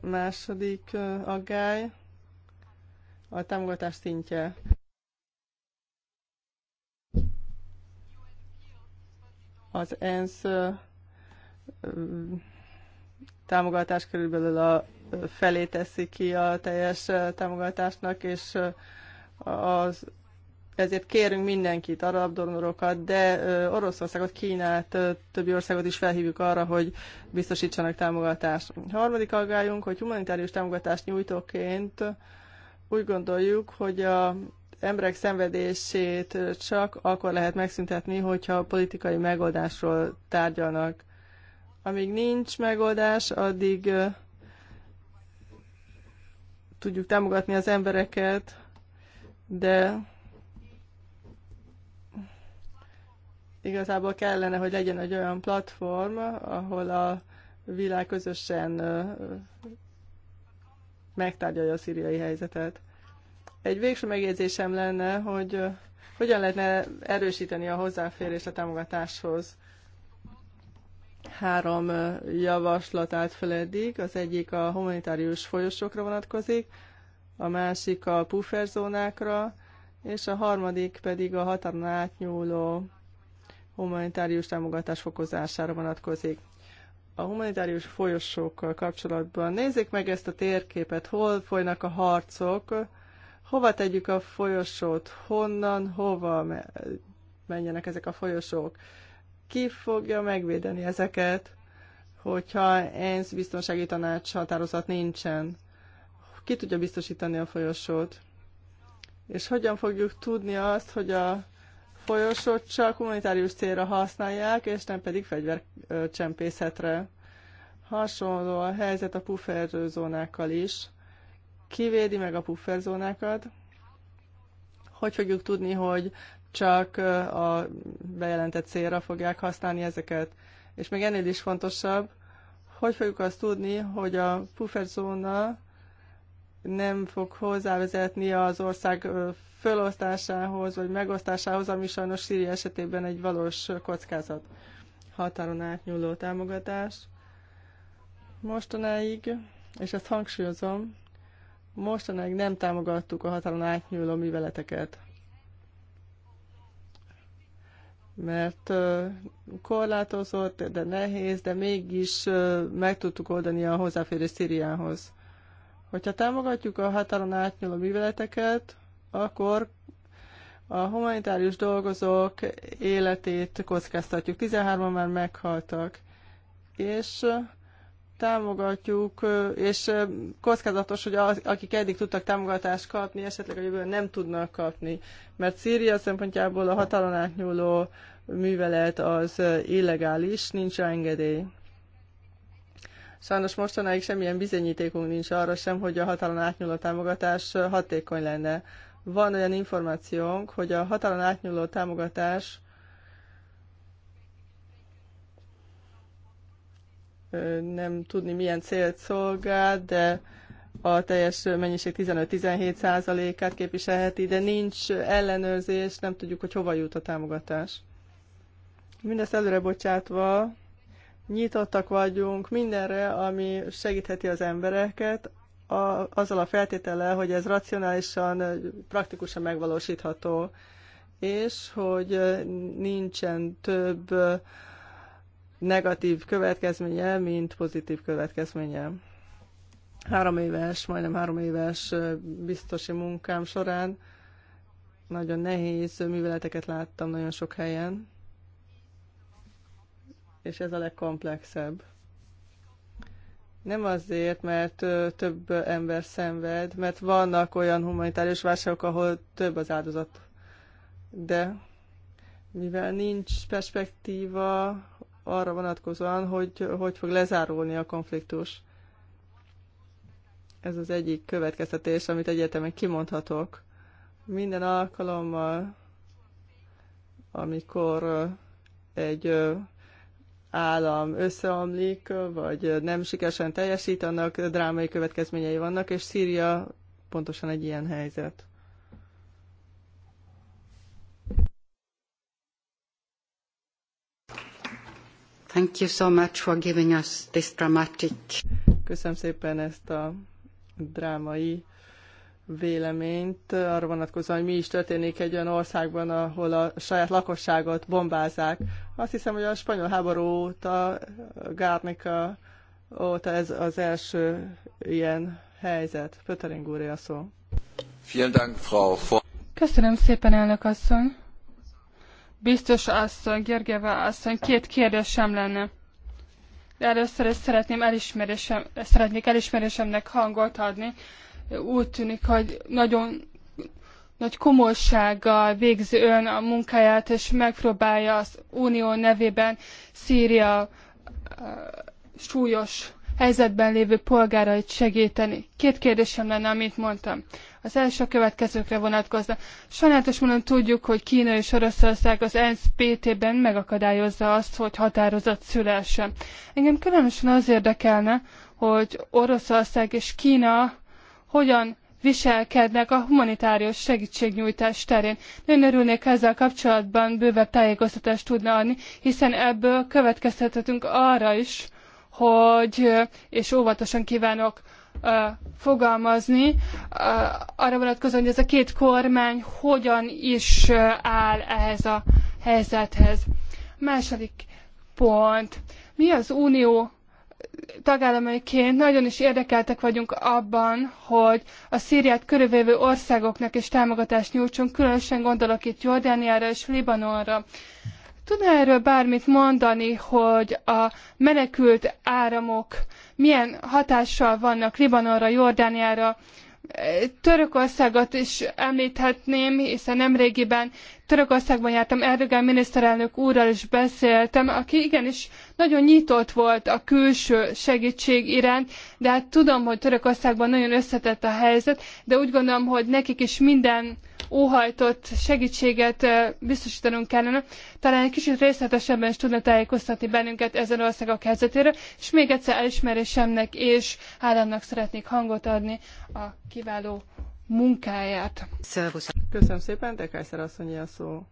A második aggály a támogatás szintje. Az ENSZ támogatás körülbelül a felé teszi ki a teljes támogatásnak, és az, ezért kérünk mindenkit, arab donorokat, de Oroszországot, Kínát, többi országot is felhívjuk arra, hogy biztosítsanak támogatást. A Harmadik aggályunk, hogy humanitárius támogatást nyújtóként úgy gondoljuk, hogy a emberek szenvedését csak akkor lehet megszüntetni, hogyha politikai megoldásról tárgyalnak. Amíg nincs megoldás, addig tudjuk támogatni az embereket, de igazából kellene, hogy legyen egy olyan platform, ahol a világ közösen megtárgyalja a szíriai helyzetet. Egy végső megjegyzésem lenne, hogy hogyan lehetne erősíteni a hozzáférést a támogatáshoz. Három javaslat állt fel eddig, az egyik a humanitárius folyosókra vonatkozik, a másik a pufferzónákra, és a harmadik pedig a határon átnyúló humanitárius támogatás fokozására vonatkozik. A humanitárius folyosókkal kapcsolatban nézzék meg ezt a térképet, hol folynak a harcok, hova tegyük a folyosót, honnan, hova menjenek ezek a folyosók, ki fogja megvédeni ezeket, hogyha ENSZ biztonsági tanács határozat nincsen ki tudja biztosítani a folyosót. És hogyan fogjuk tudni azt, hogy a folyosót csak humanitárius célra használják, és nem pedig fegyvercsempészetre. Hasonló a helyzet a pufferzónákkal is. Kivédi meg a pufferzónákat. Hogy fogjuk tudni, hogy csak a bejelentett célra fogják használni ezeket. És még ennél is fontosabb, hogy fogjuk azt tudni, hogy a pufferzóna nem fog hozzávezetni az ország fölosztásához vagy megosztásához, ami sajnos Szíria esetében egy valós kockázat. Határon átnyúló támogatás. Mostanáig, és ezt hangsúlyozom, mostanáig nem támogattuk a határon átnyúló műveleteket. Mert korlátozott, de nehéz, de mégis meg tudtuk oldani a hozzáférés Szíriához Hogyha támogatjuk a határon átnyúló műveleteket, akkor a humanitárius dolgozók életét kockáztatjuk. 13-an már meghaltak. És támogatjuk, és kockázatos, hogy az, akik eddig tudtak támogatást kapni, esetleg a jövőben nem tudnak kapni. Mert Szíria szempontjából a határon átnyúló művelet az illegális, nincs engedély. Sajnos mostanáig semmilyen bizonyítékunk nincs arra sem, hogy a határon átnyúló támogatás hatékony lenne. Van olyan információnk, hogy a határon átnyúló támogatás nem tudni milyen célt szolgál, de a teljes mennyiség 15-17 százalékát képviselheti, de nincs ellenőrzés, nem tudjuk, hogy hova jut a támogatás. Mindezt előre bocsátva, Nyitottak vagyunk mindenre, ami segítheti az embereket, a, azzal a feltétellel, hogy ez racionálisan, praktikusan megvalósítható, és hogy nincsen több negatív következménye, mint pozitív következménye. Három éves, majdnem három éves biztosi munkám során nagyon nehéz műveleteket láttam nagyon sok helyen, és ez a legkomplexebb. Nem azért, mert több ember szenved, mert vannak olyan humanitárius válságok, ahol több az áldozat. De mivel nincs perspektíva arra vonatkozóan, hogy hogy fog lezárulni a konfliktus, ez az egyik következtetés, amit egyetemen kimondhatok. Minden alkalommal, amikor egy állam összeomlik, vagy nem sikeresen teljesít, annak drámai következményei vannak, és Szíria pontosan egy ilyen helyzet. Thank you so much for giving us this dramatic. Köszönöm szépen ezt a drámai véleményt arra vonatkozóan, hogy mi is történik egy olyan országban, ahol a saját lakosságot bombázák. Azt hiszem, hogy a spanyol háború óta, Gárnika óta ez az első ilyen helyzet. Pötering úr, a szó. Köszönöm szépen, elnök asszony. Biztos asszony, Gergeva asszony, két kérdésem lenne. De először is szeretném elismerésem, szeretnék elismerésemnek hangot adni úgy tűnik, hogy nagyon nagy komolysággal végzi ön a munkáját, és megpróbálja az unió nevében Szíria súlyos helyzetben lévő polgárait segíteni. Két kérdésem lenne, amit mondtam. Az első a következőkre vonatkozna. Sajnálatos módon tudjuk, hogy Kína és Oroszország az ENSZ PT-ben megakadályozza azt, hogy határozat szülessen. Engem különösen az érdekelne, hogy Oroszország és Kína hogyan viselkednek a humanitárius segítségnyújtás terén. Nagyon örülnék, ha ezzel kapcsolatban bővebb tájékoztatást tudna adni, hiszen ebből következtethetünk arra is, hogy, és óvatosan kívánok fogalmazni, arra vonatkozóan, hogy ez a két kormány hogyan is áll ehhez a helyzethez. Második pont. Mi az unió tagállamaiként nagyon is érdekeltek vagyunk abban, hogy a Szíriát körülvevő országoknak is támogatást nyújtsunk, különösen gondolok itt Jordániára és Libanonra. Tudna erről bármit mondani, hogy a menekült áramok milyen hatással vannak Libanonra, Jordániára, Törökországot is említhetném, hiszen nemrégiben Törökországban jártam, Erdogan miniszterelnök úrral is beszéltem, aki igenis nagyon nyitott volt a külső segítség iránt, de hát tudom, hogy Törökországban nagyon összetett a helyzet, de úgy gondolom, hogy nekik is minden óhajtott segítséget biztosítanunk kellene. Talán egy kicsit részletesebben is tudna tájékoztatni bennünket ezen országok helyzetéről, és még egyszer elismerésemnek és hálámnak szeretnék hangot adni a kiváló munkáját. Köszönöm szépen, Dekájszer asszonyi a szó.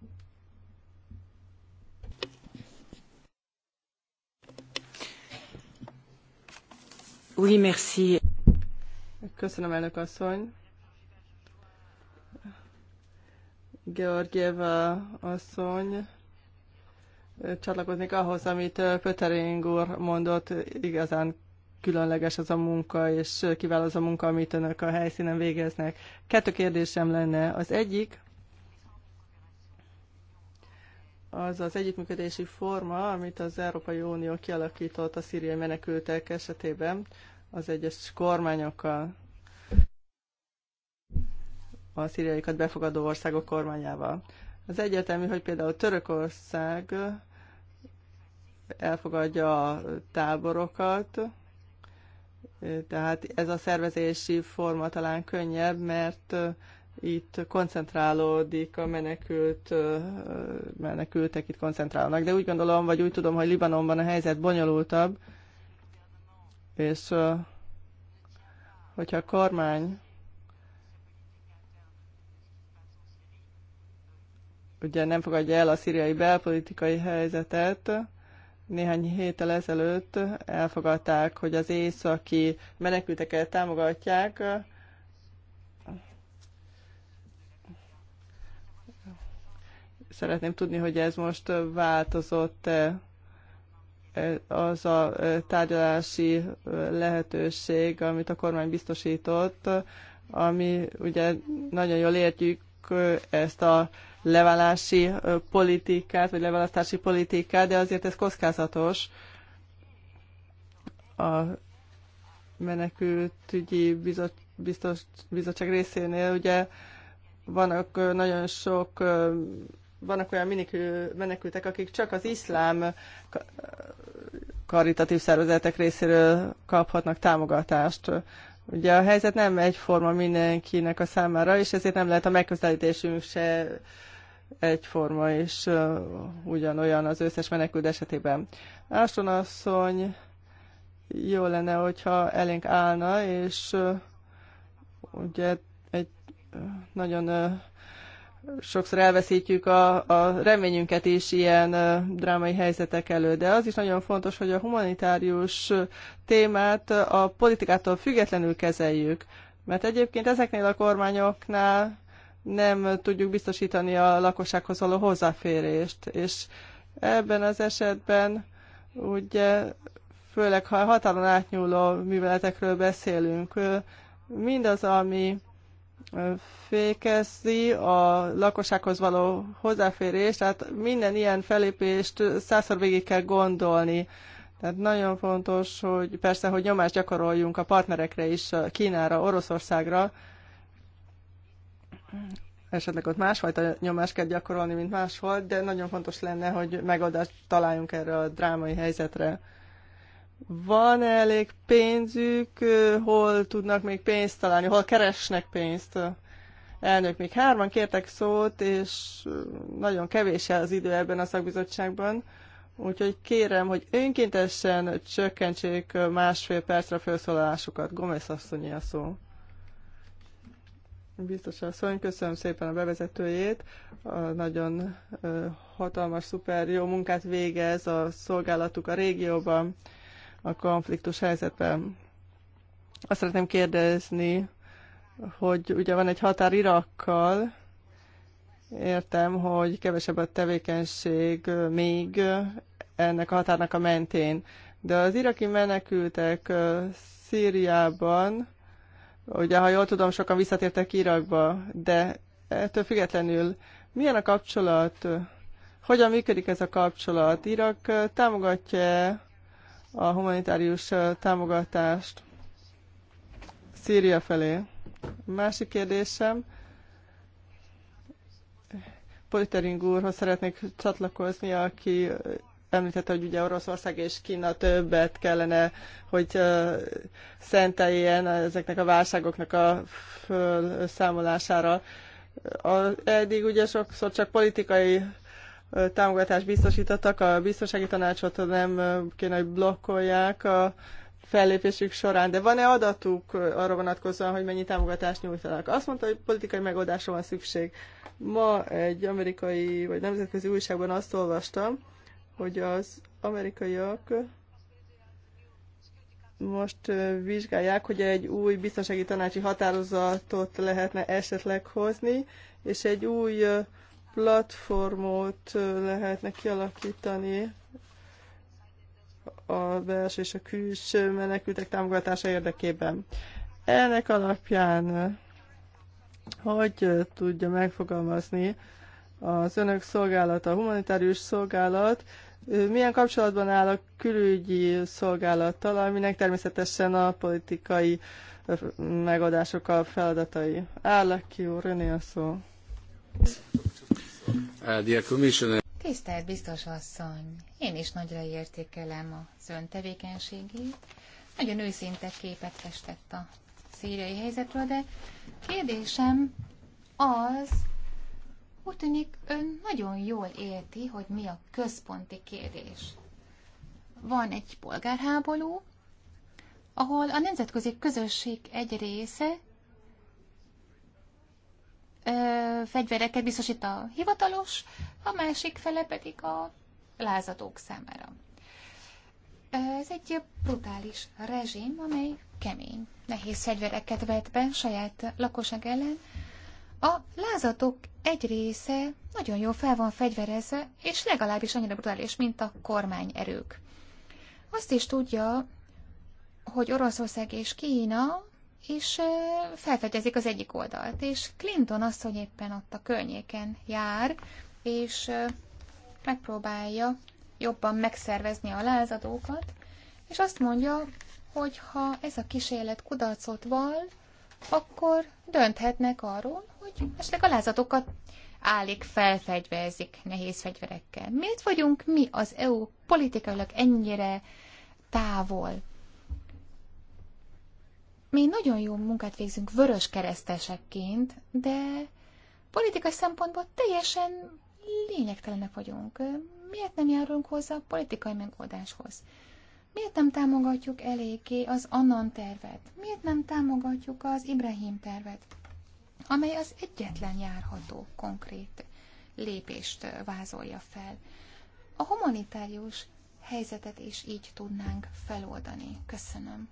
Köszönöm, elnök asszony. Georgieva asszony, csatlakoznék ahhoz, amit Pötering úr mondott, igazán különleges az a munka, és kiváló az a munka, amit önök a helyszínen végeznek. Kettő kérdésem lenne. Az egyik, az az együttműködési forma, amit az Európai Unió kialakított a szíriai menekültek esetében az egyes kormányokkal, a szíriaikat befogadó országok kormányával. Az egyetemű, hogy például Törökország elfogadja a táborokat, tehát ez a szervezési forma talán könnyebb, mert itt koncentrálódik a menekült, menekültek itt koncentrálnak. De úgy gondolom, vagy úgy tudom, hogy Libanonban a helyzet bonyolultabb, és hogyha a kormány ugye nem fogadja el a szíriai belpolitikai helyzetet, néhány héttel ezelőtt elfogadták, hogy az északi menekülteket támogatják. Szeretném tudni, hogy ez most változott-e az a tárgyalási lehetőség, amit a kormány biztosított, ami ugye nagyon jól értjük ezt a leválási politikát, vagy leválasztási politikát, de azért ez kockázatos. A menekültügyi bizot, biztos, bizottság részénél ugye vannak nagyon sok vannak olyan minikül menekültek, akik csak az iszlám karitatív szervezetek részéről kaphatnak támogatást. Ugye a helyzet nem egyforma mindenkinek a számára, és ezért nem lehet a megközelítésünk se egyforma és uh, ugyanolyan az összes menekült esetében. Áston asszony jó lenne, hogyha elénk állna, és uh, ugye egy nagyon uh, sokszor elveszítjük a, a reményünket is ilyen drámai helyzetek elő. De az is nagyon fontos, hogy a humanitárius témát a politikától függetlenül kezeljük, mert egyébként ezeknél a kormányoknál nem tudjuk biztosítani a lakossághoz való hozzáférést, és ebben az esetben ugye főleg ha határon átnyúló műveletekről beszélünk, mindaz, ami fékezi a lakossághoz való hozzáférést, tehát minden ilyen felépést százszor végig kell gondolni. Tehát nagyon fontos, hogy persze, hogy nyomást gyakoroljunk a partnerekre is, Kínára, Oroszországra, esetleg ott másfajta nyomást kell gyakorolni, mint máshol, de nagyon fontos lenne, hogy megoldást találjunk erre a drámai helyzetre van -e elég pénzük, hol tudnak még pénzt találni, hol keresnek pénzt. Elnök, még hárman kértek szót, és nagyon kevés az idő ebben a szakbizottságban, úgyhogy kérem, hogy önkéntesen csökkentsék másfél percre felszólalásukat. Gomez asszonyi a szó. Biztos asszony, köszönöm szépen a bevezetőjét. A nagyon hatalmas, szuper jó munkát végez a szolgálatuk a régióban a konfliktus helyzetben. Azt szeretném kérdezni, hogy ugye van egy határ Irakkal, értem, hogy kevesebb a tevékenység még ennek a határnak a mentén, de az iraki menekültek Szíriában, ugye ha jól tudom, sokan visszatértek Irakba, de ettől függetlenül milyen a kapcsolat, hogyan működik ez a kapcsolat? Irak támogatja a humanitárius támogatást Szíria felé. Másik kérdésem, Politering úrhoz szeretnék csatlakozni, aki említette, hogy ugye Oroszország és Kína többet kellene, hogy szenteljen ezeknek a válságoknak a felszámolására. eddig ugye sokszor csak politikai támogatást biztosítottak, a biztonsági tanácsot nem kéne, hogy blokkolják a fellépésük során, de van-e adatuk arra vonatkozóan, hogy mennyi támogatást nyújtanak? Azt mondta, hogy politikai megoldásra van szükség. Ma egy amerikai vagy nemzetközi újságban azt olvastam, hogy az amerikaiak most vizsgálják, hogy egy új biztonsági tanácsi határozatot lehetne esetleg hozni, és egy új platformot lehetne kialakítani a belső és a külső menekültek támogatása érdekében. Ennek alapján hogy tudja megfogalmazni az önök szolgálata, a humanitárius szolgálat, milyen kapcsolatban áll a külügyi szolgálattal, aminek természetesen a politikai a feladatai. Állak ki úr, öné a szó. Uh, Tisztelt biztos asszony, én is nagyra értékelem az ön tevékenységét. Nagyon őszinte képet festett a szíriai helyzetről, de kérdésem az, úgy tűnik, ön nagyon jól érti, hogy mi a központi kérdés. Van egy polgárháború, ahol a nemzetközi közösség egy része ö, fegyvereket biztosít a hivatalos, a másik fele pedig a lázadók számára. Ez egy brutális rezsim, amely kemény, nehéz fegyvereket vet be saját lakosság ellen. A lázadók egy része nagyon jól fel van fegyverezve, és legalábbis annyira brutális, mint a kormány erők. Azt is tudja, hogy Oroszország és Kína és felfedezik az egyik oldalt. És Clinton azt, hogy éppen ott a környéken jár, és megpróbálja jobban megszervezni a lázadókat, és azt mondja, hogy ha ez a kísérlet kudarcot val, akkor dönthetnek arról, hogy esetleg a lázadókat állik felfegyverzik nehéz fegyverekkel. Miért vagyunk mi az EU politikailag ennyire távol? mi nagyon jó munkát végzünk vörös keresztesekként, de politikai szempontból teljesen lényegtelenek vagyunk. Miért nem járunk hozzá a politikai megoldáshoz? Miért nem támogatjuk eléggé az Annan tervet? Miért nem támogatjuk az Ibrahim tervet, amely az egyetlen járható konkrét lépést vázolja fel? A humanitárius helyzetet is így tudnánk feloldani. Köszönöm.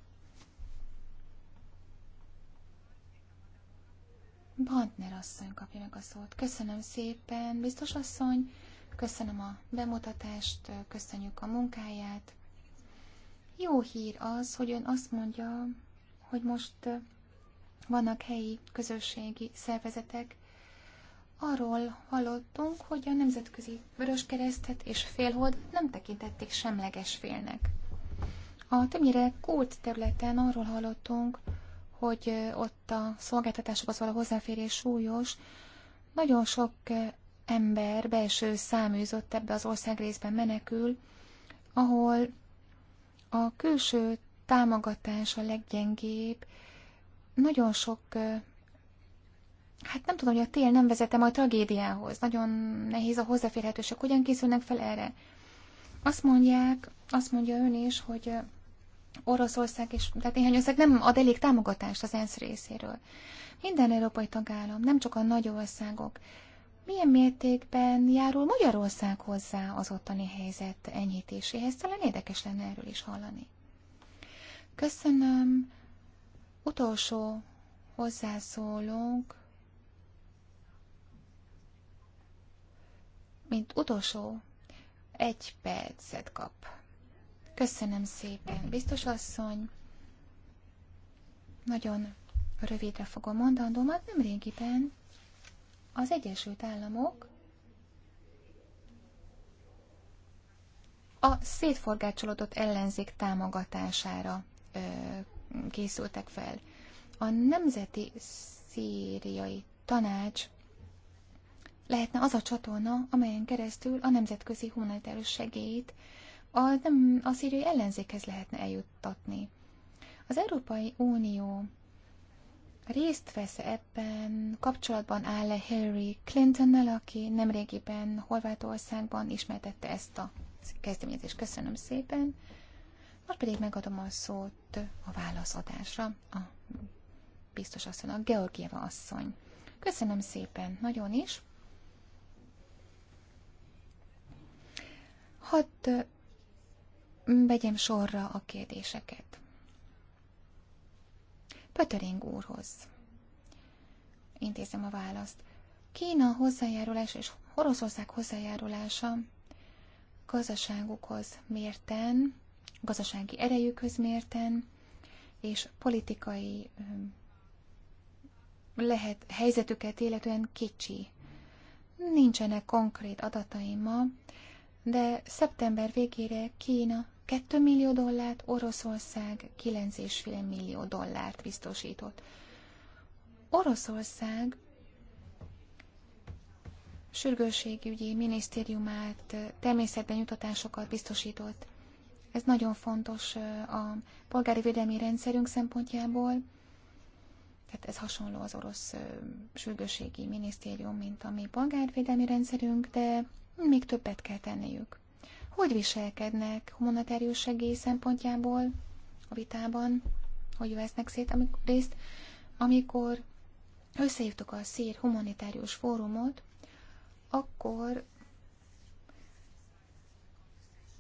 Bantner asszony kapja meg a szót. Köszönöm szépen, biztos asszony, köszönöm a bemutatást, köszönjük a munkáját. Jó hír az, hogy ön azt mondja, hogy most vannak helyi közösségi szervezetek. Arról hallottunk, hogy a Nemzetközi Vöröskeresztet és Félhold nem tekintették semleges félnek. A többnyire kult területen arról hallottunk, hogy ott a szolgáltatásokhoz való hozzáférés súlyos. Nagyon sok ember belső száműzött ebbe az országrészben menekül, ahol a külső támogatás a leggyengébb, nagyon sok, hát nem tudom, hogy a tél nem vezette majd tragédiához, nagyon nehéz a hozzáférhetőség, hogyan készülnek fel erre. Azt mondják, azt mondja ön is, hogy Oroszország és tehát néhány ország nem ad elég támogatást az ENSZ részéről. Minden európai tagállam, nem csak a nagy országok. Milyen mértékben járul Magyarország hozzá az ottani helyzet enyhítéséhez? Talán érdekes lenne erről is hallani. Köszönöm. Utolsó hozzászólónk. Mint utolsó, egy percet kap. Köszönöm szépen, biztos asszony. Nagyon rövidre fogom mondandómat, nem régiben az Egyesült Államok a szétforgácsolódott ellenzék támogatására ö, készültek fel. A Nemzeti Szíriai Tanács lehetne az a csatorna, amelyen keresztül a nemzetközi humanitárius segélyt a, nem, a szíriai ellenzékhez lehetne eljuttatni. Az Európai Unió részt vesz ebben, kapcsolatban áll-e Hillary Clintonnal, aki nemrégiben Horvátországban ismertette ezt a kezdeményezést. Köszönöm szépen. Most pedig megadom a szót a válaszadásra a biztos asszony, a Georgieva asszony. Köszönöm szépen, nagyon is. Hadd vegyem sorra a kérdéseket. Pötöring úrhoz. Intézem a választ. Kína hozzájárulás és Oroszország hozzájárulása gazdaságukhoz mérten, gazdasági erejükhöz mérten, és politikai lehet helyzetüket illetően kicsi. Nincsenek konkrét adataim ma, de szeptember végére Kína 2 millió dollárt, Oroszország 9,5 millió dollárt biztosított. Oroszország sürgősségügyi minisztériumát természetben jutatásokat biztosított. Ez nagyon fontos a polgári védelmi rendszerünk szempontjából. Tehát ez hasonló az orosz sürgősségi minisztérium, mint a mi polgárvédelmi rendszerünk, de még többet kell tenniük hogy viselkednek humanitárius segély szempontjából a vitában, hogy vesznek szét amikor, részt, amikor összehívtuk a Szír humanitárius fórumot, akkor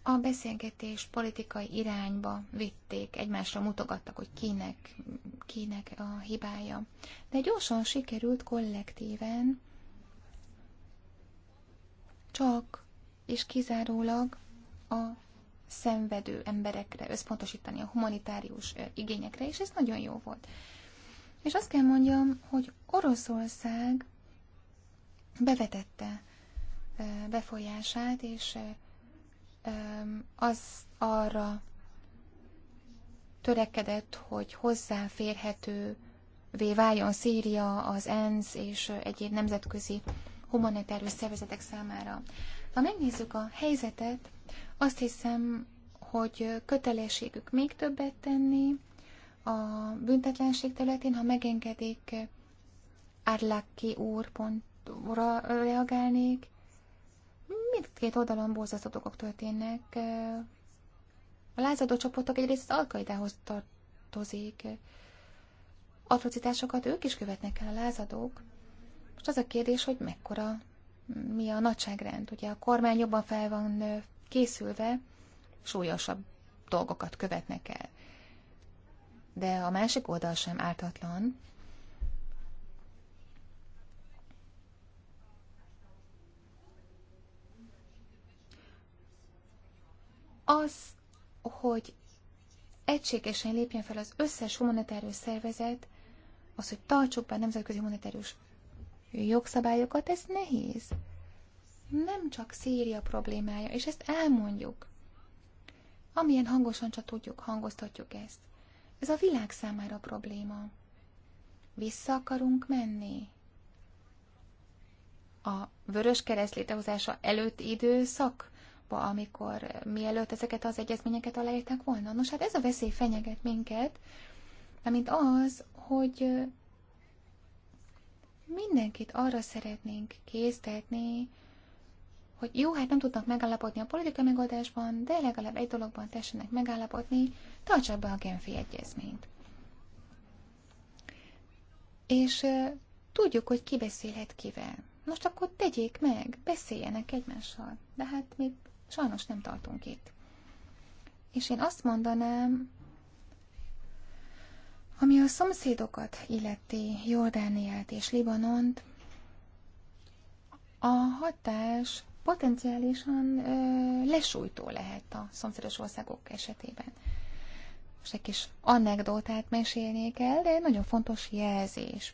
a beszélgetés politikai irányba vitték, egymásra mutogattak, hogy kinek, kinek a hibája. De gyorsan sikerült kollektíven csak és kizárólag a szenvedő emberekre összpontosítani, a humanitárius igényekre, és ez nagyon jó volt. És azt kell mondjam, hogy Oroszország bevetette befolyását, és az arra törekedett, hogy hozzáférhetővé váljon Szíria, az ENSZ és egyéb nemzetközi humanitárius szervezetek számára. Ha megnézzük a helyzetet, azt hiszem, hogy kötelességük még többet tenni a büntetlenség területén, ha megengedik Árláki úr pontra reagálnék. Mindkét oldalon borzasztó dolgok történnek. A lázadó csoportok egyrészt az alkaidához tartozik. Atrocitásokat ők is követnek el a lázadók. Most az a kérdés, hogy mekkora, mi a nagyságrend. Ugye a kormány jobban fel van készülve súlyosabb dolgokat követnek el. De a másik oldal sem ártatlan. Az, hogy egységesen lépjen fel az összes humanitárius szervezet, az, hogy tartsuk be a nemzetközi humanitárius jogszabályokat, ez nehéz nem csak Szíria problémája, és ezt elmondjuk. Amilyen hangosan csak tudjuk, hangoztatjuk ezt. Ez a világ számára probléma. Vissza akarunk menni. A vörös kereszt létrehozása előtt időszakba, amikor mielőtt ezeket az egyezményeket aláírták volna. Nos, hát ez a veszély fenyeget minket, mint az, hogy mindenkit arra szeretnénk késztetni, hogy jó, hát nem tudnak megállapodni a politikai megoldásban, de legalább egy dologban tessenek megállapodni, tartsák be a Genfi egyezményt. És e, tudjuk, hogy ki beszélhet kivel. Most akkor tegyék meg, beszéljenek egymással. De hát még sajnos nem tartunk itt. És én azt mondanám, ami a szomszédokat illeti Jordániát és Libanont, a hatás potenciálisan lesújtó lehet a szomszédos országok esetében. Most egy kis anekdótát mesélnék el, de nagyon fontos jelzés.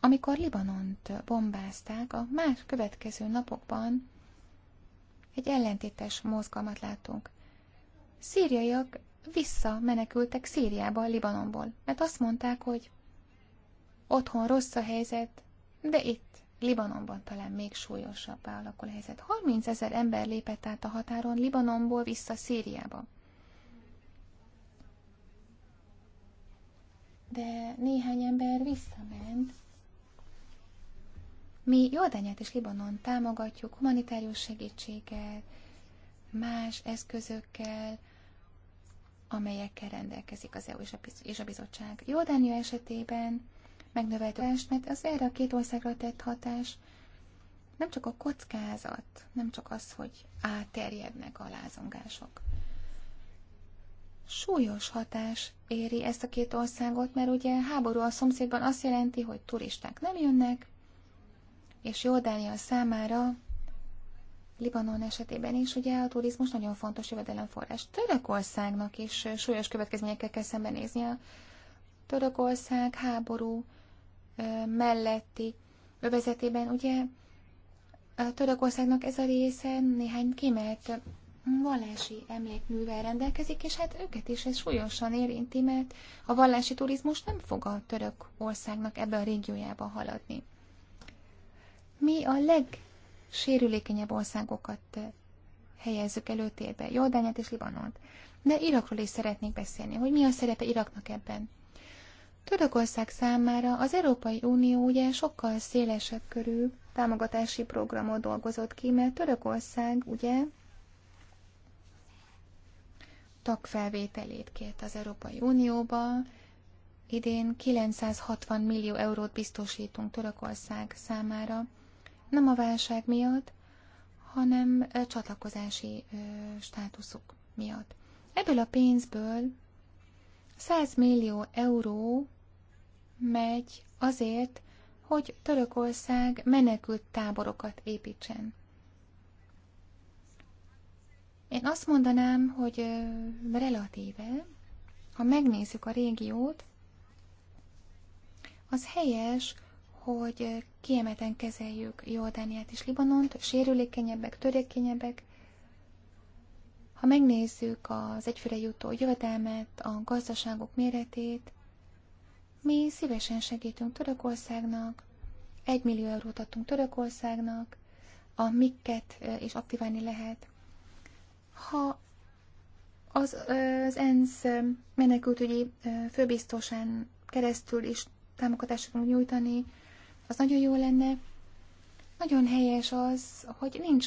Amikor Libanont bombázták, a más következő napokban egy ellentétes mozgalmat láttunk. Szíriaiak visszamenekültek Szíriába, Libanonból, mert azt mondták, hogy otthon rossz a helyzet, de itt Libanonban talán még súlyosabbá alakul a helyzet. 30 ezer ember lépett át a határon Libanonból vissza Szíriába. De néhány ember visszament. Mi Jordányát és Libanon támogatjuk humanitárius segítséggel, más eszközökkel, amelyekkel rendelkezik az EU és a bizottság. Jordánia esetében megnövekedést, mert az erre a két országra tett hatás nem csak a kockázat, nem csak az, hogy átterjednek a lázongások. Súlyos hatás éri ezt a két országot, mert ugye háború a szomszédban azt jelenti, hogy turisták nem jönnek, és Jordánia számára Libanon esetében is ugye a turizmus nagyon fontos jövedelemforrás. Törökországnak is súlyos következményekkel kell a Törökország háború melletti övezetében. Ugye a Törökországnak ez a része néhány kimelt vallási emlékművel rendelkezik, és hát őket is ez súlyosan érinti, mert a vallási turizmus nem fog a török országnak ebbe a régiójába haladni. Mi a legsérülékenyebb országokat helyezzük előtérbe, Jordániát és Libanont. De Irakról is szeretnék beszélni, hogy mi a szerepe Iraknak ebben. Törökország számára az Európai Unió ugye sokkal szélesebb körű támogatási programot dolgozott ki, mert Törökország ugye tagfelvételét kért az Európai Unióba. Idén 960 millió eurót biztosítunk Törökország számára. Nem a válság miatt, hanem csatlakozási ö, státuszuk miatt. Ebből a pénzből 100 millió euró megy azért, hogy Törökország menekült táborokat építsen. Én azt mondanám, hogy relatíve, ha megnézzük a régiót, az helyes, hogy kiemeten kezeljük Jordániát és Libanont, sérülékenyebbek, törékenyebbek. Ha megnézzük az egyfőre jutó jövedelmet, a gazdaságok méretét, mi szívesen segítünk Törökországnak, 1 millió eurót adtunk Törökországnak, a mikket is aktiválni lehet. Ha az, az ENSZ menekültügyi főbiztosán keresztül is támogatást tudunk nyújtani, az nagyon jó lenne. Nagyon helyes az, hogy nincs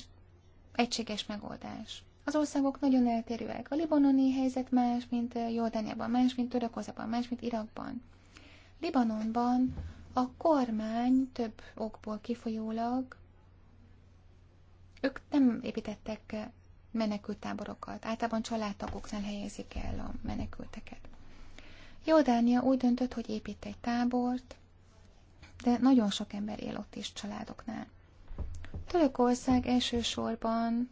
egységes megoldás. Az országok nagyon eltérőek. A libanoni helyzet más, mint Jordániában, más, mint Törökországban, más, mint Irakban. Libanonban a kormány több okból kifolyólag, ők nem építettek menekültáborokat, általában családtagoknál helyezik el a menekülteket. Jordánia úgy döntött, hogy épít egy tábort, de nagyon sok ember él ott is családoknál. Törökország elsősorban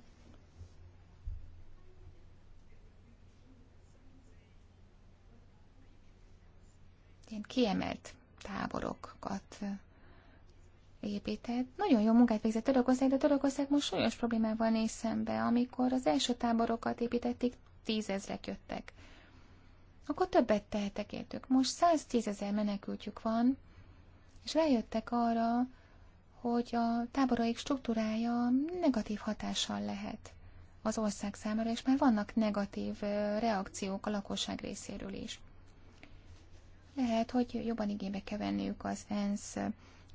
ilyen kiemelt táborokat épített. Nagyon jó munkát végzett Törökország, de Törökország most súlyos problémával néz szembe. Amikor az első táborokat építették, tízezrek jöttek. Akkor többet tehetek értük. Most 110 ezer menekültjük van, és rájöttek arra, hogy a táboraik struktúrája negatív hatással lehet az ország számára, és már vannak negatív reakciók a lakosság részéről is. Lehet, hogy jobban igénybe kell venniük az ENSZ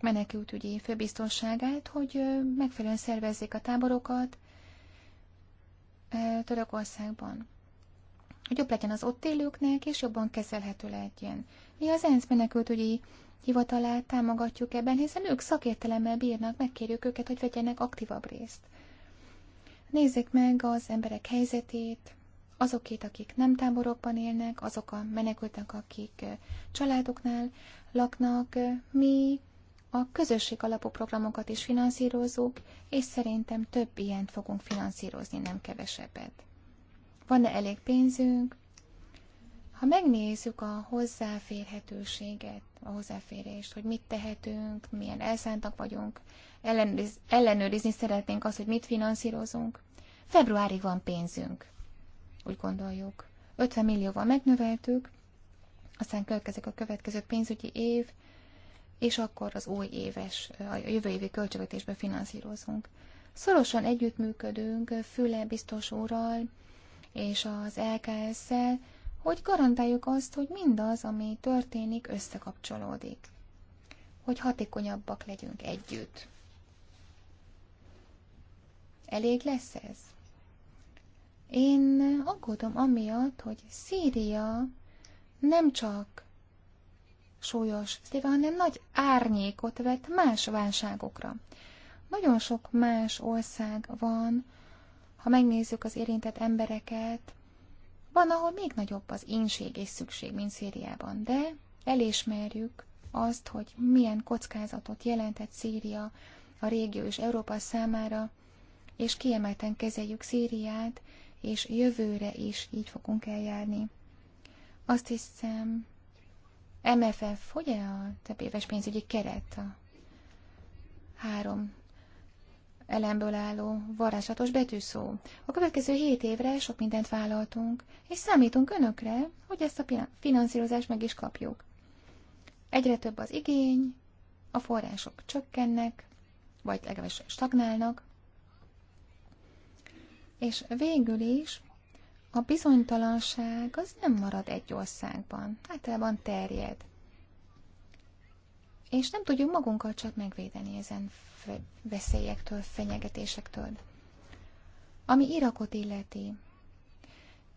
menekültügyi főbiztonságát, hogy megfelelően szervezzék a táborokat Törökországban. Hogy jobb legyen az ott élőknek, és jobban kezelhető legyen. Mi az ENSZ menekültügyi hivatalát támogatjuk ebben, hiszen ők szakértelemmel bírnak, megkérjük őket, hogy vegyenek aktívabb részt. Nézzék meg az emberek helyzetét, azokét, akik nem táborokban élnek, azok a menekültek, akik családoknál laknak. Mi a közösség alapú programokat is finanszírozunk, és szerintem több ilyent fogunk finanszírozni, nem kevesebbet. Van-e elég pénzünk? Ha megnézzük a hozzáférhetőséget, a hozzáférést, hogy mit tehetünk, milyen elszántak vagyunk, ellenőrizni szeretnénk azt, hogy mit finanszírozunk, februárig van pénzünk úgy gondoljuk. 50 millióval megnöveltük, aztán következik a következő pénzügyi év, és akkor az új éves, a jövő évi költségvetésbe finanszírozunk. Szorosan együttműködünk Füle biztos úrral és az LKS-szel, hogy garantáljuk azt, hogy mindaz, ami történik, összekapcsolódik. Hogy hatékonyabbak legyünk együtt. Elég lesz ez? Én aggódom amiatt, hogy Szíria nem csak súlyos szíve, hanem nagy árnyékot vet más válságokra. Nagyon sok más ország van, ha megnézzük az érintett embereket, van, ahol még nagyobb az ínség és szükség, mint Szíriában, de elismerjük azt, hogy milyen kockázatot jelentett Szíria a régió és Európa számára, és kiemelten kezeljük Szíriát, és jövőre is így fogunk eljárni. Azt hiszem, MFF, hogy-e a több éves pénzügyi keret a három elemből álló varázslatos betűszó. A következő hét évre sok mindent vállaltunk, és számítunk önökre, hogy ezt a finanszírozást meg is kapjuk. Egyre több az igény, a források csökkennek, vagy legalábbis stagnálnak, és végül is a bizonytalanság az nem marad egy országban, általában terjed. És nem tudjuk magunkat csak megvédeni ezen veszélyektől, fenyegetésektől. Ami Irakot illeti.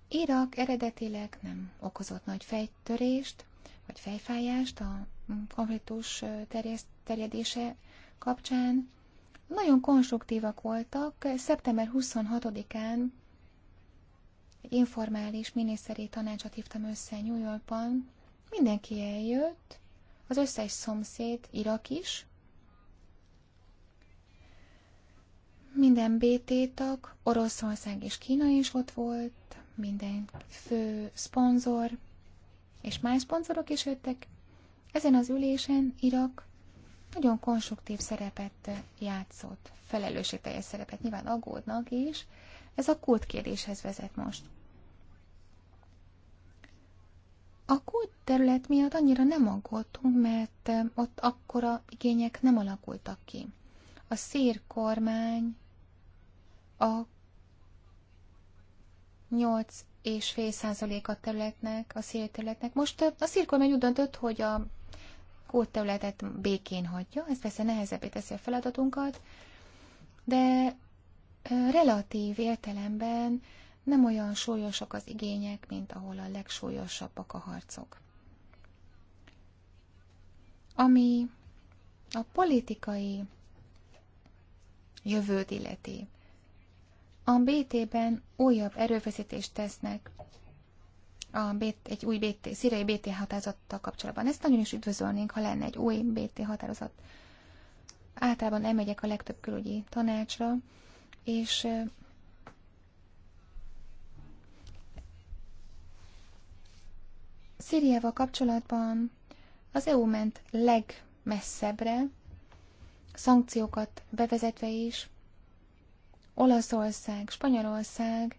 Irak eredetileg nem okozott nagy fejtörést, vagy fejfájást a konfliktus terjedése kapcsán. Nagyon konstruktívak voltak. Szeptember 26-án egy informális miniszteri tanácsot hívtam össze New Yorkban. Mindenki eljött, az összes szomszéd, Irak is, minden BT tag, Oroszország és Kína is ott volt, minden fő szponzor, és más szponzorok is jöttek. Ezen az ülésen Irak nagyon konstruktív szerepet játszott, felelősségteljes szerepet, nyilván aggódnak is. Ez a kult kérdéshez vezet most. A kult terület miatt annyira nem aggódtunk, mert eh, ott akkora igények nem alakultak ki. A szír kormány a 8 és fél százalék a területnek, a szír területnek. Most eh, a szír úgy döntött, hogy a kódterületet békén hagyja, ez persze nehezebbé teszi a feladatunkat, de relatív értelemben nem olyan súlyosak az igények, mint ahol a legsúlyosabbak a harcok. Ami a politikai jövőt illeti. A BT-ben újabb erőfeszítést tesznek a BT, egy új BT, szíriai BT határozattal kapcsolatban. Ezt nagyon is üdvözölnénk, ha lenne egy új BT határozat. Általában elmegyek a legtöbb külügyi tanácsra, és Szíriával kapcsolatban az EU ment legmesszebbre, szankciókat bevezetve is, Olaszország, Spanyolország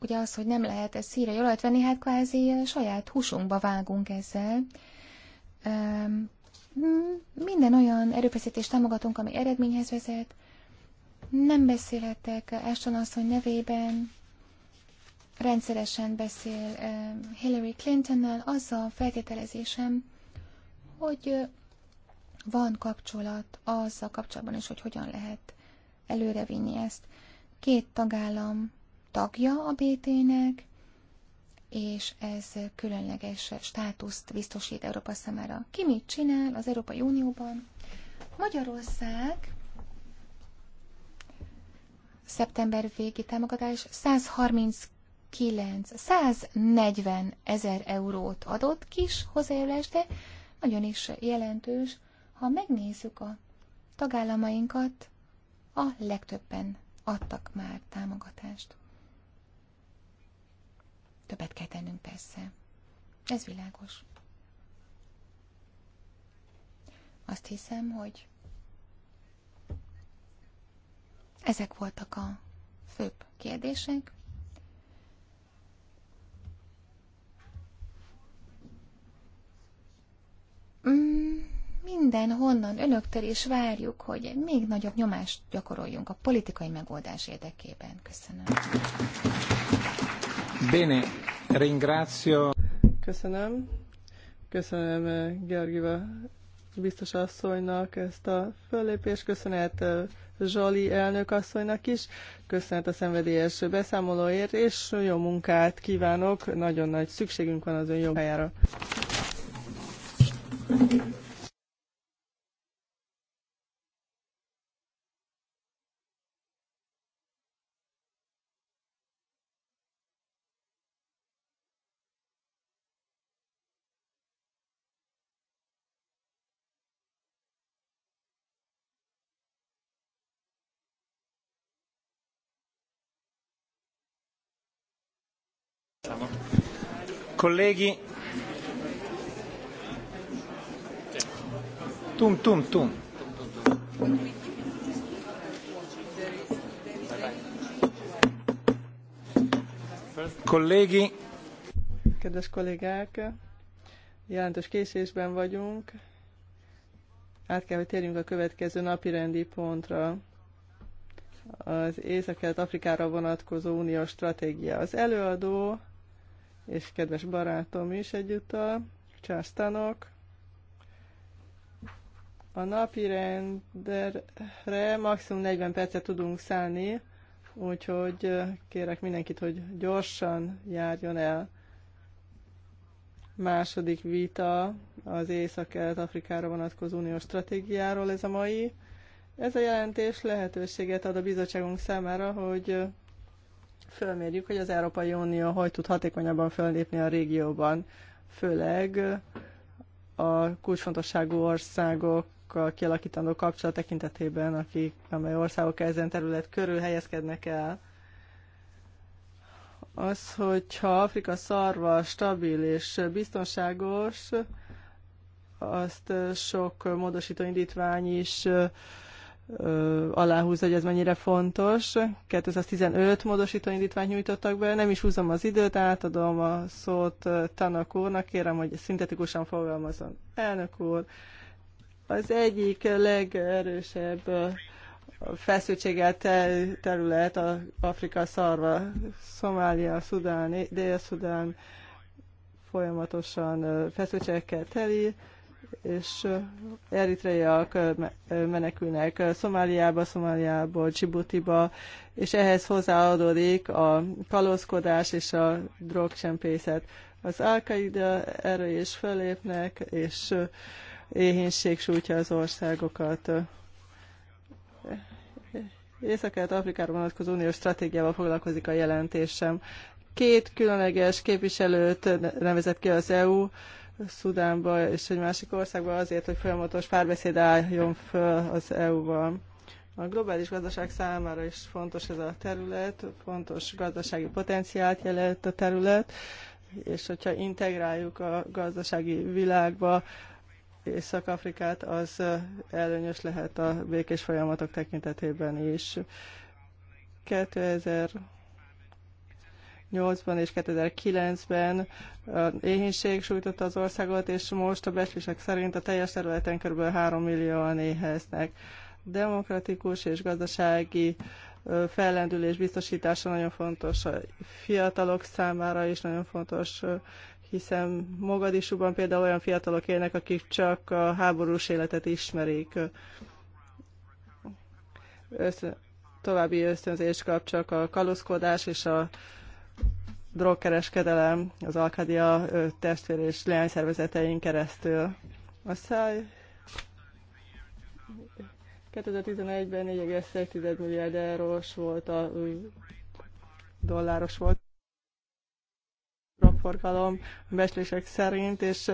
ugye az, hogy nem lehet ezt szíre jól venni, hát kvázi saját húsunkba vágunk ezzel. Minden olyan erőfeszítést támogatunk, ami eredményhez vezet. Nem beszélhetek Ashton asszony nevében, rendszeresen beszél Hillary Clintonnal, azzal a feltételezésem, hogy van kapcsolat azzal kapcsolatban is, hogy hogyan lehet előrevinni ezt. Két tagállam tagja a BT-nek, és ez különleges státuszt biztosít Európa számára. Ki mit csinál az Európai Unióban? Magyarország szeptember végi támogatás 139, 140 ezer eurót adott kis hozzájárulás, de nagyon is jelentős, ha megnézzük a tagállamainkat, a legtöbben adtak már támogatást. Többet kell tennünk persze. Ez világos. Azt hiszem, hogy ezek voltak a főbb kérdések. Mm, minden honnan önöktől is várjuk, hogy még nagyobb nyomást gyakoroljunk a politikai megoldás érdekében. Köszönöm. Bene, ringrazio. Köszönöm. Köszönöm eh, Georgiva biztos asszonynak ezt a föllépést, köszönet eh, Zsoli elnök asszonynak is, köszönet a szenvedélyes beszámolóért, és jó munkát kívánok, nagyon nagy szükségünk van az ön jobb helyára. Colleghi, tum tum tum. Colleghi. Kedves kollégák, jelentős késésben vagyunk. Át kell, hogy térjünk a következő napi rendi pontra az észak afrikára vonatkozó uniós stratégia. Az előadó és kedves barátom is a császtanok. A napi rendere maximum 40 percet tudunk szállni, úgyhogy kérek mindenkit, hogy gyorsan járjon el. Második vita az Észak-Kelet-Afrikára vonatkozó uniós stratégiáról ez a mai. Ez a jelentés lehetőséget ad a bizottságunk számára, hogy fölmérjük, hogy az Európai Unió hogy tud hatékonyabban fölépni a régióban, főleg a kulcsfontosságú országokkal kialakítandó kapcsolat tekintetében, akik, amely országok ezen terület körül helyezkednek el. Az, hogyha Afrika szarva stabil és biztonságos, azt sok módosító indítvány is aláhúz, hogy ez mennyire fontos. 2015 módosító indítványt nyújtottak be, nem is húzom az időt, átadom a szót Tanak úrnak, kérem, hogy szintetikusan fogalmazom, Elnök úr, az egyik legerősebb feszültséggel tel, terület a Afrika szarva, Szomália, Szudán, Dél-Szudán folyamatosan feszültségekkel teli, és eritreiak menekülnek Szomáliába, Szomáliából Csibutiba, és ehhez hozzáadódik a kalózkodás és a drogcsempészet. Az al erre is felépnek, és éhénység sújtja az országokat. észak Afrikára vonatkozó uniós stratégiával foglalkozik a jelentésem. Két különleges képviselőt nevezett ki az EU, Szudánba és egy másik országba azért, hogy folyamatos párbeszéd álljon föl az EU-val. A globális gazdaság számára is fontos ez a terület, fontos gazdasági potenciált jelent a terület, és hogyha integráljuk a gazdasági világba Észak-Afrikát, az előnyös lehet a békés folyamatok tekintetében is. 2000 2008-ban és 2009-ben éhénység sújtotta az országot, és most a becslések szerint a teljes területen kb. 3 millióan éheznek. Demokratikus és gazdasági fellendülés biztosítása nagyon fontos a fiatalok számára is, nagyon fontos hiszen Mogadisúban például olyan fiatalok élnek, akik csak a háborús életet ismerik. Össze, további ösztönzés kap csak a kaluszkodás és a drogkereskedelem az Alkadia testvér és leányszervezetein keresztül. A száj 2011-ben 4,1 milliárd eurós volt a dolláros volt forgalom becslések szerint, és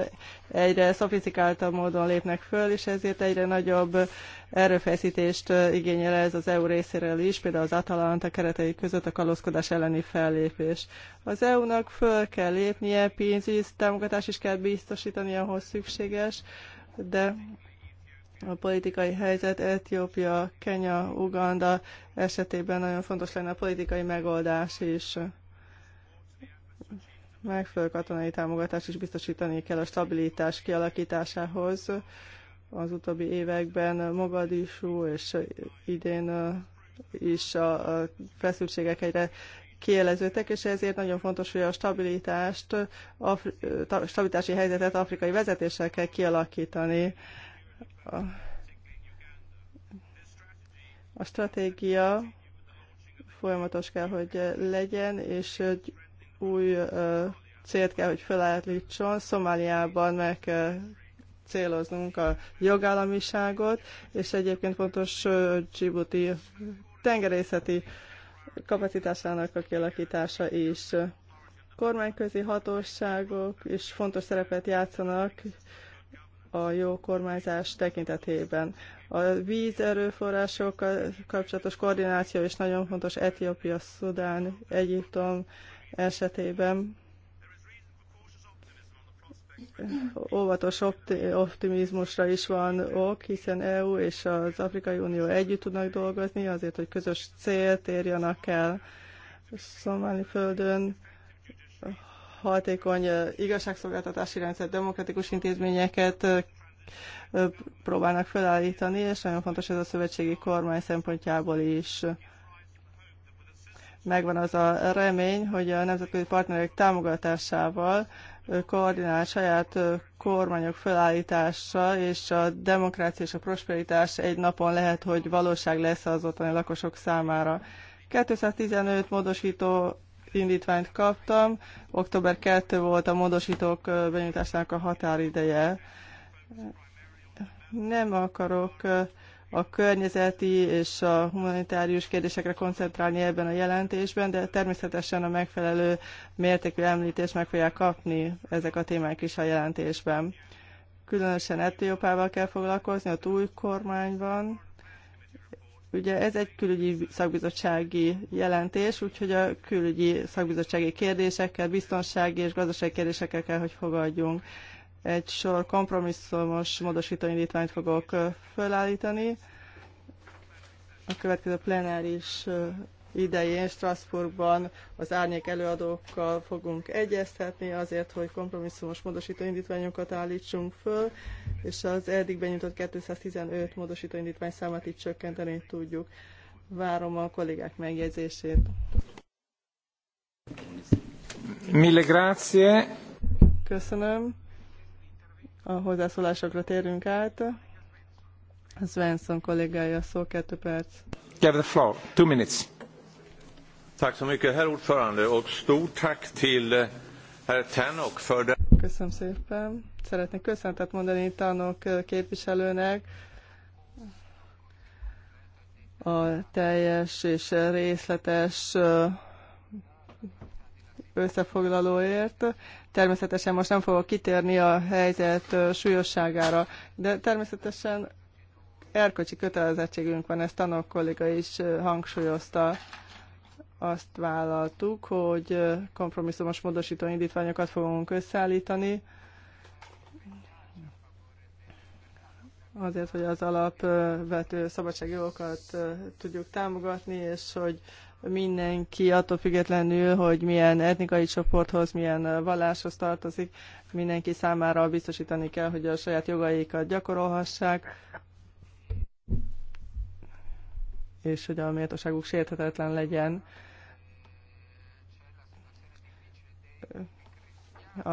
egyre szofisztikáltabb módon lépnek föl, és ezért egyre nagyobb erőfeszítést igényel ez az EU részéről is, például az Atalanta keretei között a kalózkodás elleni fellépés. Az EU-nak föl kell lépnie, pénzügyi támogatást is kell biztosítani, ahhoz szükséges, de a politikai helyzet Etiópia, Kenya, Uganda esetében nagyon fontos lenne a politikai megoldás is megfelelő katonai támogatást is biztosítani kell a stabilitás kialakításához. Az utóbbi években Mogadisú és idén is a feszültségek egyre kieleződtek, és ezért nagyon fontos, hogy a stabilitást, afri, stabilitási helyzetet afrikai vezetéssel kell kialakítani. A, a stratégia folyamatos kell, hogy legyen, és új célt kell, hogy felállítson. Szomáliában meg kell céloznunk a jogállamiságot, és egyébként fontos Djibouti tengerészeti kapacitásának a kialakítása is. Kormányközi hatóságok is fontos szerepet játszanak a jó kormányzás tekintetében. A vízerőforrásokkal kapcsolatos koordináció is nagyon fontos Etiópia, Szudán, Egyiptom, esetében óvatos optimizmusra is van ok, hiszen EU és az Afrikai Unió együtt tudnak dolgozni azért, hogy közös célt érjenek el Szomáli földön hatékony eh, igazságszolgáltatási rendszer, demokratikus intézményeket eh, próbálnak felállítani, és nagyon fontos ez a szövetségi kormány szempontjából is megvan az a remény, hogy a nemzetközi partnerek támogatásával koordinált saját kormányok felállítása és a demokrácia és a prosperitás egy napon lehet, hogy valóság lesz az ottani lakosok számára. 215 módosító indítványt kaptam, október 2 volt a módosítók benyújtásának a határideje. Nem akarok a környezeti és a humanitárius kérdésekre koncentrálni ebben a jelentésben, de természetesen a megfelelő mértékű említést meg fogják kapni ezek a témák is a jelentésben. Különösen Etiópával kell foglalkozni, a új kormányban. Ugye ez egy külügyi szakbizottsági jelentés, úgyhogy a külügyi szakbizottsági kérdésekkel, biztonsági és gazdasági kérdésekkel kell, hogy fogadjunk. Egy sor kompromisszumos módosító indítványt fogok felállítani. A következő plenáris idején Strasbourgban az árnyék előadókkal fogunk egyeztetni azért, hogy kompromisszumos módosító indítványokat állítsunk föl, és az eddig benyújtott 215 módosító indítvány számát itt csökkenteni tudjuk. Várom a kollégák megjegyzését. Mille grazie. Köszönöm. A hozzászólásokra térünk át. Svensson kollégája szó, kettő perc. Give the floor. Two minutes. Tack så mycket, herr ordförande, och stort tack till eh, herr Tannock för det. Köszönöm szépen. Szeretnék köszöntet mondani Tannock eh, képviselőnek a teljes és részletes eh, összefoglalóért. Természetesen most nem fogok kitérni a helyzet súlyosságára, de természetesen erkölcsi kötelezettségünk van, ezt tanok kolléga is hangsúlyozta. Azt vállaltuk, hogy kompromisszumos módosító indítványokat fogunk összeállítani, azért, hogy az alapvető szabadságjogokat tudjuk támogatni, és hogy mindenki attól függetlenül, hogy milyen etnikai csoporthoz, milyen valláshoz tartozik, mindenki számára biztosítani kell, hogy a saját jogaikat gyakorolhassák, és hogy a méltóságuk sérthetetlen legyen. A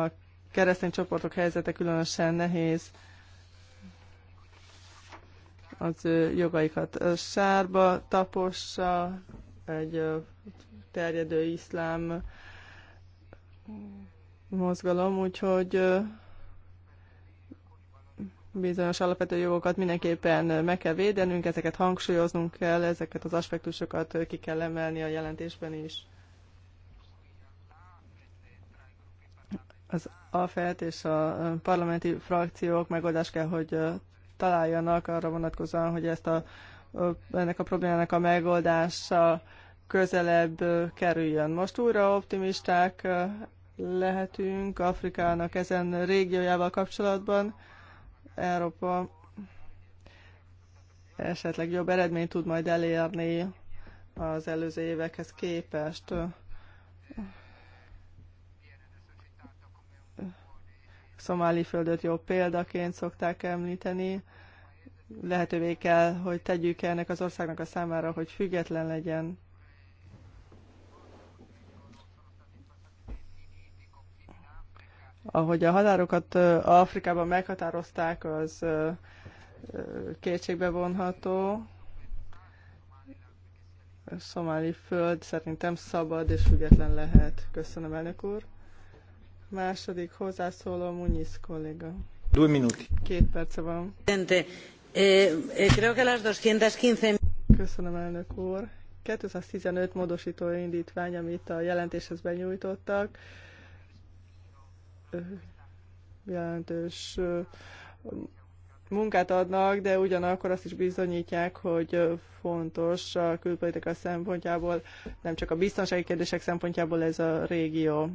keresztény csoportok helyzete különösen nehéz az jogaikat sárba tapossa, egy terjedő iszlám mozgalom, úgyhogy bizonyos alapvető jogokat mindenképpen meg kell védenünk, ezeket hangsúlyoznunk kell, ezeket az aspektusokat ki kell emelni a jelentésben is. Az AFET és a parlamenti frakciók megoldást kell, hogy találjanak arra vonatkozóan, hogy ezt a ennek a problémának a megoldása közelebb kerüljön. Most újra optimisták lehetünk Afrikának ezen régiójával kapcsolatban. Európa esetleg jobb eredményt tud majd elérni az előző évekhez képest. Szomáli földöt jó példaként szokták említeni lehetővé kell, hogy tegyük ennek az országnak a számára, hogy független legyen. Ahogy a határokat Afrikában meghatározták, az kétségbe vonható. szomáli föld szerintem szabad és független lehet. Köszönöm, elnök úr. Második hozzászóló Munyisz kolléga. Két perce van. Eh, eh, creo que las 215... Köszönöm, elnök indítvány, amit a jelentéshez benyújtottak, jelentős munkát adnak, de ugyanakkor azt is bizonyítják, hogy fontos a külpolitika szempontjából, nem csak a biztonsági kérdések szempontjából ez a régió.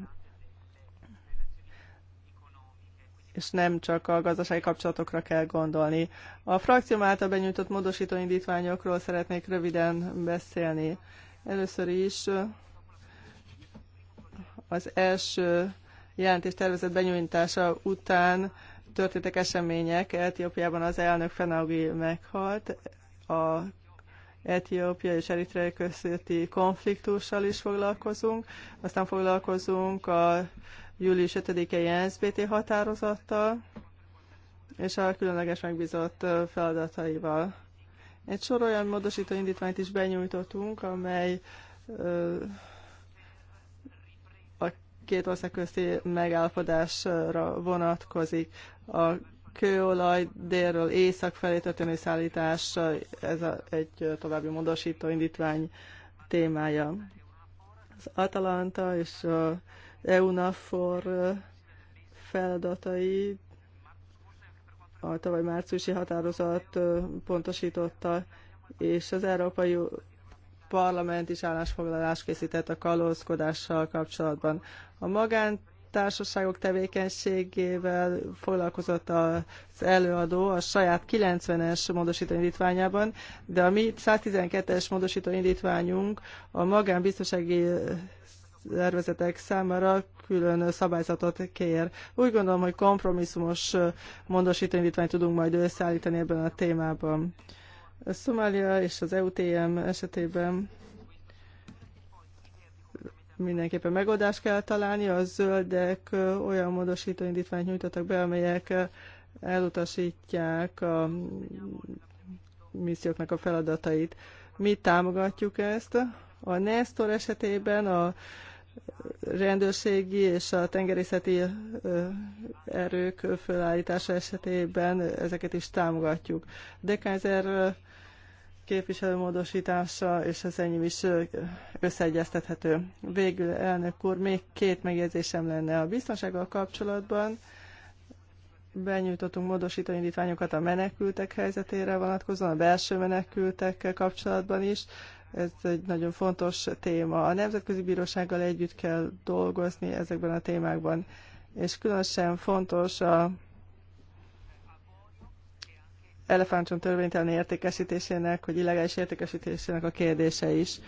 és nem csak a gazdasági kapcsolatokra kell gondolni. A frakció által benyújtott módosító indítványokról szeretnék röviden beszélni. Először is az első jelentés tervezett benyújtása után történtek események. Etiópiában az elnök Fenaui meghalt, a Etiópia és Eritrea közötti konfliktussal is foglalkozunk, aztán foglalkozunk a július 5-i SBT határozattal és a különleges megbízott feladataival. Egy sor olyan módosító indítványt is benyújtottunk, amely a két ország közti megállapodásra vonatkozik. A kőolaj délről észak felé történő szállítás, ez a, egy további módosító indítvány témája. Az Atalanta és a EUNAFOR feladatai a tavaly márciusi határozat pontosította, és az Európai Parlament is állásfoglalást készített a kalózkodással kapcsolatban. A magántársaságok tevékenységével foglalkozott az előadó a saját 90-es módosító indítványában, de a mi 112-es módosító indítványunk a magánbiztosági szervezetek számára külön szabályzatot kér. Úgy gondolom, hogy kompromisszumos módosítványítványt tudunk majd összeállítani ebben a témában. A Szomália és az EUTM esetében mindenképpen megoldást kell találni. A zöldek olyan módosítóindítványt nyújtottak be, amelyek elutasítják a misszióknak a feladatait. Mi támogatjuk ezt. A Nestor esetében a rendőrségi és a tengerészeti erők fölállítása esetében ezeket is támogatjuk. De Kaiser képviselőmódosítása és az enyém is összeegyeztethető. Végül, elnök úr, még két megjegyzésem lenne a biztonsággal kapcsolatban. Benyújtottunk módosító indítványokat a menekültek helyzetére vonatkozóan, a belső menekültekkel kapcsolatban is. Ez egy nagyon fontos téma. A Nemzetközi Bírósággal együtt kell dolgozni ezekben a témákban, és különösen fontos a elefántcsont törvénytelen értékesítésének, hogy illegális értékesítésének a kérdése is.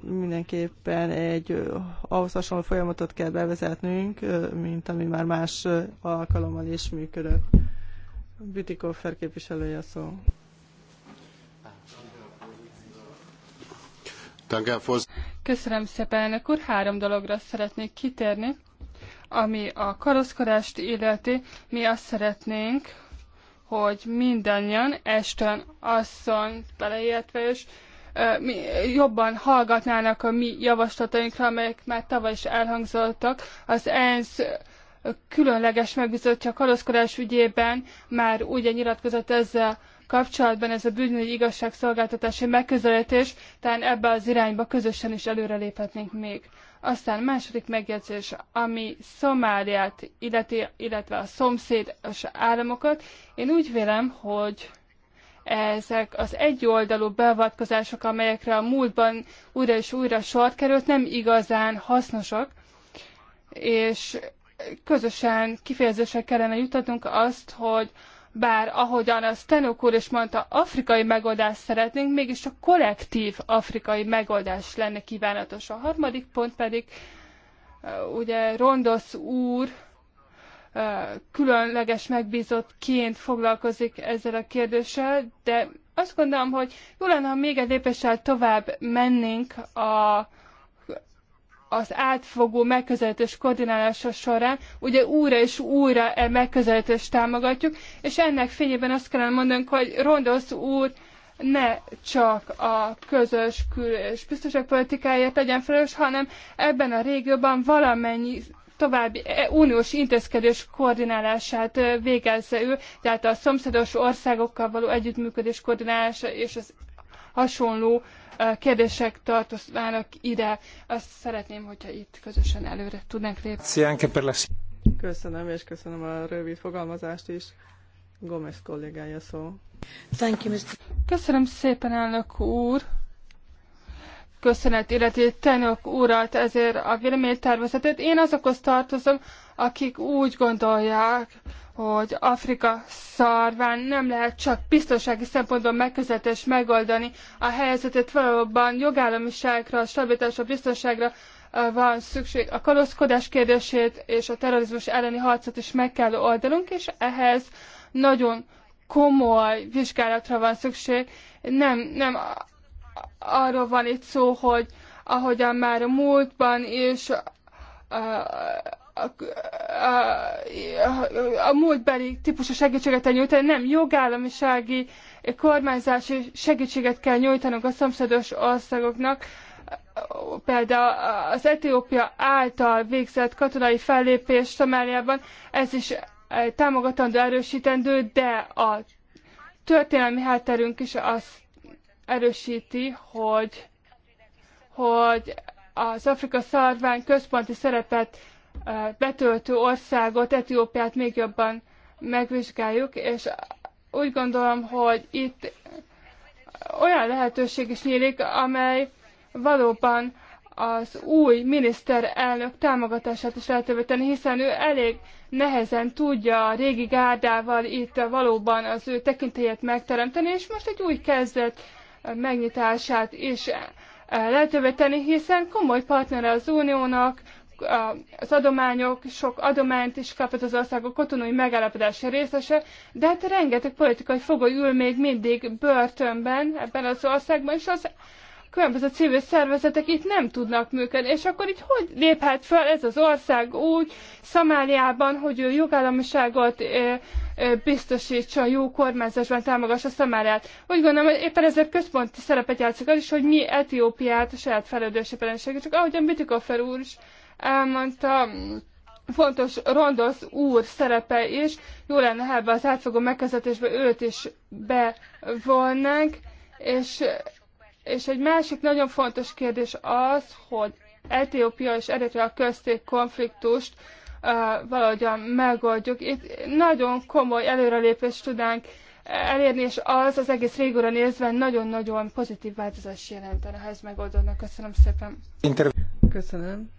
Mindenképpen egy ahhoz hasonló folyamatot kell bevezetnünk, mint ami már más alkalommal is működött. Bütikó felképviselője szó. Köszönöm szépen, elnök úr. Három dologra szeretnék kitérni, ami a karoszkodást illeti. Mi azt szeretnénk, hogy mindannyian, Eston asszony beleértve is, mi jobban hallgatnának a mi javaslatainkra, amelyek már tavaly is elhangzottak. Az ENSZ különleges megbizottja a kalózkodás ügyében már ugye nyilatkozott ezzel kapcsolatban ez a bűnügyi igazságszolgáltatási megközelítés, talán ebbe az irányba közösen is előreléphetnénk még. Aztán második megjegyzés, ami Szomáliát illeti, illetve a szomszédos államokat. Én úgy vélem, hogy ezek az egyoldalú beavatkozások, amelyekre a múltban újra és újra sor került, nem igazán hasznosak, és közösen kifejezésre kellene jutatnunk azt, hogy bár ahogyan a Stenok úr is mondta, afrikai megoldást szeretnénk, mégis csak kollektív afrikai megoldás lenne kívánatos. A harmadik pont pedig, ugye Rondosz úr különleges megbízottként foglalkozik ezzel a kérdéssel, de azt gondolom, hogy jó lenne, ha még egy lépéssel tovább mennénk a az átfogó megközelítés koordinálása során ugye újra és újra e megközelítést támogatjuk, és ennek fényében azt kellene mondanunk, hogy Rondosz úr ne csak a közös kül- és biztonságpolitikáért legyen felelős, hanem ebben a régióban valamennyi további e- uniós intézkedés koordinálását végezze ő, tehát a szomszédos országokkal való együttműködés koordinálása és az hasonló kérdések tartoznának ide. Azt szeretném, hogyha itt közösen előre tudnánk lépni. Köszönöm, és köszönöm a rövid fogalmazást is. Gomez kollégája szó. Thank you, Mr. Köszönöm szépen, elnök úr köszönet illeti tenök urat ezért a véleménytervezetet. Én azokhoz tartozom, akik úgy gondolják, hogy Afrika szarván nem lehet csak biztonsági szempontból megközelíteni és megoldani a helyzetet, valóban jogállamiságra, stabilitásra, biztonságra van szükség. A kalózkodás kérdését és a terrorizmus elleni harcot is meg kell oldanunk, és ehhez nagyon komoly vizsgálatra van szükség. Nem, nem arról van itt szó, hogy ahogyan már a múltban is a, a, a múltbeli típusú segítséget kell nyújtani, nem jogállamisági, kormányzási segítséget kell nyújtanunk a szomszédos országoknak. Például az Etiópia által végzett katonai fellépés Szomáliában, ez is eh, támogatandó, erősítendő, de a történelmi hátterünk is azt erősíti, hogy, hogy az Afrika szarván központi szerepet betöltő országot, Etiópiát még jobban megvizsgáljuk, és úgy gondolom, hogy itt olyan lehetőség is nyílik, amely valóban az új miniszterelnök támogatását is lehetővé tenni, hiszen ő elég nehezen tudja a régi gárdával itt valóban az ő tekintélyét megteremteni, és most egy új kezdet megnyitását is lehetővé tenni, hiszen komoly partnere az uniónak, az adományok, sok adományt is kapott az ország a katonai megállapodás részese, de hát rengeteg politikai fogoly ül még mindig börtönben ebben az országban, és az különböző civil szervezetek itt nem tudnak működni, és akkor így hogy léphet fel ez az ország úgy Szamáliában, hogy ő jogállamiságot e, e, biztosítsa, jó kormányzásban támogassa Szamáliát. Úgy gondolom, hogy éppen ezért központi szerepet játszik az is, hogy mi Etiópiát a saját felelősségben segítsük, a Bütikofer úr is elmondta, fontos Rondosz úr szerepe is. Jó lenne, ha ebbe az átfogó megközelítésbe őt is bevonnánk. És, és egy másik nagyon fontos kérdés az, hogy Etiópia és Eritrea közti konfliktust uh, valahogyan megoldjuk. Itt nagyon komoly előrelépést tudnánk elérni, és az az egész régóra nézve nagyon-nagyon pozitív változás jelentene, ha ez megoldódna. Köszönöm szépen. Köszönöm.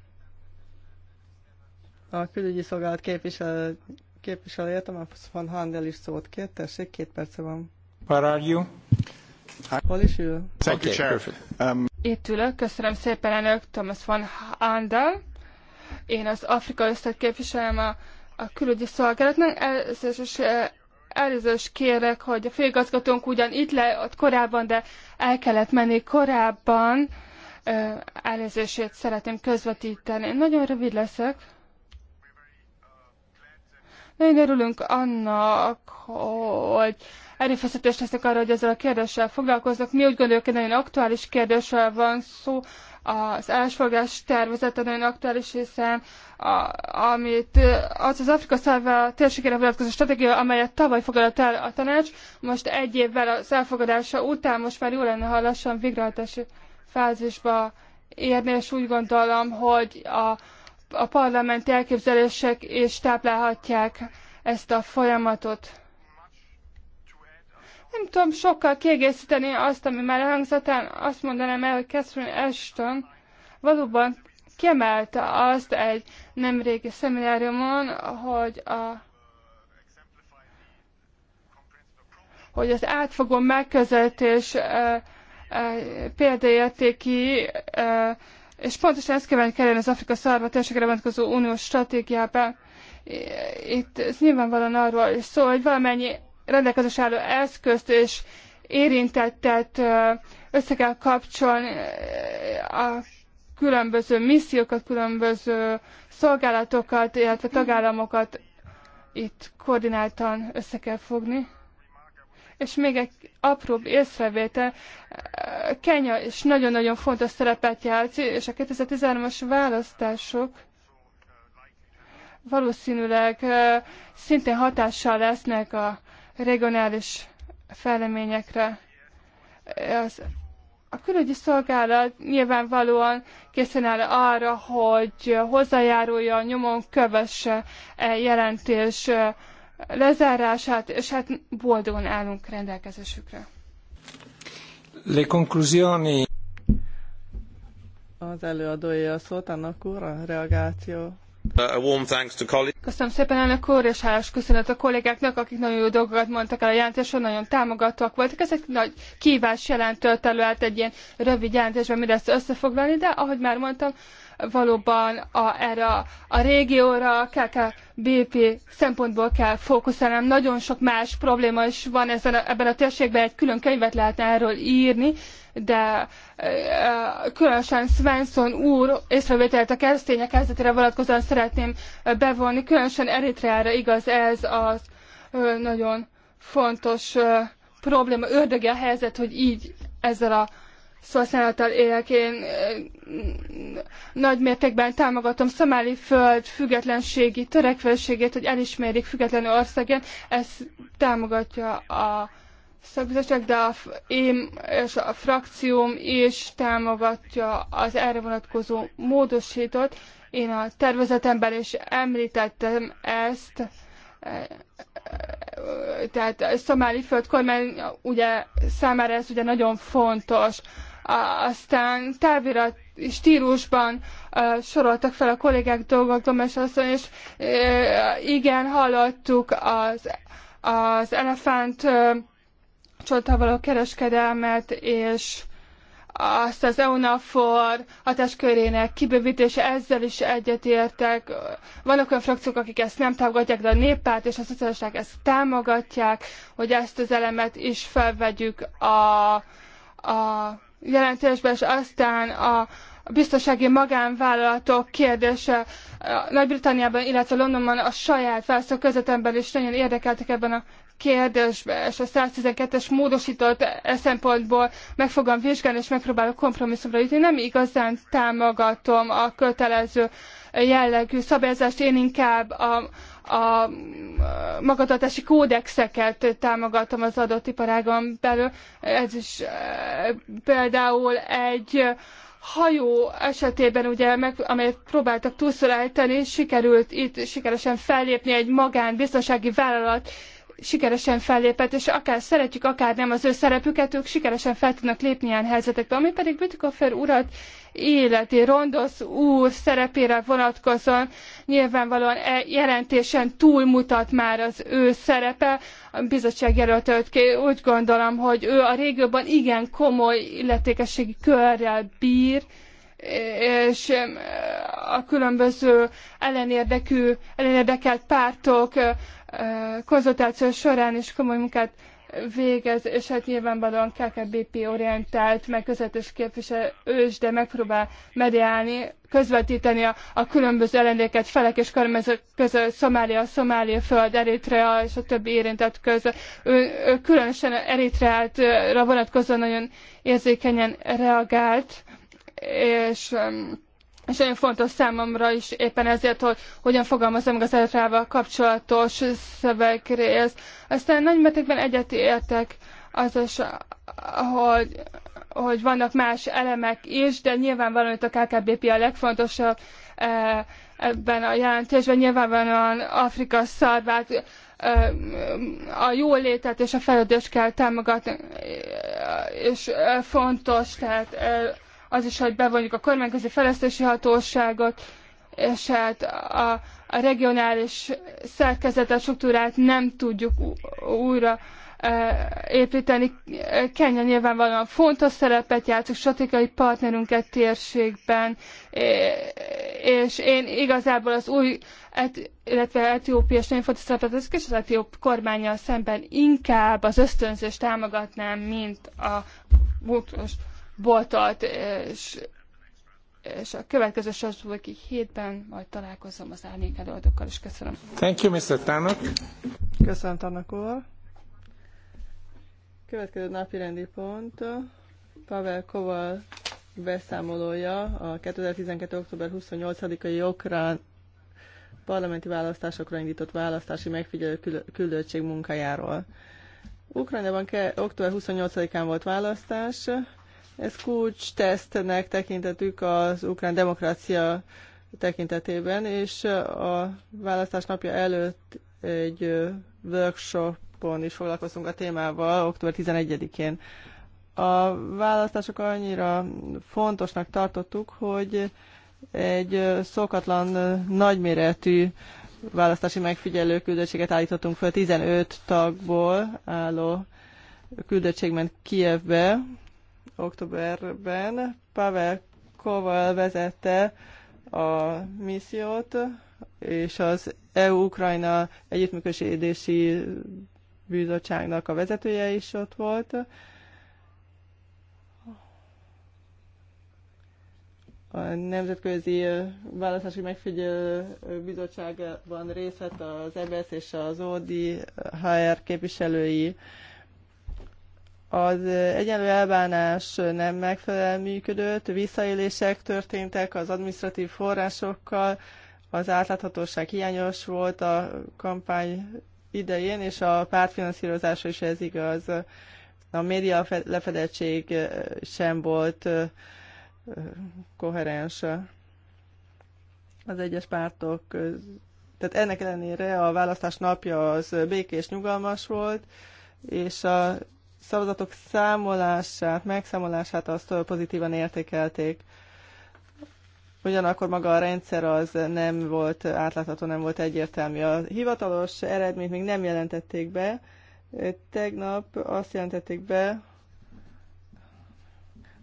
A külügyi szolgálat képvisel, képviselője a van Handel is szót kért. Tessék, két perce van. Where are you? Hol is ül? Thank you, Chair. Um... Itt ülök, köszönöm szépen elnök Thomas van Handel. Én az Afrika Összet képviselem a, a külügyi szolgálatnak. Eh, először is kérek, hogy a főigazgatónk ugyan itt le, ott korábban, de el kellett menni korábban. Eh, Elnézését szeretném közvetíteni. Nagyon rövid leszek. Nagyon örülünk annak, hogy erőfeszítést teszek arra, hogy ezzel a kérdéssel foglalkoznak. Mi úgy gondoljuk, hogy nagyon aktuális kérdéssel van szó, az elsfogás tervezete nagyon aktuális, hiszen a, amit az az Afrika szállva térségére vonatkozó stratégia, amelyet tavaly fogadott el a tanács, most egy évvel az elfogadása után most már jó lenne, ha lassan végrehajtási fázisba érni, és úgy gondolom, hogy a, a parlamenti elképzelések és táplálhatják ezt a folyamatot. Nem tudom sokkal kiegészíteni azt, ami már elhangzott, azt mondanám el, hogy Catherine Ashton valóban kiemelte azt egy nemrégi szemináriumon, hogy a hogy az átfogó megközelítés példaértéki és pontosan ezt kellene kerülni az Afrika szarva térségre vonatkozó uniós stratégiában. Itt ez nyilvánvalóan arról is szól, hogy valamennyi rendelkezés álló eszközt és érintettet össze kell kapcsolni a különböző missziókat, különböző szolgálatokat, illetve tagállamokat itt koordináltan össze kell fogni. És még egy apróbb észrevétel, Kenya is nagyon-nagyon fontos szerepet játszik, és a 2013-as választások valószínűleg szintén hatással lesznek a regionális fejleményekre. Az a külügyi szolgálat nyilvánvalóan készen áll arra, hogy hozzájárulja, nyomon kövesse e jelentés lezárását, és hát boldogan állunk rendelkezésükre. Le conclusioni. Az előadója a Szoltának úr, a reagáció. A warm thanks to colleagues. Köszönöm szépen elnök úr, és hálás köszönet a kollégáknak, akik nagyon jó dolgokat mondtak el a jelentésről, nagyon támogatóak voltak. Ez egy nagy kívás jelentőt előállt egy ilyen rövid jelentésben mindezt összefoglalni, de ahogy már mondtam, valóban a, erre a, régióra, a KKBP szempontból kell fókuszálni. Nagyon sok más probléma is van ezen a, ebben a térségben, egy külön könyvet lehetne erről írni, de e, különösen Svensson úr észrevételt a keresztények helyzetére vonatkozóan szeretném bevonni. Különösen Eritreára igaz ez az e, nagyon fontos probléma, ördögi a helyzet, hogy így ezzel a szóhasználattal élek. Én nagy mértékben támogatom Szomáli föld függetlenségi törekvőségét, hogy elismerjék független országként. Ezt támogatja a szakbizottság, de a, én és a frakcióm is támogatja az erre vonatkozó módosítót. Én a tervezetemben is említettem ezt, tehát a szomáli földkormány ugye számára ez ugye nagyon fontos aztán távirat stílusban soroltak fel a kollégák dolgok, Domes asszony, és igen, hallottuk az, az elefánt uh, való kereskedelmet, és azt az EUNAFOR hatáskörének kibővítése, ezzel is egyetértek. Vannak olyan frakciók, akik ezt nem támogatják, de a néppárt és a szocialisták ezt támogatják, hogy ezt az elemet is felvegyük a, a jelentésben, és aztán a biztonsági magánvállalatok kérdése Nagy-Britanniában, illetve Londonban a saját választó közvetemben is nagyon érdekeltek ebben a kérdésben és a 112-es módosított e szempontból meg fogom vizsgálni, és megpróbálok kompromisszumra jutni. Nem igazán támogatom a kötelező jellegű szabályozást, én inkább a, a magatartási kódexeket támogatom az adott iparágon belül. Ez is e, például egy hajó esetében, ugye, meg, amelyet próbáltak túlszolájtani, sikerült itt sikeresen fellépni egy magán biztonsági vállalat sikeresen fellépett, és akár szeretjük, akár nem az ő szerepüket, ők sikeresen fel tudnak lépni ilyen helyzetekbe. Ami pedig Bütikofer urat életi, Rondosz úr szerepére vonatkozóan nyilvánvalóan e jelentésen túlmutat már az ő szerepe, a bizottság jelöltölt ki. Úgy gondolom, hogy ő a régióban igen komoly illetékességi körrel bír, és a különböző ellenérdekű, ellenérdekelt pártok konzultáció során is komoly munkát végez, és hát nyilvánvalóan KKBP orientált, meg közvetés képviselő is, de megpróbál mediálni, közvetíteni a, a különböző ellendéket felek és kormányzók között, Szomália, Szomália föld, Eritrea és a többi érintett között. Ő, ő különösen Eritreára vonatkozóan nagyon érzékenyen reagált, és um, és nagyon fontos számomra is éppen ezért, hogy hogyan fogalmazom meg az elektrával kapcsolatos szövegrész. Aztán nagy mértékben egyet értek az is, hogy, hogy vannak más elemek is, de nyilvánvalóan itt a KKBP a legfontosabb eh, ebben a jelentésben. Nyilvánvalóan Afrika szarvát, eh, a jólétet és a fejlődést kell támogatni, eh, és fontos, tehát az is, hogy bevonjuk a kormányközi fejlesztési hatóságot, és hát a, a regionális szerkezetet, struktúrát nem tudjuk újra e, építeni. Kenya nyilvánvalóan fontos szerepet játszik, stratégiai partnerünket térségben, e, és én igazából az új, illetve Etiópia és nagyon fontos szerepet játszik, és az etióp kormányjal szemben inkább az ösztönzést támogatnám, mint a múltos boltot, és, és a következő Strasbourgi hétben majd találkozom az árnyék előadókkal, és köszönöm. Thank you, Mr. Tanok. Köszönöm, Tanok úr. Következő napi rendi pont Pavel Koval beszámolója a 2012. október 28-ai okrán parlamenti választásokra indított választási megfigyelő küldöttség munkájáról. Ukrajnában ke- október 28-án volt választás, ez kulcs tesztnek tekintetük az ukrán demokrácia tekintetében, és a választás napja előtt egy workshopon is foglalkoztunk a témával, október 11-én. A választások annyira fontosnak tartottuk, hogy egy szokatlan nagyméretű választási megfigyelő küldöttséget állítottunk fel 15 tagból álló küldöttségment Kievbe, októberben Pavel Koval vezette a missziót, és az EU-Ukrajna együttműködési bizottságnak a vezetője is ott volt. A Nemzetközi Választási Megfigyelő Bizottságban részt vett az EBS és az ODI HR képviselői az egyenlő elbánás nem megfelelően működött, visszaélések történtek az administratív forrásokkal, az átláthatóság hiányos volt a kampány idején, és a pártfinanszírozása is ez igaz. A média lefedettség sem volt koherens az egyes pártok köz. Tehát ennek ellenére a választás napja az békés, nyugalmas volt, és a szavazatok számolását, megszámolását azt pozitívan értékelték. Ugyanakkor maga a rendszer az nem volt átlátható, nem volt egyértelmű. A hivatalos eredményt még nem jelentették be. Tegnap azt jelentették be,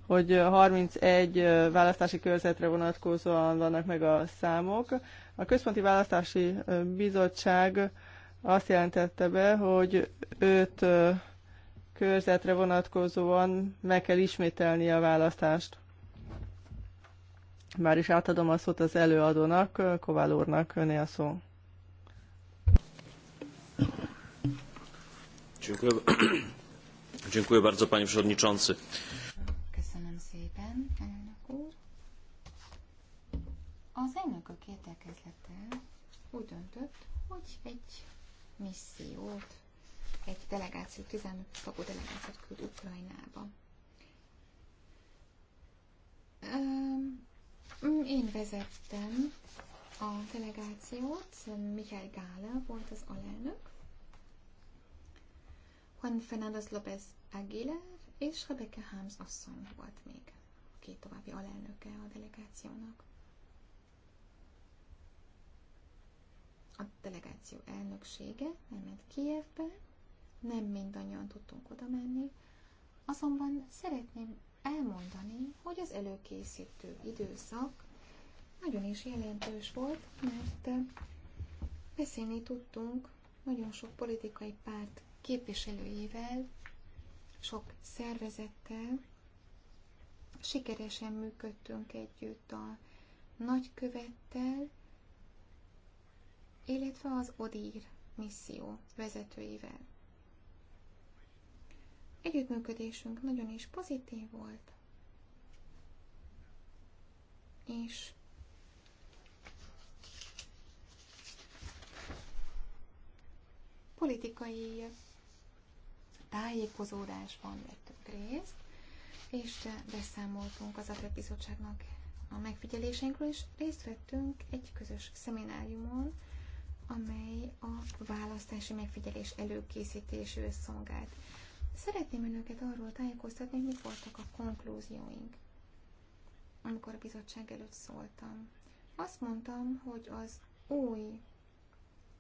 hogy 31 választási körzetre vonatkozóan vannak meg a számok. A Központi Választási Bizottság azt jelentette be, hogy 5 körzetre vonatkozóan meg kell ismételni a választást. Már is átadom a szót az előadónak, Kovál úrnak, öné a szó. Dziękuję bardzo, panie przewodniczący. Köszönöm szépen, elnök úr. Az elnökök értekezlete úgy döntött, hogy egy missziót egy delegáció, 15 tagú delegációt küld Ukrajnába. Én vezettem a delegációt, Mihály Gála volt az alelnök, Juan Fernández López Aguilar és Rebecca Hams asszony volt még a két további alelnöke a delegációnak. A delegáció elnöksége elment Kievbe, nem mindannyian tudtunk oda menni, azonban szeretném elmondani, hogy az előkészítő időszak nagyon is jelentős volt, mert eh, beszélni tudtunk nagyon sok politikai párt képviselőjével, sok szervezettel, sikeresen működtünk együtt a nagykövettel, illetve az ODIR misszió vezetőivel együttműködésünk nagyon is pozitív volt. És politikai tájékozódásban vettünk részt, és beszámoltunk az Atlet Bizottságnak a megfigyeléseinkről, és részt vettünk egy közös szemináriumon, amely a választási megfigyelés előkészítéséről szolgált. Szeretném önöket arról tájékoztatni, hogy mik voltak a konklúzióink, amikor a bizottság előtt szóltam. Azt mondtam, hogy az új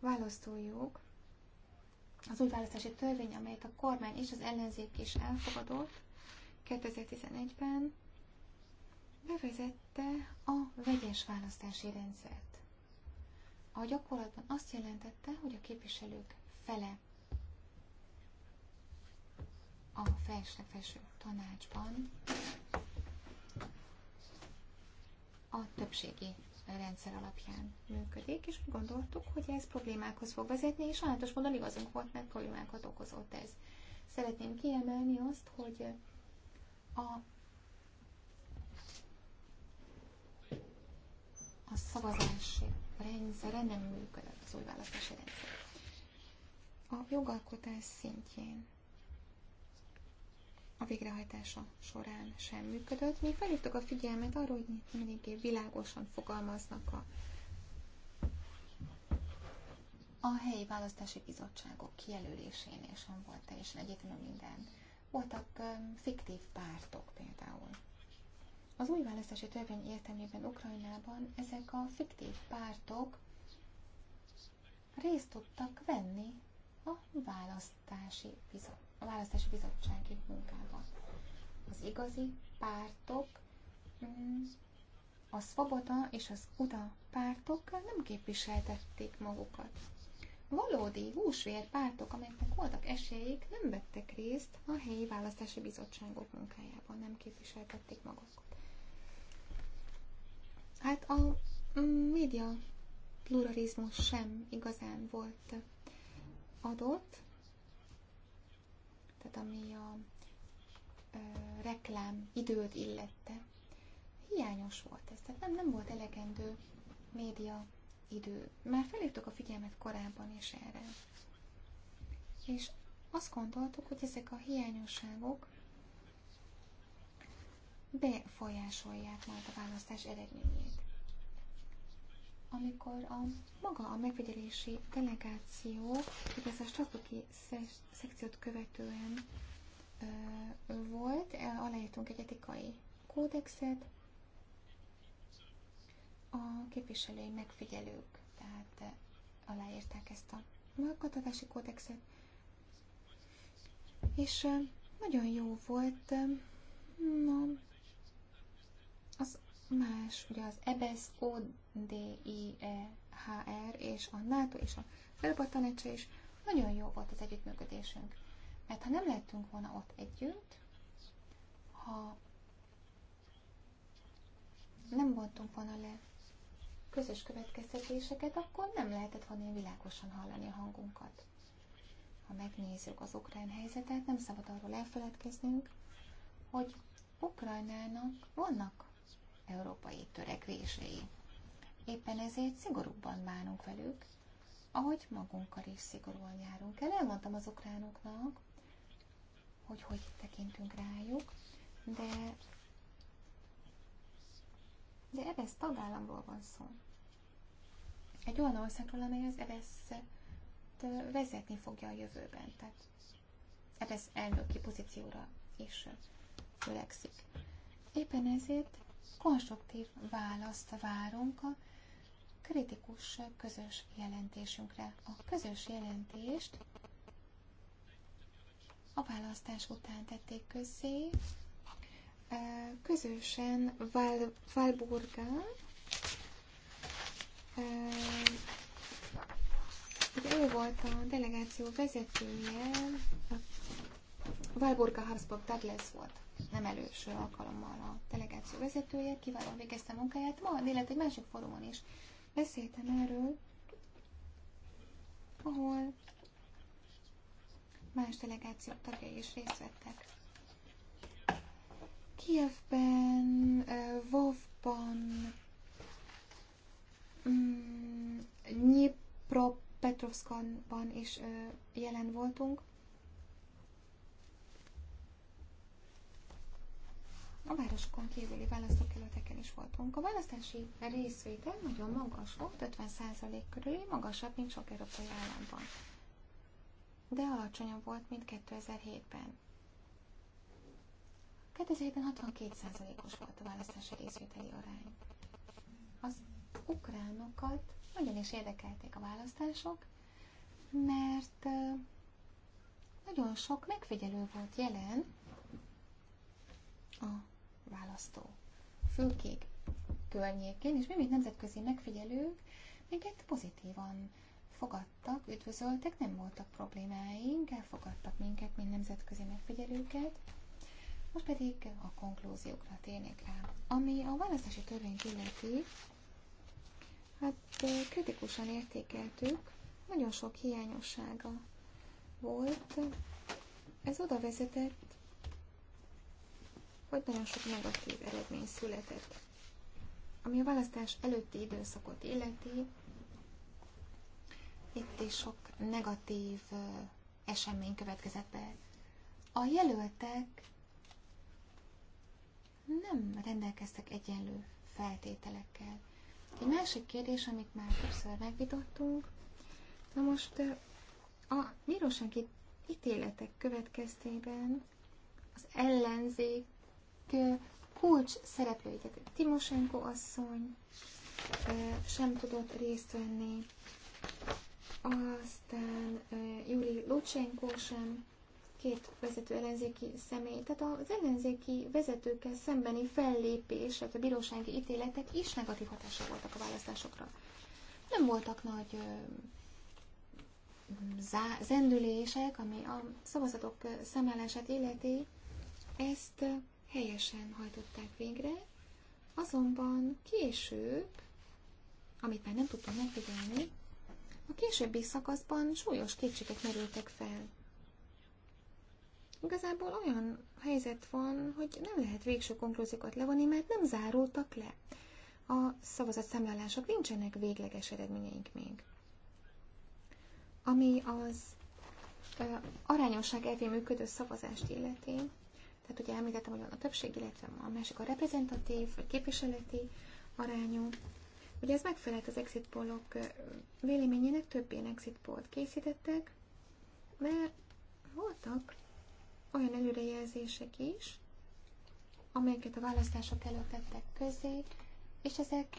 választójog, az új választási törvény, amelyet a kormány és az ellenzék is elfogadott 2011-ben, bevezette a vegyes választási rendszert. A gyakorlatban azt jelentette, hogy a képviselők fele a felső tanácsban a többségi rendszer alapján működik, és úgy gondoltuk, hogy ez problémákhoz fog vezetni, és sajnálatos módon igazunk volt, mert problémákat okozott ez. Szeretném kiemelni azt, hogy a, a szavazási rendszere nem működött, az új választási rendszer. A jogalkotás szintjén a végrehajtása során sem működött. Mi felhívtuk a figyelmet arra, hogy mindig világosan fogalmaznak a, a helyi választási bizottságok kijelölésénél sem volt teljesen egyetlen minden. Voltak um, fiktív pártok például. Az új választási törvény értelmében Ukrajnában ezek a fiktív pártok részt tudtak venni a választási bizottságban a választási bizottsági munkában. Az igazi pártok, mm, a Svoboda és az UDA pártok nem képviseltették magukat. Valódi húsvér pártok, amelyeknek voltak esélyek, nem vettek részt a helyi választási bizottságok munkájában, nem képviseltették magukat. Hát a mm, média pluralizmus sem igazán volt adott, tehát ami a ö, reklám időt illette, hiányos volt ez, tehát nem, nem volt elegendő média idő. Már felírtuk a figyelmet korábban is erre. És azt gondoltuk, hogy ezek a hiányosságok befolyásolják majd a választás eredményét amikor a maga a megfigyelési delegáció, ugye ez a Strasburgi szekciót követően ö, volt, aláírtunk egy etikai kódexet, a képviselői megfigyelők, tehát aláírták ezt a magatartási kódexet, és nagyon jó volt na, az más, ugye az EBSZ kód DIEHR és a NATO és a Európa Tanácsa is nagyon jó volt az együttműködésünk. Mert ha nem lettünk volna ott együtt, ha nem voltunk volna le közös következtetéseket, akkor nem lehetett volna ilyen világosan hallani a hangunkat. Ha megnézzük az ukrán helyzetet, nem szabad arról elfeledkeznünk, hogy Ukrajnának vannak európai törekvései. Éppen ezért szigorúbban bánunk velük, ahogy magunkkal is szigorúan járunk el. Elmondtam az ukránoknak, hogy hogy tekintünk rájuk, de, de ebesz tagállamról van szó. Egy olyan országról, amely az ebesz vezetni fogja a jövőben. Tehát ebesz elnöki pozícióra is törekszik. Éppen ezért konstruktív választ várunk a kritikus közös jelentésünkre. A közös jelentést a választás után tették közzé, közösen Val, Valburgán, ő volt a delegáció vezetője, Valburga Habsburg Douglas volt nem előső alkalommal a delegáció vezetője, kiválóan végezte a munkáját. Ma illetve egy másik fórumon is Beszéltem erről, ahol más delegációk tagjai is részt vettek. Kievben, Vovban, mm, Nyipropetrovskonban is jelen voltunk. a városokon kívüli választókerületeken is voltunk. A választási részvétel nagyon magas volt, 50% körül, magasabb, mint sok európai államban. De alacsonyabb volt, mint 2007-ben. 2007-ben 62%-os volt a választási részvételi arány. Az ukránokat nagyon is érdekelték a választások, mert nagyon sok megfigyelő volt jelen a választó fülkék környékén, és mi, mint nemzetközi megfigyelők, minket pozitívan fogadtak, üdvözöltek, nem voltak problémáink, elfogadtak minket, mint nemzetközi megfigyelőket. Most pedig a konklúziókra térnék rá. Ami a választási törvényt illeti, hát kritikusan értékeltük, nagyon sok hiányossága volt. Ez oda vezetett, hogy nagyon sok negatív eredmény született. Ami a választás előtti időszakot illeti, itt is sok negatív esemény következett be. A jelöltek nem rendelkeztek egyenlő feltételekkel. Egy másik kérdés, amit már többször megvitattunk, na most a bírósági ítéletek következtében az ellenzék kulcs szereplőiket. Timosenko asszony sem tudott részt venni, aztán Júli Lucsenko sem, két vezető ellenzéki személy. Tehát az ellenzéki vezetőkkel szembeni tehát a bírósági ítéletek is negatív hatása voltak a választásokra. Nem voltak nagy zendülések, ami a szavazatok szemállását illeti, ezt helyesen hajtották végre, azonban később, amit már nem tudtunk megfigyelni, a későbbi szakaszban súlyos kétségek merültek fel. Igazából olyan helyzet van, hogy nem lehet végső konklúziókat levonni, mert nem zárultak le. A szavazatszámlálások nincsenek végleges eredményeink még. Ami az arányosság elvé működő szavazást illeti, tehát ugye említettem, hogy van a többség, illetve a másik a reprezentatív, vagy képviseleti arányú. Ugye ez megfelelt az exit pollok véleményének, több ilyen exit pollt készítettek, mert voltak olyan előrejelzések is, amelyeket a választások előtt tettek közé, és ezek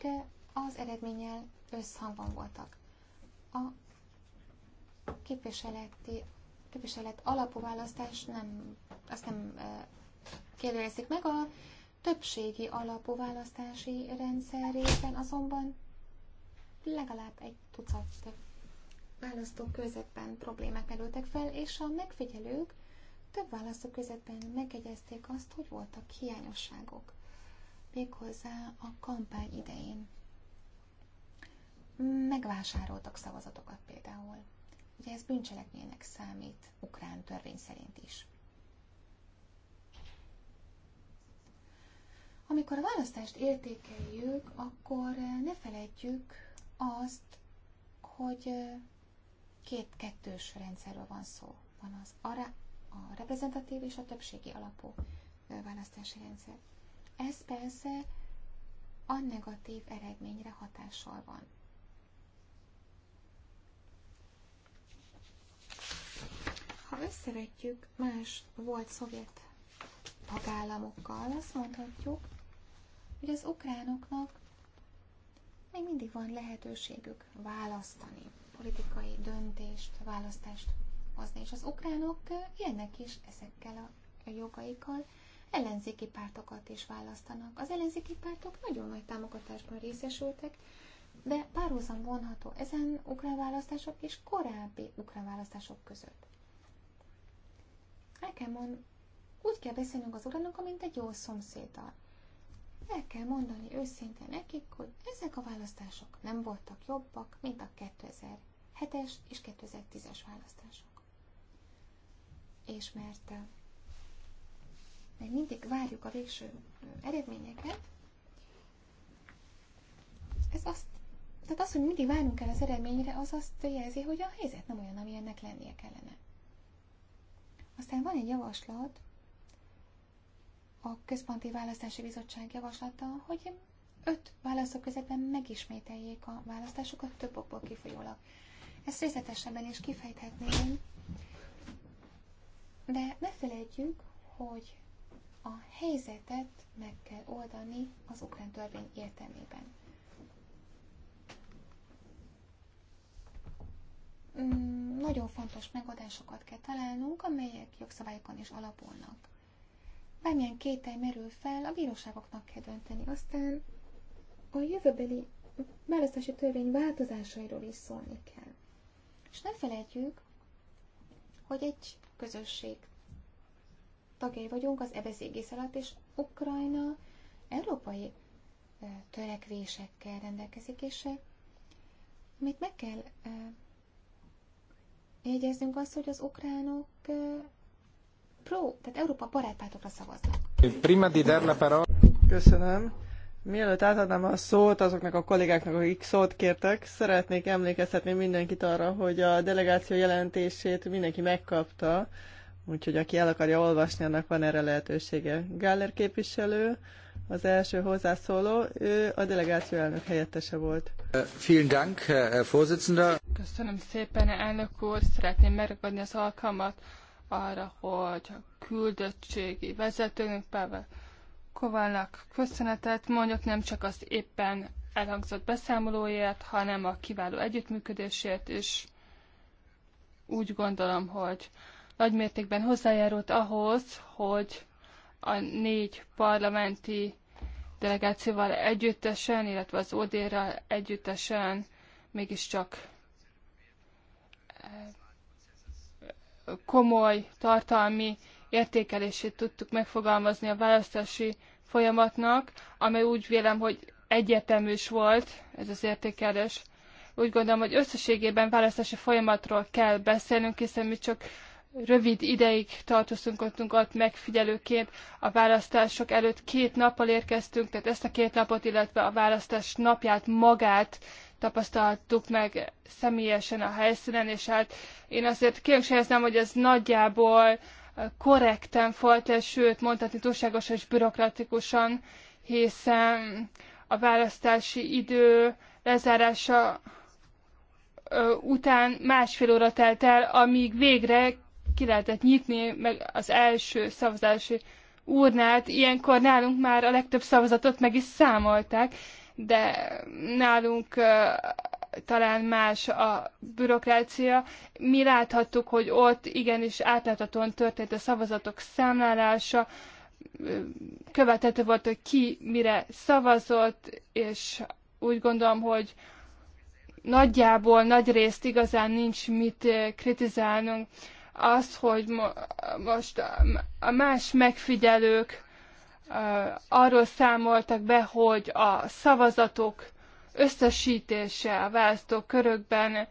az eredménnyel összhangban voltak. A képviseleti képviselet alapú választás nem, azt nem kérdezik meg. A többségi alapú választási rendszerében azonban legalább egy tucat választókörzetben problémák merültek fel, és a megfigyelők több választókörzetben megegyezték azt, hogy voltak hiányosságok, méghozzá a kampány idején. Megvásároltak szavazatokat például. Ugye ez bűncselekménynek számít, ukrán törvény szerint is. Amikor a választást értékeljük, akkor eh, ne felejtjük azt, hogy eh, két kettős rendszerről van szó. Van az ara, a reprezentatív és a többségi alapú eh, választási rendszer. Ez persze a negatív eredményre hatással van. Ha összevetjük más volt szovjet tagállamokkal, azt mondhatjuk, hogy az ukránoknak még mindig van lehetőségük választani, politikai döntést, választást hozni, és az ukránok élnek is ezekkel a jogaikkal, ellenzéki pártokat is választanak. Az ellenzéki pártok nagyon nagy támogatásban részesültek, de párhuzam vonható ezen ukrán választások és korábbi ukrán választások között. El kell mond, úgy kell beszélnünk az urának, mint egy jó szomszéddal. El kell mondani őszintén nekik, hogy ezek a választások nem voltak jobbak, mint a 2007-es és 2010-es választások. És mert eh, még mindig várjuk a végső eh, eredményeket, ez azt, tehát az, hogy mindig várunk el az eredményre, az azt jelzi, hogy a helyzet nem olyan, ami ennek lennie kellene. Aztán van egy javaslat, a Központi Választási Bizottság javaslata, hogy öt válaszok közepén megismételjék a választásokat több okból kifolyólag. Ezt részletesebben is kifejthetném, de ne felejtjük, hogy a helyzetet meg kell oldani az ukrán törvény értelmében. Mm, nagyon fontos megoldásokat kell találnunk, amelyek jogszabályokon is alapulnak. Bármilyen kétel merül fel, a bíróságoknak kell dönteni. Aztán a jövőbeli választási törvény változásairól is szólni kell. És ne felejtjük, hogy egy közösség tagjai vagyunk az ebeszégész alatt, és Ukrajna európai törekvésekkel rendelkezik, és amit meg kell jegyezzünk azt, hogy az ukránok pro, tehát Európa barátpártokra szavaznak. Prima di dar la parola. Köszönöm. Mielőtt átadnám a szót azoknak a kollégáknak, akik szót kértek, szeretnék emlékeztetni mindenkit arra, hogy a delegáció jelentését mindenki megkapta, úgyhogy aki el akarja olvasni, annak van erre lehetősége. Gáller képviselő, az első hozzászóló, ő a delegáció elnök helyettese volt. Vielen Dank, Herr Vorsitzender. Köszönöm szépen, elnök úr. Szeretném megragadni az alkalmat arra, hogy a küldöttségi vezetőnk Pavel Kovalnak köszönetet mondjuk nem csak az éppen elhangzott beszámolóért, hanem a kiváló együttműködésért is. Úgy gondolom, hogy nagy mértékben hozzájárult ahhoz, hogy a négy parlamenti delegációval együttesen, illetve az OD-ra együttesen mégiscsak komoly tartalmi értékelését tudtuk megfogalmazni a választási folyamatnak, amely úgy vélem, hogy egyeteműs volt ez az értékelés. Úgy gondolom, hogy összességében választási folyamatról kell beszélnünk, hiszen mi csak rövid ideig tartoztunk ottunk ott megfigyelőként. A választások előtt két nappal érkeztünk, tehát ezt a két napot, illetve a választás napját magát tapasztaltuk meg személyesen a helyszínen, és hát én azért kérdésem, hogy ez nagyjából korrekten és sőt mondhatni túlságosan és bürokratikusan, hiszen a választási idő lezárása után másfél óra telt el, amíg végre ki lehetett nyitni meg az első szavazási urnát. Ilyenkor nálunk már a legtöbb szavazatot meg is számolták, de nálunk talán más a bürokrácia. Mi láthattuk, hogy ott igenis átláthatóan történt a szavazatok számlálása, követhető volt, hogy ki mire szavazott, és úgy gondolom, hogy nagyjából, nagy részt igazán nincs mit kritizálnunk. Az, hogy mo most a más megfigyelők arról számoltak be, hogy a szavazatok összesítése a választók körökben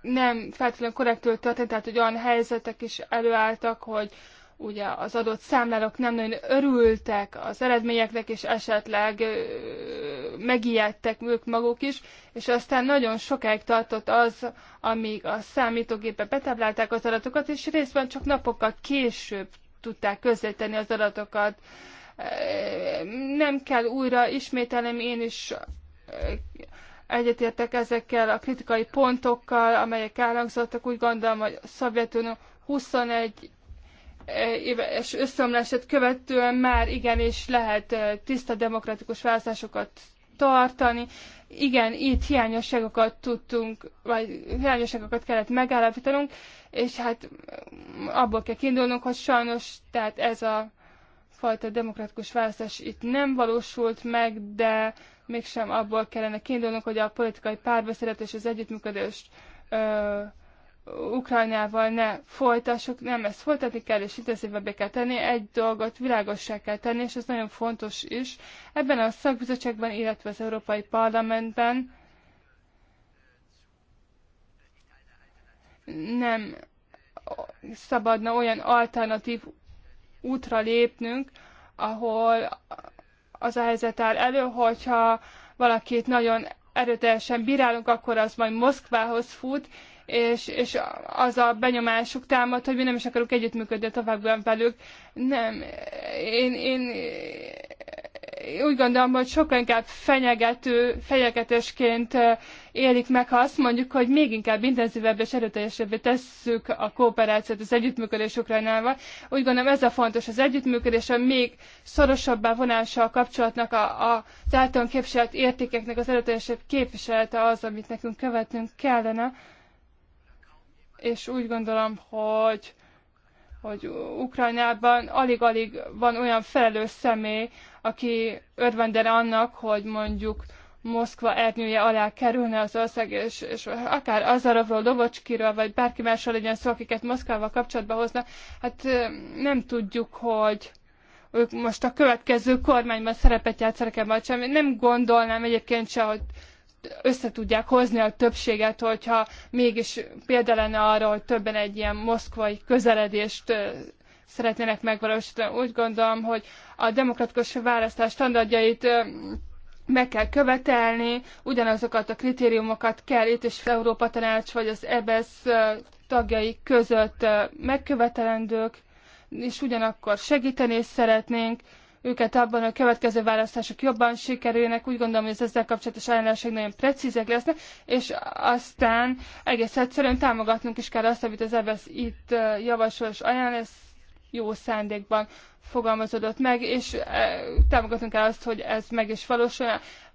nem feltétlenül korrektől történt, tehát hogy olyan helyzetek is előálltak, hogy ugye az adott számlálók nem nagyon örültek az eredményeknek, és esetleg megijedtek ők maguk is, és aztán nagyon sokáig tartott az, amíg a számítógépe betáblálták az adatokat, és részben csak napokkal később tudták közzétenni az adatokat. Nem kell újra ismételnem, én is egyetértek ezekkel a kritikai pontokkal, amelyek elhangzottak, úgy gondolom, hogy a Szovjetunió 21 E, éves összeomlását követően már igenis lehet e, tiszta demokratikus választásokat tartani. Igen, itt hiányosságokat tudtunk, vagy hiányosságokat kellett megállapítanunk, és hát abból kell kiindulnunk, hogy sajnos, tehát ez a fajta demokratikus választás itt nem valósult meg, de mégsem abból kellene kiindulnunk, hogy a politikai párbeszédet és az együttműködést ö, Ukrajnával ne folytassuk, nem ezt folytatni kell, és intenzívebbé kell tenni, egy dolgot világossá kell tenni, és ez nagyon fontos is. Ebben a szakbizottságban, illetve az Európai Parlamentben nem szabadna olyan alternatív útra lépnünk, ahol az a helyzet áll elő, hogyha valakit nagyon erőteljesen bírálunk, akkor az majd Moszkvához fut, és, és az a benyomásuk támad, hogy mi nem is akarunk együttműködni továbbban velük. Nem, én, én úgy gondolom, hogy sokkal inkább fenyegető, fenyegetésként eh, élik meg, ha azt mondjuk, hogy még inkább intenzívebb és erőteljesebbé tesszük a kooperációt, az együttműködés Ukrajnával. Úgy gondolom ez a fontos, az együttműködés a még szorosabbá vonása a kapcsolatnak, a, a, az általán képviselt értékeknek az erőteljesebb képviselete az, amit nekünk követnünk kellene és úgy gondolom, hogy hogy Ukrajnában alig-alig van olyan felelős személy, aki örvendene annak, hogy mondjuk Moszkva ernyője alá kerülne az ország, és, és akár Azarovról, Lovocskiről, vagy bárki másról legyen szó, akiket Moszkvával kapcsolatba hozna, hát nem tudjuk, hogy ők most a következő kormányban szerepet játszanak ebben, sem. Nem gondolnám egyébként se, hogy összetudják hozni a többséget, hogyha mégis példa lenne arra, hogy többen egy ilyen moszkvai közeledést szeretnének megvalósítani. Úgy gondolom, hogy a demokratikus választás standardjait meg kell követelni, ugyanazokat a kritériumokat kell itt is Európa Tanács vagy az EBSZ e tagjai között megkövetelendők, és ugyanakkor segíteni is szeretnénk, őket abban, a következő választások jobban sikerülnek. Úgy gondolom, hogy az ezzel kapcsolatos ajánlások nagyon precízek lesznek, és aztán egész egyszerűen támogatnunk is kell azt, amit az EBSZ itt javasol és ajánlás jó szándékban fogalmazódott meg, és támogatnunk támogatunk el azt, hogy ez meg is valósul.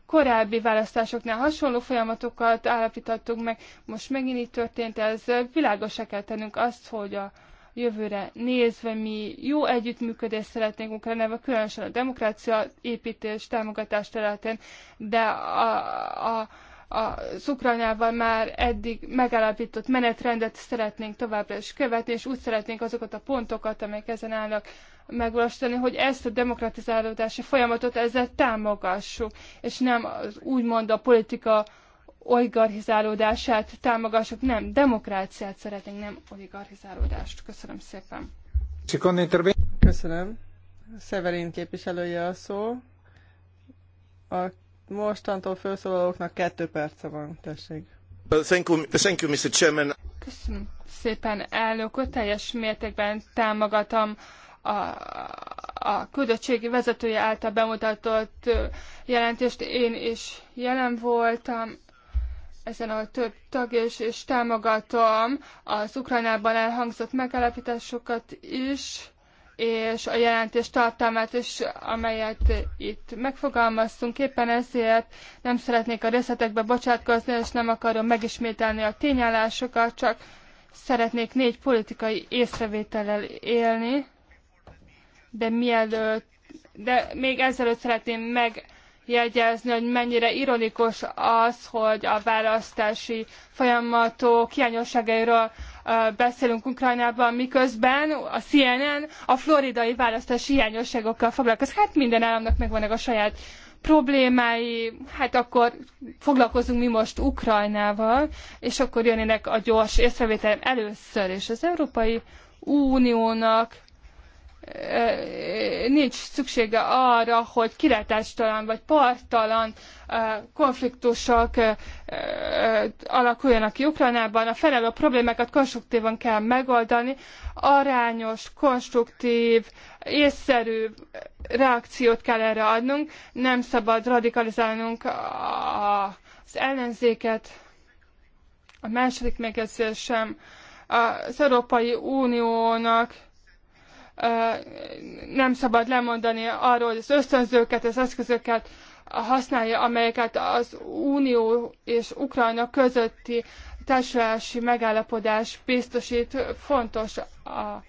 Korábbi választásoknál hasonló folyamatokat állapítottunk meg, most megint így történt, ez világosá kell tennünk azt, hogy a, jövőre nézve mi jó együttműködést szeretnénk Ukrajnával, különösen a demokrácia építés, támogatás területén, de a, a, a, az Ukrajnával már eddig megállapított menetrendet szeretnénk továbbra is követni, és úgy szeretnénk azokat a pontokat, amelyek ezen állnak, megvalósítani, hogy ezt a demokratizálódási folyamatot ezzel támogassuk, és nem az úgymond a politika oligarchizálódását támogassuk, nem, demokráciát szeretnénk, nem oligarchizálódást. Köszönöm szépen. Köszönöm. Szeverin képviselője a szó. A mostantól felszólalóknak kettő perce van, tessék. Thank you, thank you, Mr. Chairman. Köszönöm szépen, elnök úr. Teljes mértékben támogatom a, a küldöttségi vezetője által bemutatott jelentést. Én is jelen voltam, ezen a több tag és, és támogatom az Ukrajnában elhangzott megállapításokat is, és a jelentés tartalmát is, amelyet itt megfogalmaztunk. Éppen ezért nem szeretnék a részletekbe bocsátkozni, és nem akarom megismételni a tényállásokat, csak szeretnék négy politikai észrevétellel élni, de mielőtt, de még ezelőtt szeretném meg jegyezni, hogy mennyire ironikus az, hogy a választási folyamatok hiányosságairól beszélünk Ukrajnában, miközben a CNN a floridai választási hiányosságokkal foglalkozik. Hát minden államnak megvannak a saját problémái, hát akkor foglalkozunk mi most Ukrajnával, és akkor jönnének a gyors észrevételem először, és az Európai Uniónak nincs szüksége arra, hogy kilátástalan vagy parttalan konfliktusok alakuljanak ki Ukrajnában. A felelő problémákat konstruktívan kell megoldani, arányos, konstruktív, észszerű reakciót kell erre adnunk, nem szabad radikalizálnunk az ellenzéket. A második megjegyzésem sem az Európai Uniónak nem szabad lemondani arról, hogy az ösztönzőket, az eszközöket használja, amelyeket az Unió és Ukrajna közötti társulási megállapodás biztosít. Fontos a,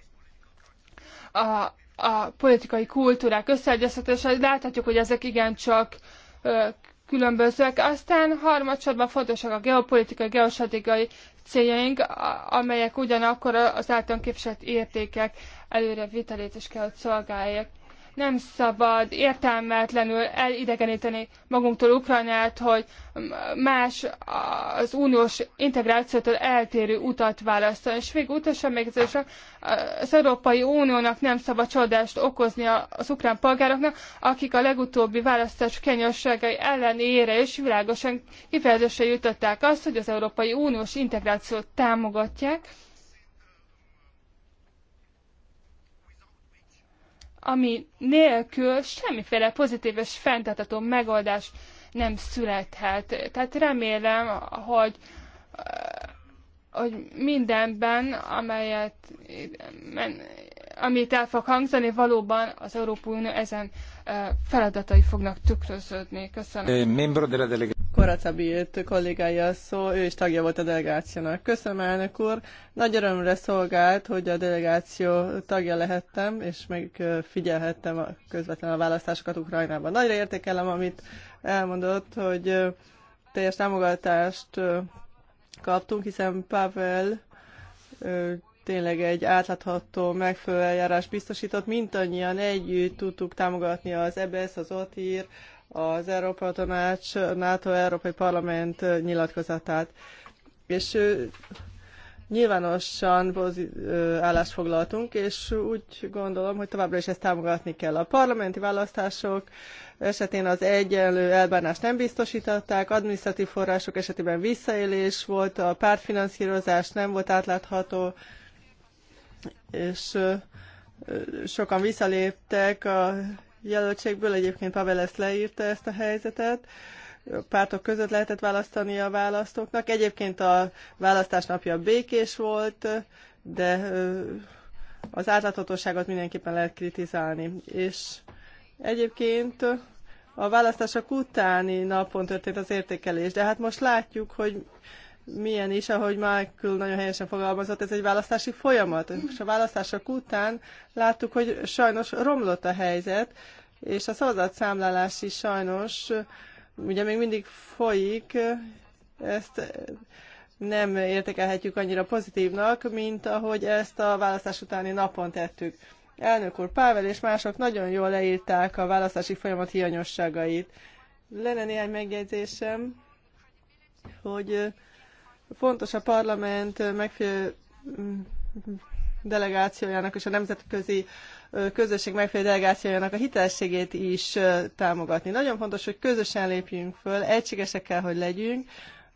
a, a politikai kultúrák összeegyeztetése. Láthatjuk, hogy ezek igencsak különbözőek. Aztán harmadsorban fontosak a geopolitikai, geostratégiai céljaink, amelyek ugyanakkor az általán képviselt értékek előrevitelét is kell, hogy szolgálják nem szabad értelmetlenül elidegeníteni magunktól Ukrajnát, hogy más az uniós integrációtól eltérő utat választani. És még utolsó még az Európai Uniónak nem szabad csodást okozni az ukrán polgároknak, akik a legutóbbi választás kenyosságai ellenére is világosan kifejezésre jutották azt, hogy az Európai Uniós integrációt támogatják, ami nélkül semmiféle pozitív és fenntartható megoldás nem születhet. Tehát remélem, hogy, eh, hogy mindenben, amelyet eh, amit el fog hangzani, valóban az Európai Unió ezen feladatai fognak tükröződni. Köszönöm. Koraca Bilt kollégája szó, ő is tagja volt a delegációnak. Köszönöm, elnök úr. Nagy örömre szolgált, hogy a delegáció tagja lehettem, és megfigyelhettem a, közvetlen a választásokat Ukrajnában. Nagyra értékelem, amit elmondott, hogy teljes támogatást kaptunk, hiszen Pavel tényleg egy átlátható, megfelelő eljárás biztosított. Mindannyian együtt tudtuk támogatni az EBS, e az OTIR, az Európa Tanács, NATO Európai Parlament nyilatkozatát. És nyilvánosan állást foglaltunk, és úgy gondolom, hogy továbbra is ezt támogatni kell. A parlamenti választások esetén az egyenlő elbánást nem biztosították, adminisztratív források esetében visszaélés volt, a pártfinanszírozás nem volt átlátható, és sokan visszaléptek a jelöltségből, egyébként Pavel ezt leírta ezt a helyzetet, pártok között lehetett választani a választóknak. Egyébként a választás napja békés volt, de az átláthatóságot mindenképpen lehet kritizálni. És egyébként a választások utáni napon történt az értékelés, de hát most látjuk, hogy milyen is, ahogy Michael nagyon helyesen fogalmazott, ez egy választási folyamat. És a választások után láttuk, hogy sajnos romlott a helyzet, és a szavazatszámlálás is sajnos ugye még mindig folyik, ezt nem értékelhetjük annyira pozitívnak, mint ahogy ezt a választás utáni napon tettük. Elnök úr Pável és mások nagyon jól leírták a választási folyamat hiányosságait. Lenne néhány megjegyzésem, hogy Fontos a parlament megfelelő delegációjának és a nemzetközi közösség megfelelő delegációjának a hitelességét is támogatni. Nagyon fontos, hogy közösen lépjünk föl, egységesek kell, hogy legyünk,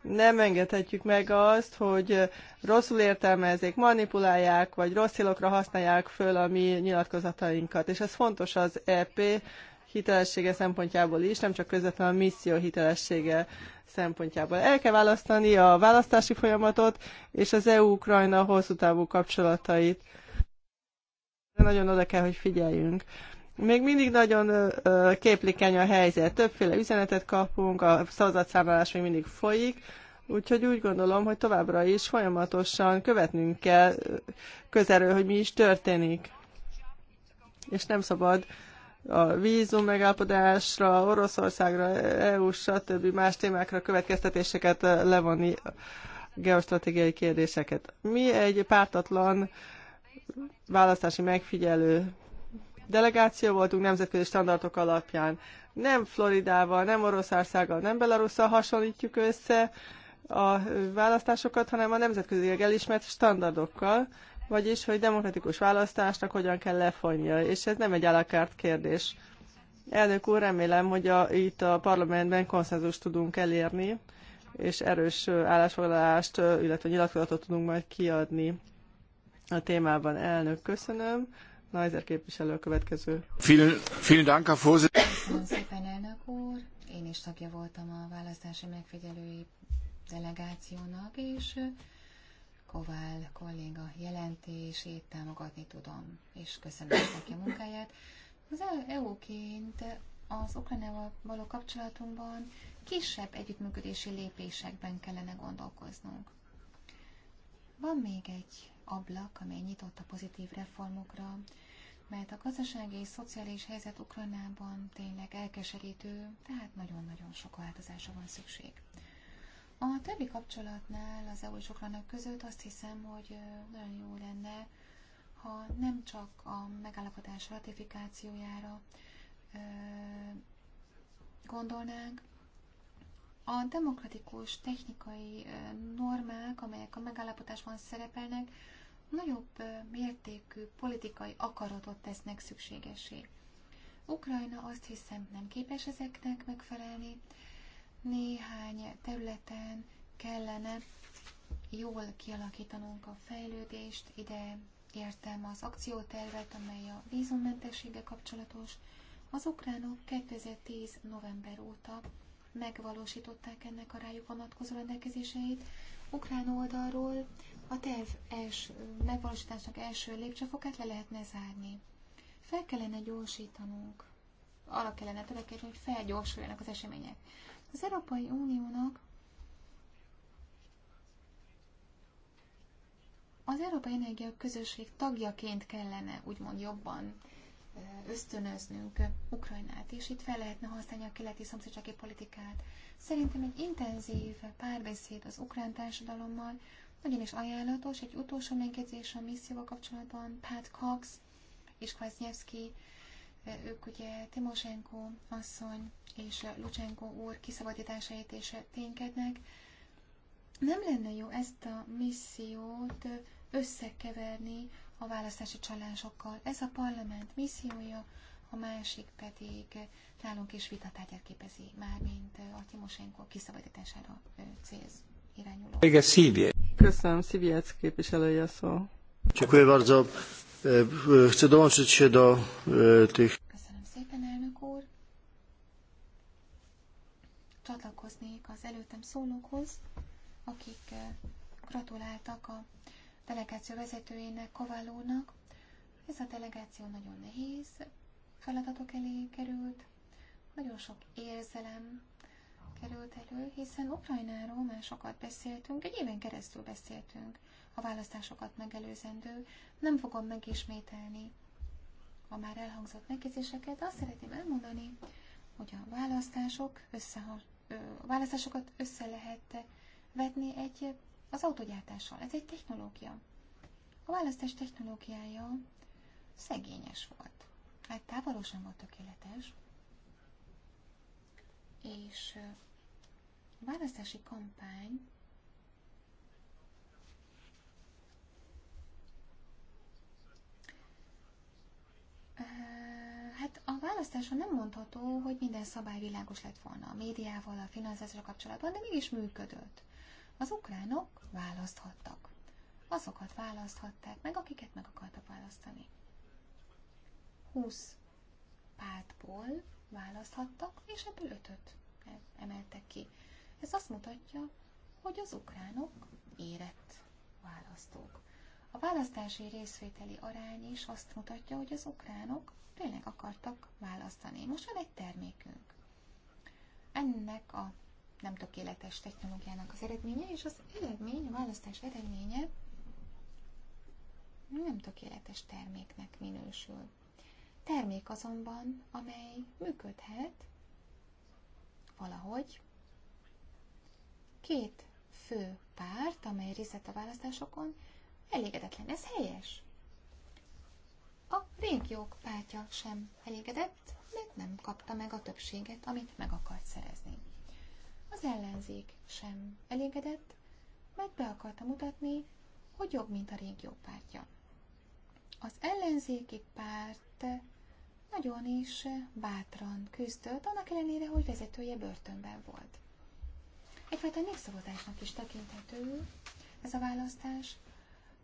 nem engedhetjük meg azt, hogy rosszul értelmezzék, manipulálják, vagy rossz célokra használják föl a mi nyilatkozatainkat. És ez fontos az EP hitelessége szempontjából is, nem csak közvetlen a misszió hitelessége szempontjából. El kell választani a választási folyamatot és az EU-Ukrajna hosszú távú kapcsolatait. De nagyon oda kell, hogy figyeljünk. Még mindig nagyon képlikeny a helyzet. Többféle üzenetet kapunk, a szavazatszámlálás még mindig folyik, úgyhogy úgy gondolom, hogy továbbra is folyamatosan követnünk kell közelről, hogy mi is történik. És nem szabad uh, a vízum megállapodásra, Oroszországra, EU, stb. más témákra következtetéseket levonni geostratégiai kérdéseket. Mi egy pártatlan választási megfigyelő delegáció voltunk nemzetközi standardok alapján. Nem Floridával, nem Oroszországgal, nem Belarusszal hasonlítjuk össze a választásokat, hanem a nemzetközi elismert standardokkal, vagyis, hogy demokratikus választásnak hogyan kell lefolynia, és ez nem egy alakárt kérdés. Elnök úr, remélem, hogy a, itt a parlamentben konszenzust tudunk elérni, és erős állásfoglalást, illetve nyilatkozatot tudunk majd kiadni a témában. Elnök, köszönöm. Najzer képviselő a következő. Vielen, vielen Dank, Herr Köszönöm szépen, elnök úr. Én is tagja voltam a választási megfigyelői delegációnak, és Kovál kolléga jelentését támogatni tudom, és köszönöm neki a munkáját. Az EU-ként e az Ukrajnával való kapcsolatunkban kisebb együttműködési lépésekben kellene gondolkoznunk. Van még egy ablak, amely nyitott a pozitív reformokra, mert a gazdasági és szociális helyzet Ukrajnában tényleg elkeserítő, tehát nagyon-nagyon sok változásra van szükség. A többi kapcsolatnál az EU és Ukrajna között azt hiszem, hogy nagyon jó lenne, ha nem csak a megállapodás ratifikációjára gondolnánk, a demokratikus technikai normák, amelyek a megállapodásban szerepelnek, nagyobb mértékű politikai akaratot tesznek szükségesé. Ukrajna azt hiszem nem képes ezeknek megfelelni, néhány területen kellene jól kialakítanunk a fejlődést, ide értem az akciótervet, amely a vízummentessége kapcsolatos. Az ukránok 2010. november óta megvalósították ennek a rájuk vonatkozó rendelkezéseit. Ukrán oldalról a terv első, megvalósításnak első lépcsőfokát le lehetne zárni. Fel kellene gyorsítanunk. Arra kellene törekedni, hogy felgyorsuljanak az események. Az Európai Uniónak az Európai Energia Közösség tagjaként kellene úgymond jobban ösztönöznünk Ukrajnát, és itt fel lehetne használni a keleti szomszédsági politikát. Szerintem egy intenzív párbeszéd az ukrán társadalommal nagyon is ajánlatos. Egy utolsó megjegyzés a misszióval kapcsolatban Pat Cox és Kwasniewski ők ugye Timosenko asszony és Lucsenko úr kiszabadításait és ténykednek. Nem lenne jó ezt a missziót összekeverni a választási csalásokkal. Ez a parlament missziója, a másik pedig nálunk is vitatárgyát képezi, mármint a Timosenko kiszabadítására célz irányuló. Köszönöm, Sziviec képviselője szó. Dziękuję bardzo. E, e, chcę dołączyć się do e, tych... Köszönöm szépen, elnök úr. Csatlakoznék az előttem szólókhoz, akik gratuláltak a delegáció vezetőjének, Koválónak. Ez a delegáció nagyon nehéz feladatok elé került, nagyon sok érzelem került elő, hiszen Ukrajnáról már sokat beszéltünk, egy éven keresztül beszéltünk a választásokat megelőzendő. Nem fogom megismételni a már elhangzott megjegyzéseket, azt szeretném elmondani, hogy a választások összeha, ö, a választásokat össze lehet vetni egy, az autogyártással. Ez egy technológia. A választás technológiája szegényes volt. Hát távolosan volt tökéletes. És a választási kampány Hát a választáson nem mondható, hogy minden szabály világos lett volna a médiával, a finanszírozásra kapcsolatban, de mégis működött. Az ukránok választhattak. Azokat választhatták meg, akiket meg akartak választani. 20 pártból választhattak, és ebből ötöt emeltek ki. Ez azt mutatja, hogy az ukránok érett választók. A választási részvételi arány is azt mutatja, hogy az ukránok tényleg akartak választani. Most van egy termékünk. Ennek a nem tökéletes technológiának az eredménye, és az eredmény, a választás eredménye nem tökéletes terméknek minősül. Termék azonban, amely működhet valahogy. Két fő párt, amely részlet a választásokon, elégedetlen. Ez helyes. A régiók pártja sem elégedett, mert nem kapta meg a többséget, amit meg akart szerezni. Az ellenzék sem elégedett, mert be akarta mutatni, hogy jobb, mint a régió pártja. Az ellenzéki párt nagyon is bátran küzdött, annak ellenére, hogy vezetője börtönben volt. Egyfajta népszavazásnak is tekinthető ez a választás,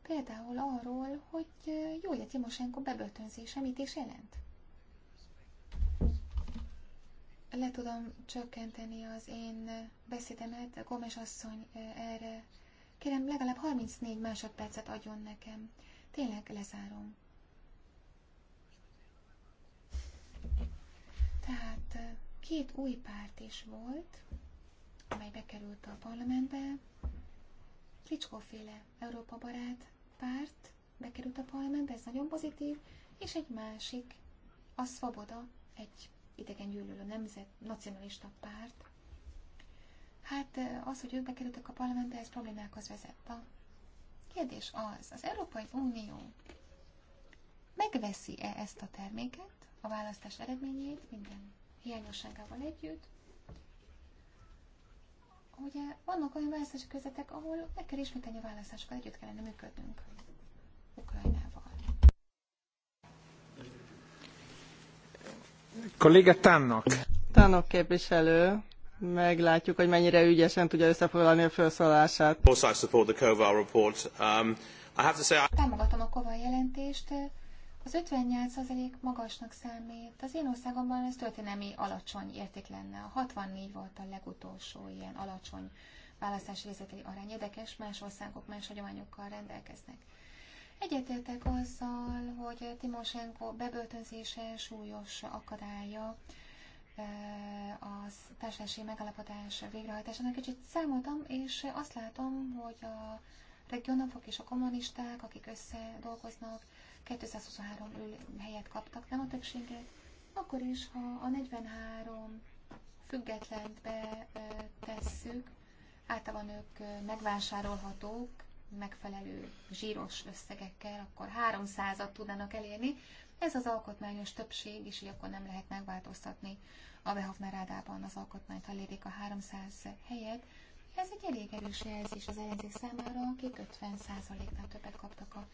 Például arról, hogy Júlia Timosenko bebörtönzése mit is jelent. Le tudom csökkenteni az én beszédemet, Gomes asszony erre. Kérem, legalább 34 másodpercet adjon nekem. Tényleg lezárom. Tehát két új párt is volt, amely bekerült a parlamentbe. Klicskóféle Európa barát párt bekerült a parlamentbe, ez nagyon pozitív, és egy másik, a Svoboda, egy idegen gyűlölő nemzet, nacionalista párt. Hát az, hogy ők bekerültek a parlamentbe, ez problémákhoz vezet. A kérdés az, az Európai Unió megveszi-e ezt a terméket, a választás eredményét minden hiányosságával együtt, ugye vannak olyan választási közetek, ahol meg kell ismételni a választásokat, együtt kellene működnünk Ukrajnával. Kolléga Tánnak. Tánnak képviselő, meglátjuk, hogy mennyire ügyesen tudja összefoglalni a felszólását. Um, Támogatom a Koval jelentést, az 58% magasnak számít. Az én országomban ez történelmi alacsony érték lenne. A 64 volt a legutolsó ilyen alacsony választási részvételi arány. Érdekes, más országok más hagyományokkal rendelkeznek. Egyetértek azzal, hogy Timoshenko bebörtönzése súlyos akadálya e, a társadalmi megállapodás végrehajtásának. Kicsit számoltam, és azt látom, hogy a regionafok és a kommunisták, akik összedolgoznak, 223 ül helyet kaptak, nem a többséget, akkor is, ha a 43 függetlent tesszük, általában ők megvásárolhatók megfelelő zsíros összegekkel, akkor 300-at tudnának elérni. Ez az alkotmányos többség, és így akkor nem lehet megváltoztatni a Behavner Rádában az alkotmányt, ha lérik a 300 helyet. Ez egy elég erős jelzés az ellenzék számára, akik 50%-nál többet kaptak a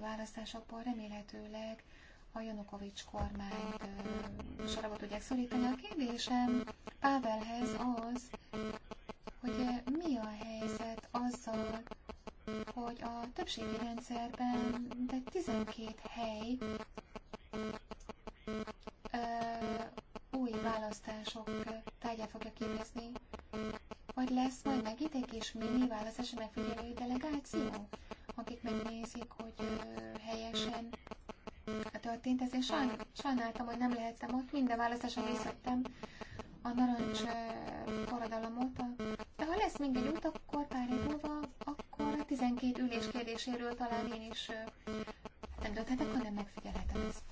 választásokból remélhetőleg a Janukovics kormányt sorába tudják szorítani. A kérdésem Pávelhez az, hogy mi a helyzet azzal, hogy a többségi rendszerben de 12 hely ö, új választások tárgyát fogja képezni, vagy lesz majd megint egy kis mini választási megfigyelői delegáció? akik megnézik, hogy helyesen történt. Ezért sajn, sajnáltam, hogy nem lehettem ott. Minden választáson részlettem a narancs forradalomot. De ha lesz még egy út, akkor pár év múlva, akkor a 12 ülés kérdéséről talán én is nem dönthetek, hanem megfigyelhetem ezt.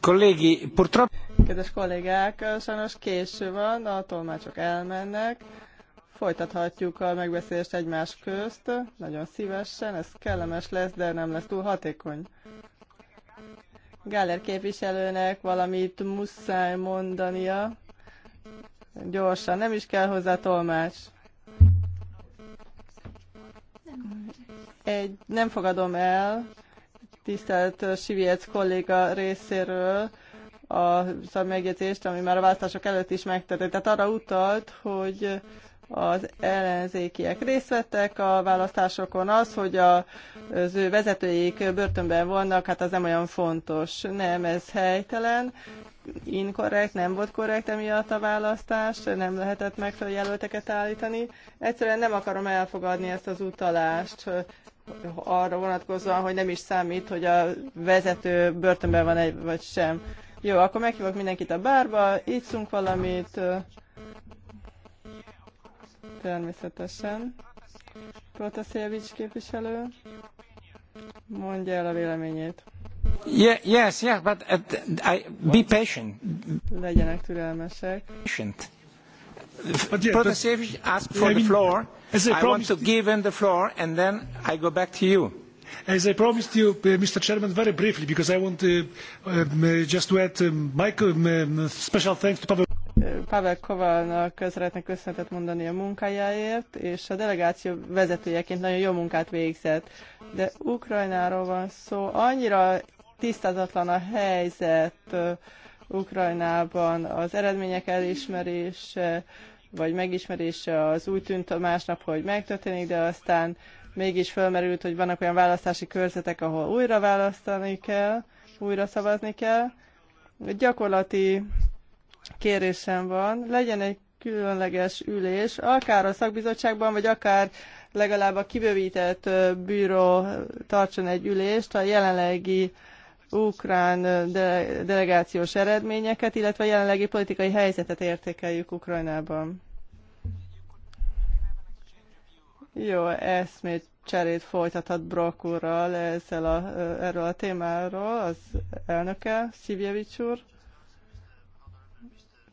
Kollégi, purtro... Kedves kollégák, sajnos késő van, a tolmácsok elmennek. Folytathatjuk a megbeszélést egymás közt, nagyon szívesen, ez kellemes lesz, de nem lesz túl hatékony. Gáler képviselőnek valamit muszáj mondania. Gyorsan, nem is kell hozzá tolmács. Egy, nem fogadom el, tisztelt Siviec kolléga részéről a megjegyzést, ami már a választások előtt is megtörtént. Tehát arra utalt, hogy az ellenzékiek részt vettek a választásokon, az, hogy a, az ő vezetőik börtönben vannak, hát az nem olyan fontos. Nem, ez helytelen, inkorrekt, nem volt korrekt emiatt a választás, nem lehetett megfelelő jelölteket állítani. Egyszerűen nem akarom elfogadni ezt az utalást arra vonatkozóan, hogy nem is számít, hogy a vezető börtönben van egy vagy sem. Jó, akkor meghívok mindenkit a bárba, ígyszunk valamit, természetesen. Protasevich képviselő, mondja el a véleményét. Yeah, yes, yeah, but uh, I, be patient. Legyenek türelmesek. Patient. But yeah, Protasevich asked for yeah, the floor. I, I want to give him the floor and then I go back to you. As I promised you, uh, Mr. Chairman, very briefly, because I want uh, um, uh, just to add um, my um, um, special thanks to Pavel Pavel Kovalnak szeretnék köszönetet mondani a munkájáért, és a delegáció vezetőjeként nagyon jó munkát végzett. De Ukrajnáról van szó, annyira tisztázatlan a helyzet Ukrajnában, az eredmények elismerése, vagy megismerése az úgy tűnt a másnap, hogy megtörténik, de aztán mégis felmerült, hogy vannak olyan választási körzetek, ahol újra választani kell, újra szavazni kell. Gyakorlati kérésem van, legyen egy különleges ülés, akár a szakbizottságban, vagy akár legalább a kibővített bűró tartson egy ülést a jelenlegi ukrán delegációs eredményeket, illetve a jelenlegi politikai helyzetet értékeljük Ukrajnában. Jó, eszmét cserét folytathat Brock úrral ezzel a, erről a témáról, az elnöke, Szivjevics úr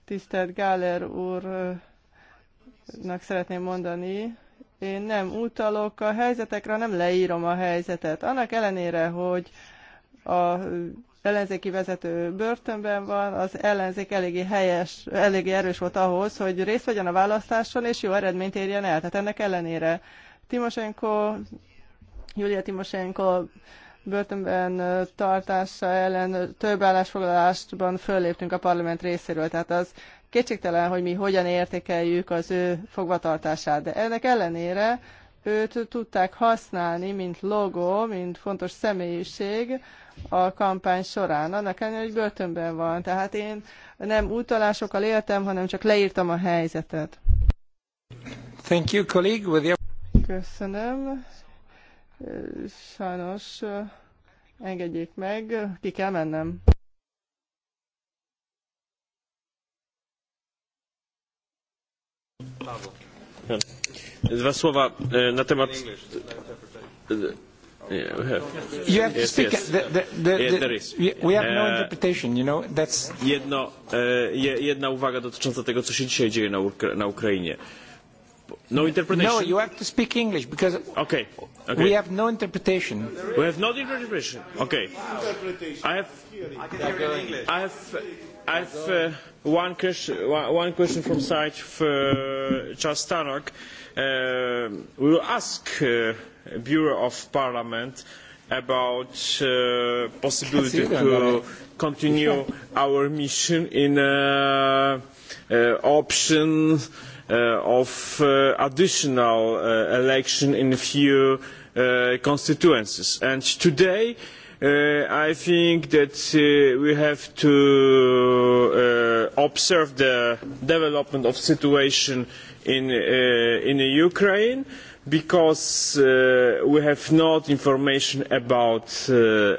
tisztelt Gáler úrnak szeretném mondani, én nem utalok a helyzetekre, nem leírom a helyzetet. Annak ellenére, hogy a ellenzéki vezető börtönben van, az ellenzék eléggé helyes, eléggé erős volt ahhoz, hogy részt vegyen a választáson, és jó eredményt érjen el. Tehát ennek ellenére Timosenko, Julia Timosenko börtönben tartása ellen több állásfoglalásban fölléptünk a parlament részéről. Tehát az kétségtelen, hogy mi hogyan értékeljük az ő fogvatartását. De ennek ellenére őt tudták használni, mint logó, mint fontos személyiség a kampány során. Annak ellenére, hogy börtönben van. Tehát én nem utalásokkal éltem, hanem csak leírtam a helyzetet. Thank you, colleague. With your... Köszönöm. Sajnos engedjék meg, ki kell mennem. Dwa słowa na temat. You have to speak. Yes, yes. yeah, there is. We have no interpretation, you know. That's... Jedno, e, jedna uwaga dotycząca tego, co się dzisiaj dzieje na, Ukra na Ukrainie. No interpretation? No, you have to speak English because okay. Okay. we have no interpretation. We have no interpretation. Okay. I have, I have, I have uh, one, question, one question from side for uh, Charles Tannock. Uh, we will ask uh, Bureau of Parliament about uh, possibility to continue our mission in uh, uh, option Uh, of uh, additional uh, election in a few constituencies. And today, Uh, I think that uh, we have to uh, observe the development of situation in in Ukraine because we have not information about uh,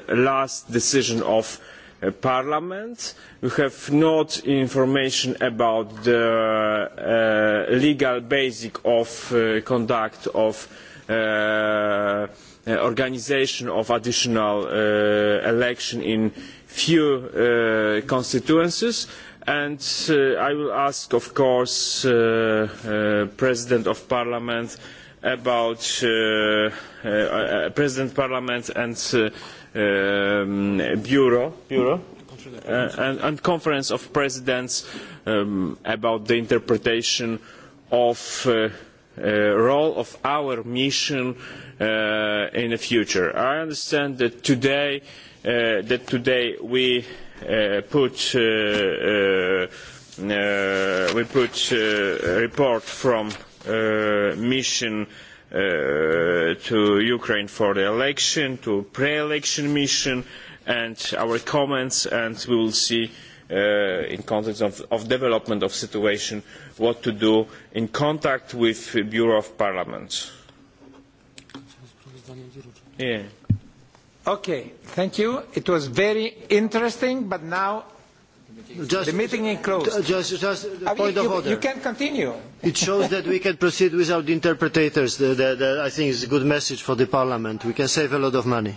last decision of Uh, parliament. We have not information about the uh, legal basis of uh, conduct of uh, uh organisation of additional uh, election in few uh, constituencies. And uh, I will ask, of course, President of Parliament uh, about uh, uh, uh, President, Parliament and uh, um, Bureau, Bureau? Uh, and, and, Conference of Presidents um, about the interpretation of Uh, role of our mission uh, in the future. I understand that today, uh, that today we put we put a report from Uh, mission uh, to Ukraine for the election, to pre-election mission, and our comments, and we will see uh, in context of, of development of situation what to do in contact with the Bureau of Parliament. Yeah. Okay, thank you. It was very interesting, but now Just, the meeting is closed. Just, just I mean, point of order. You can continue. It shows that we can proceed without interpreters. The, the, the, I think it's a good message for the Parliament. We can save a lot of money.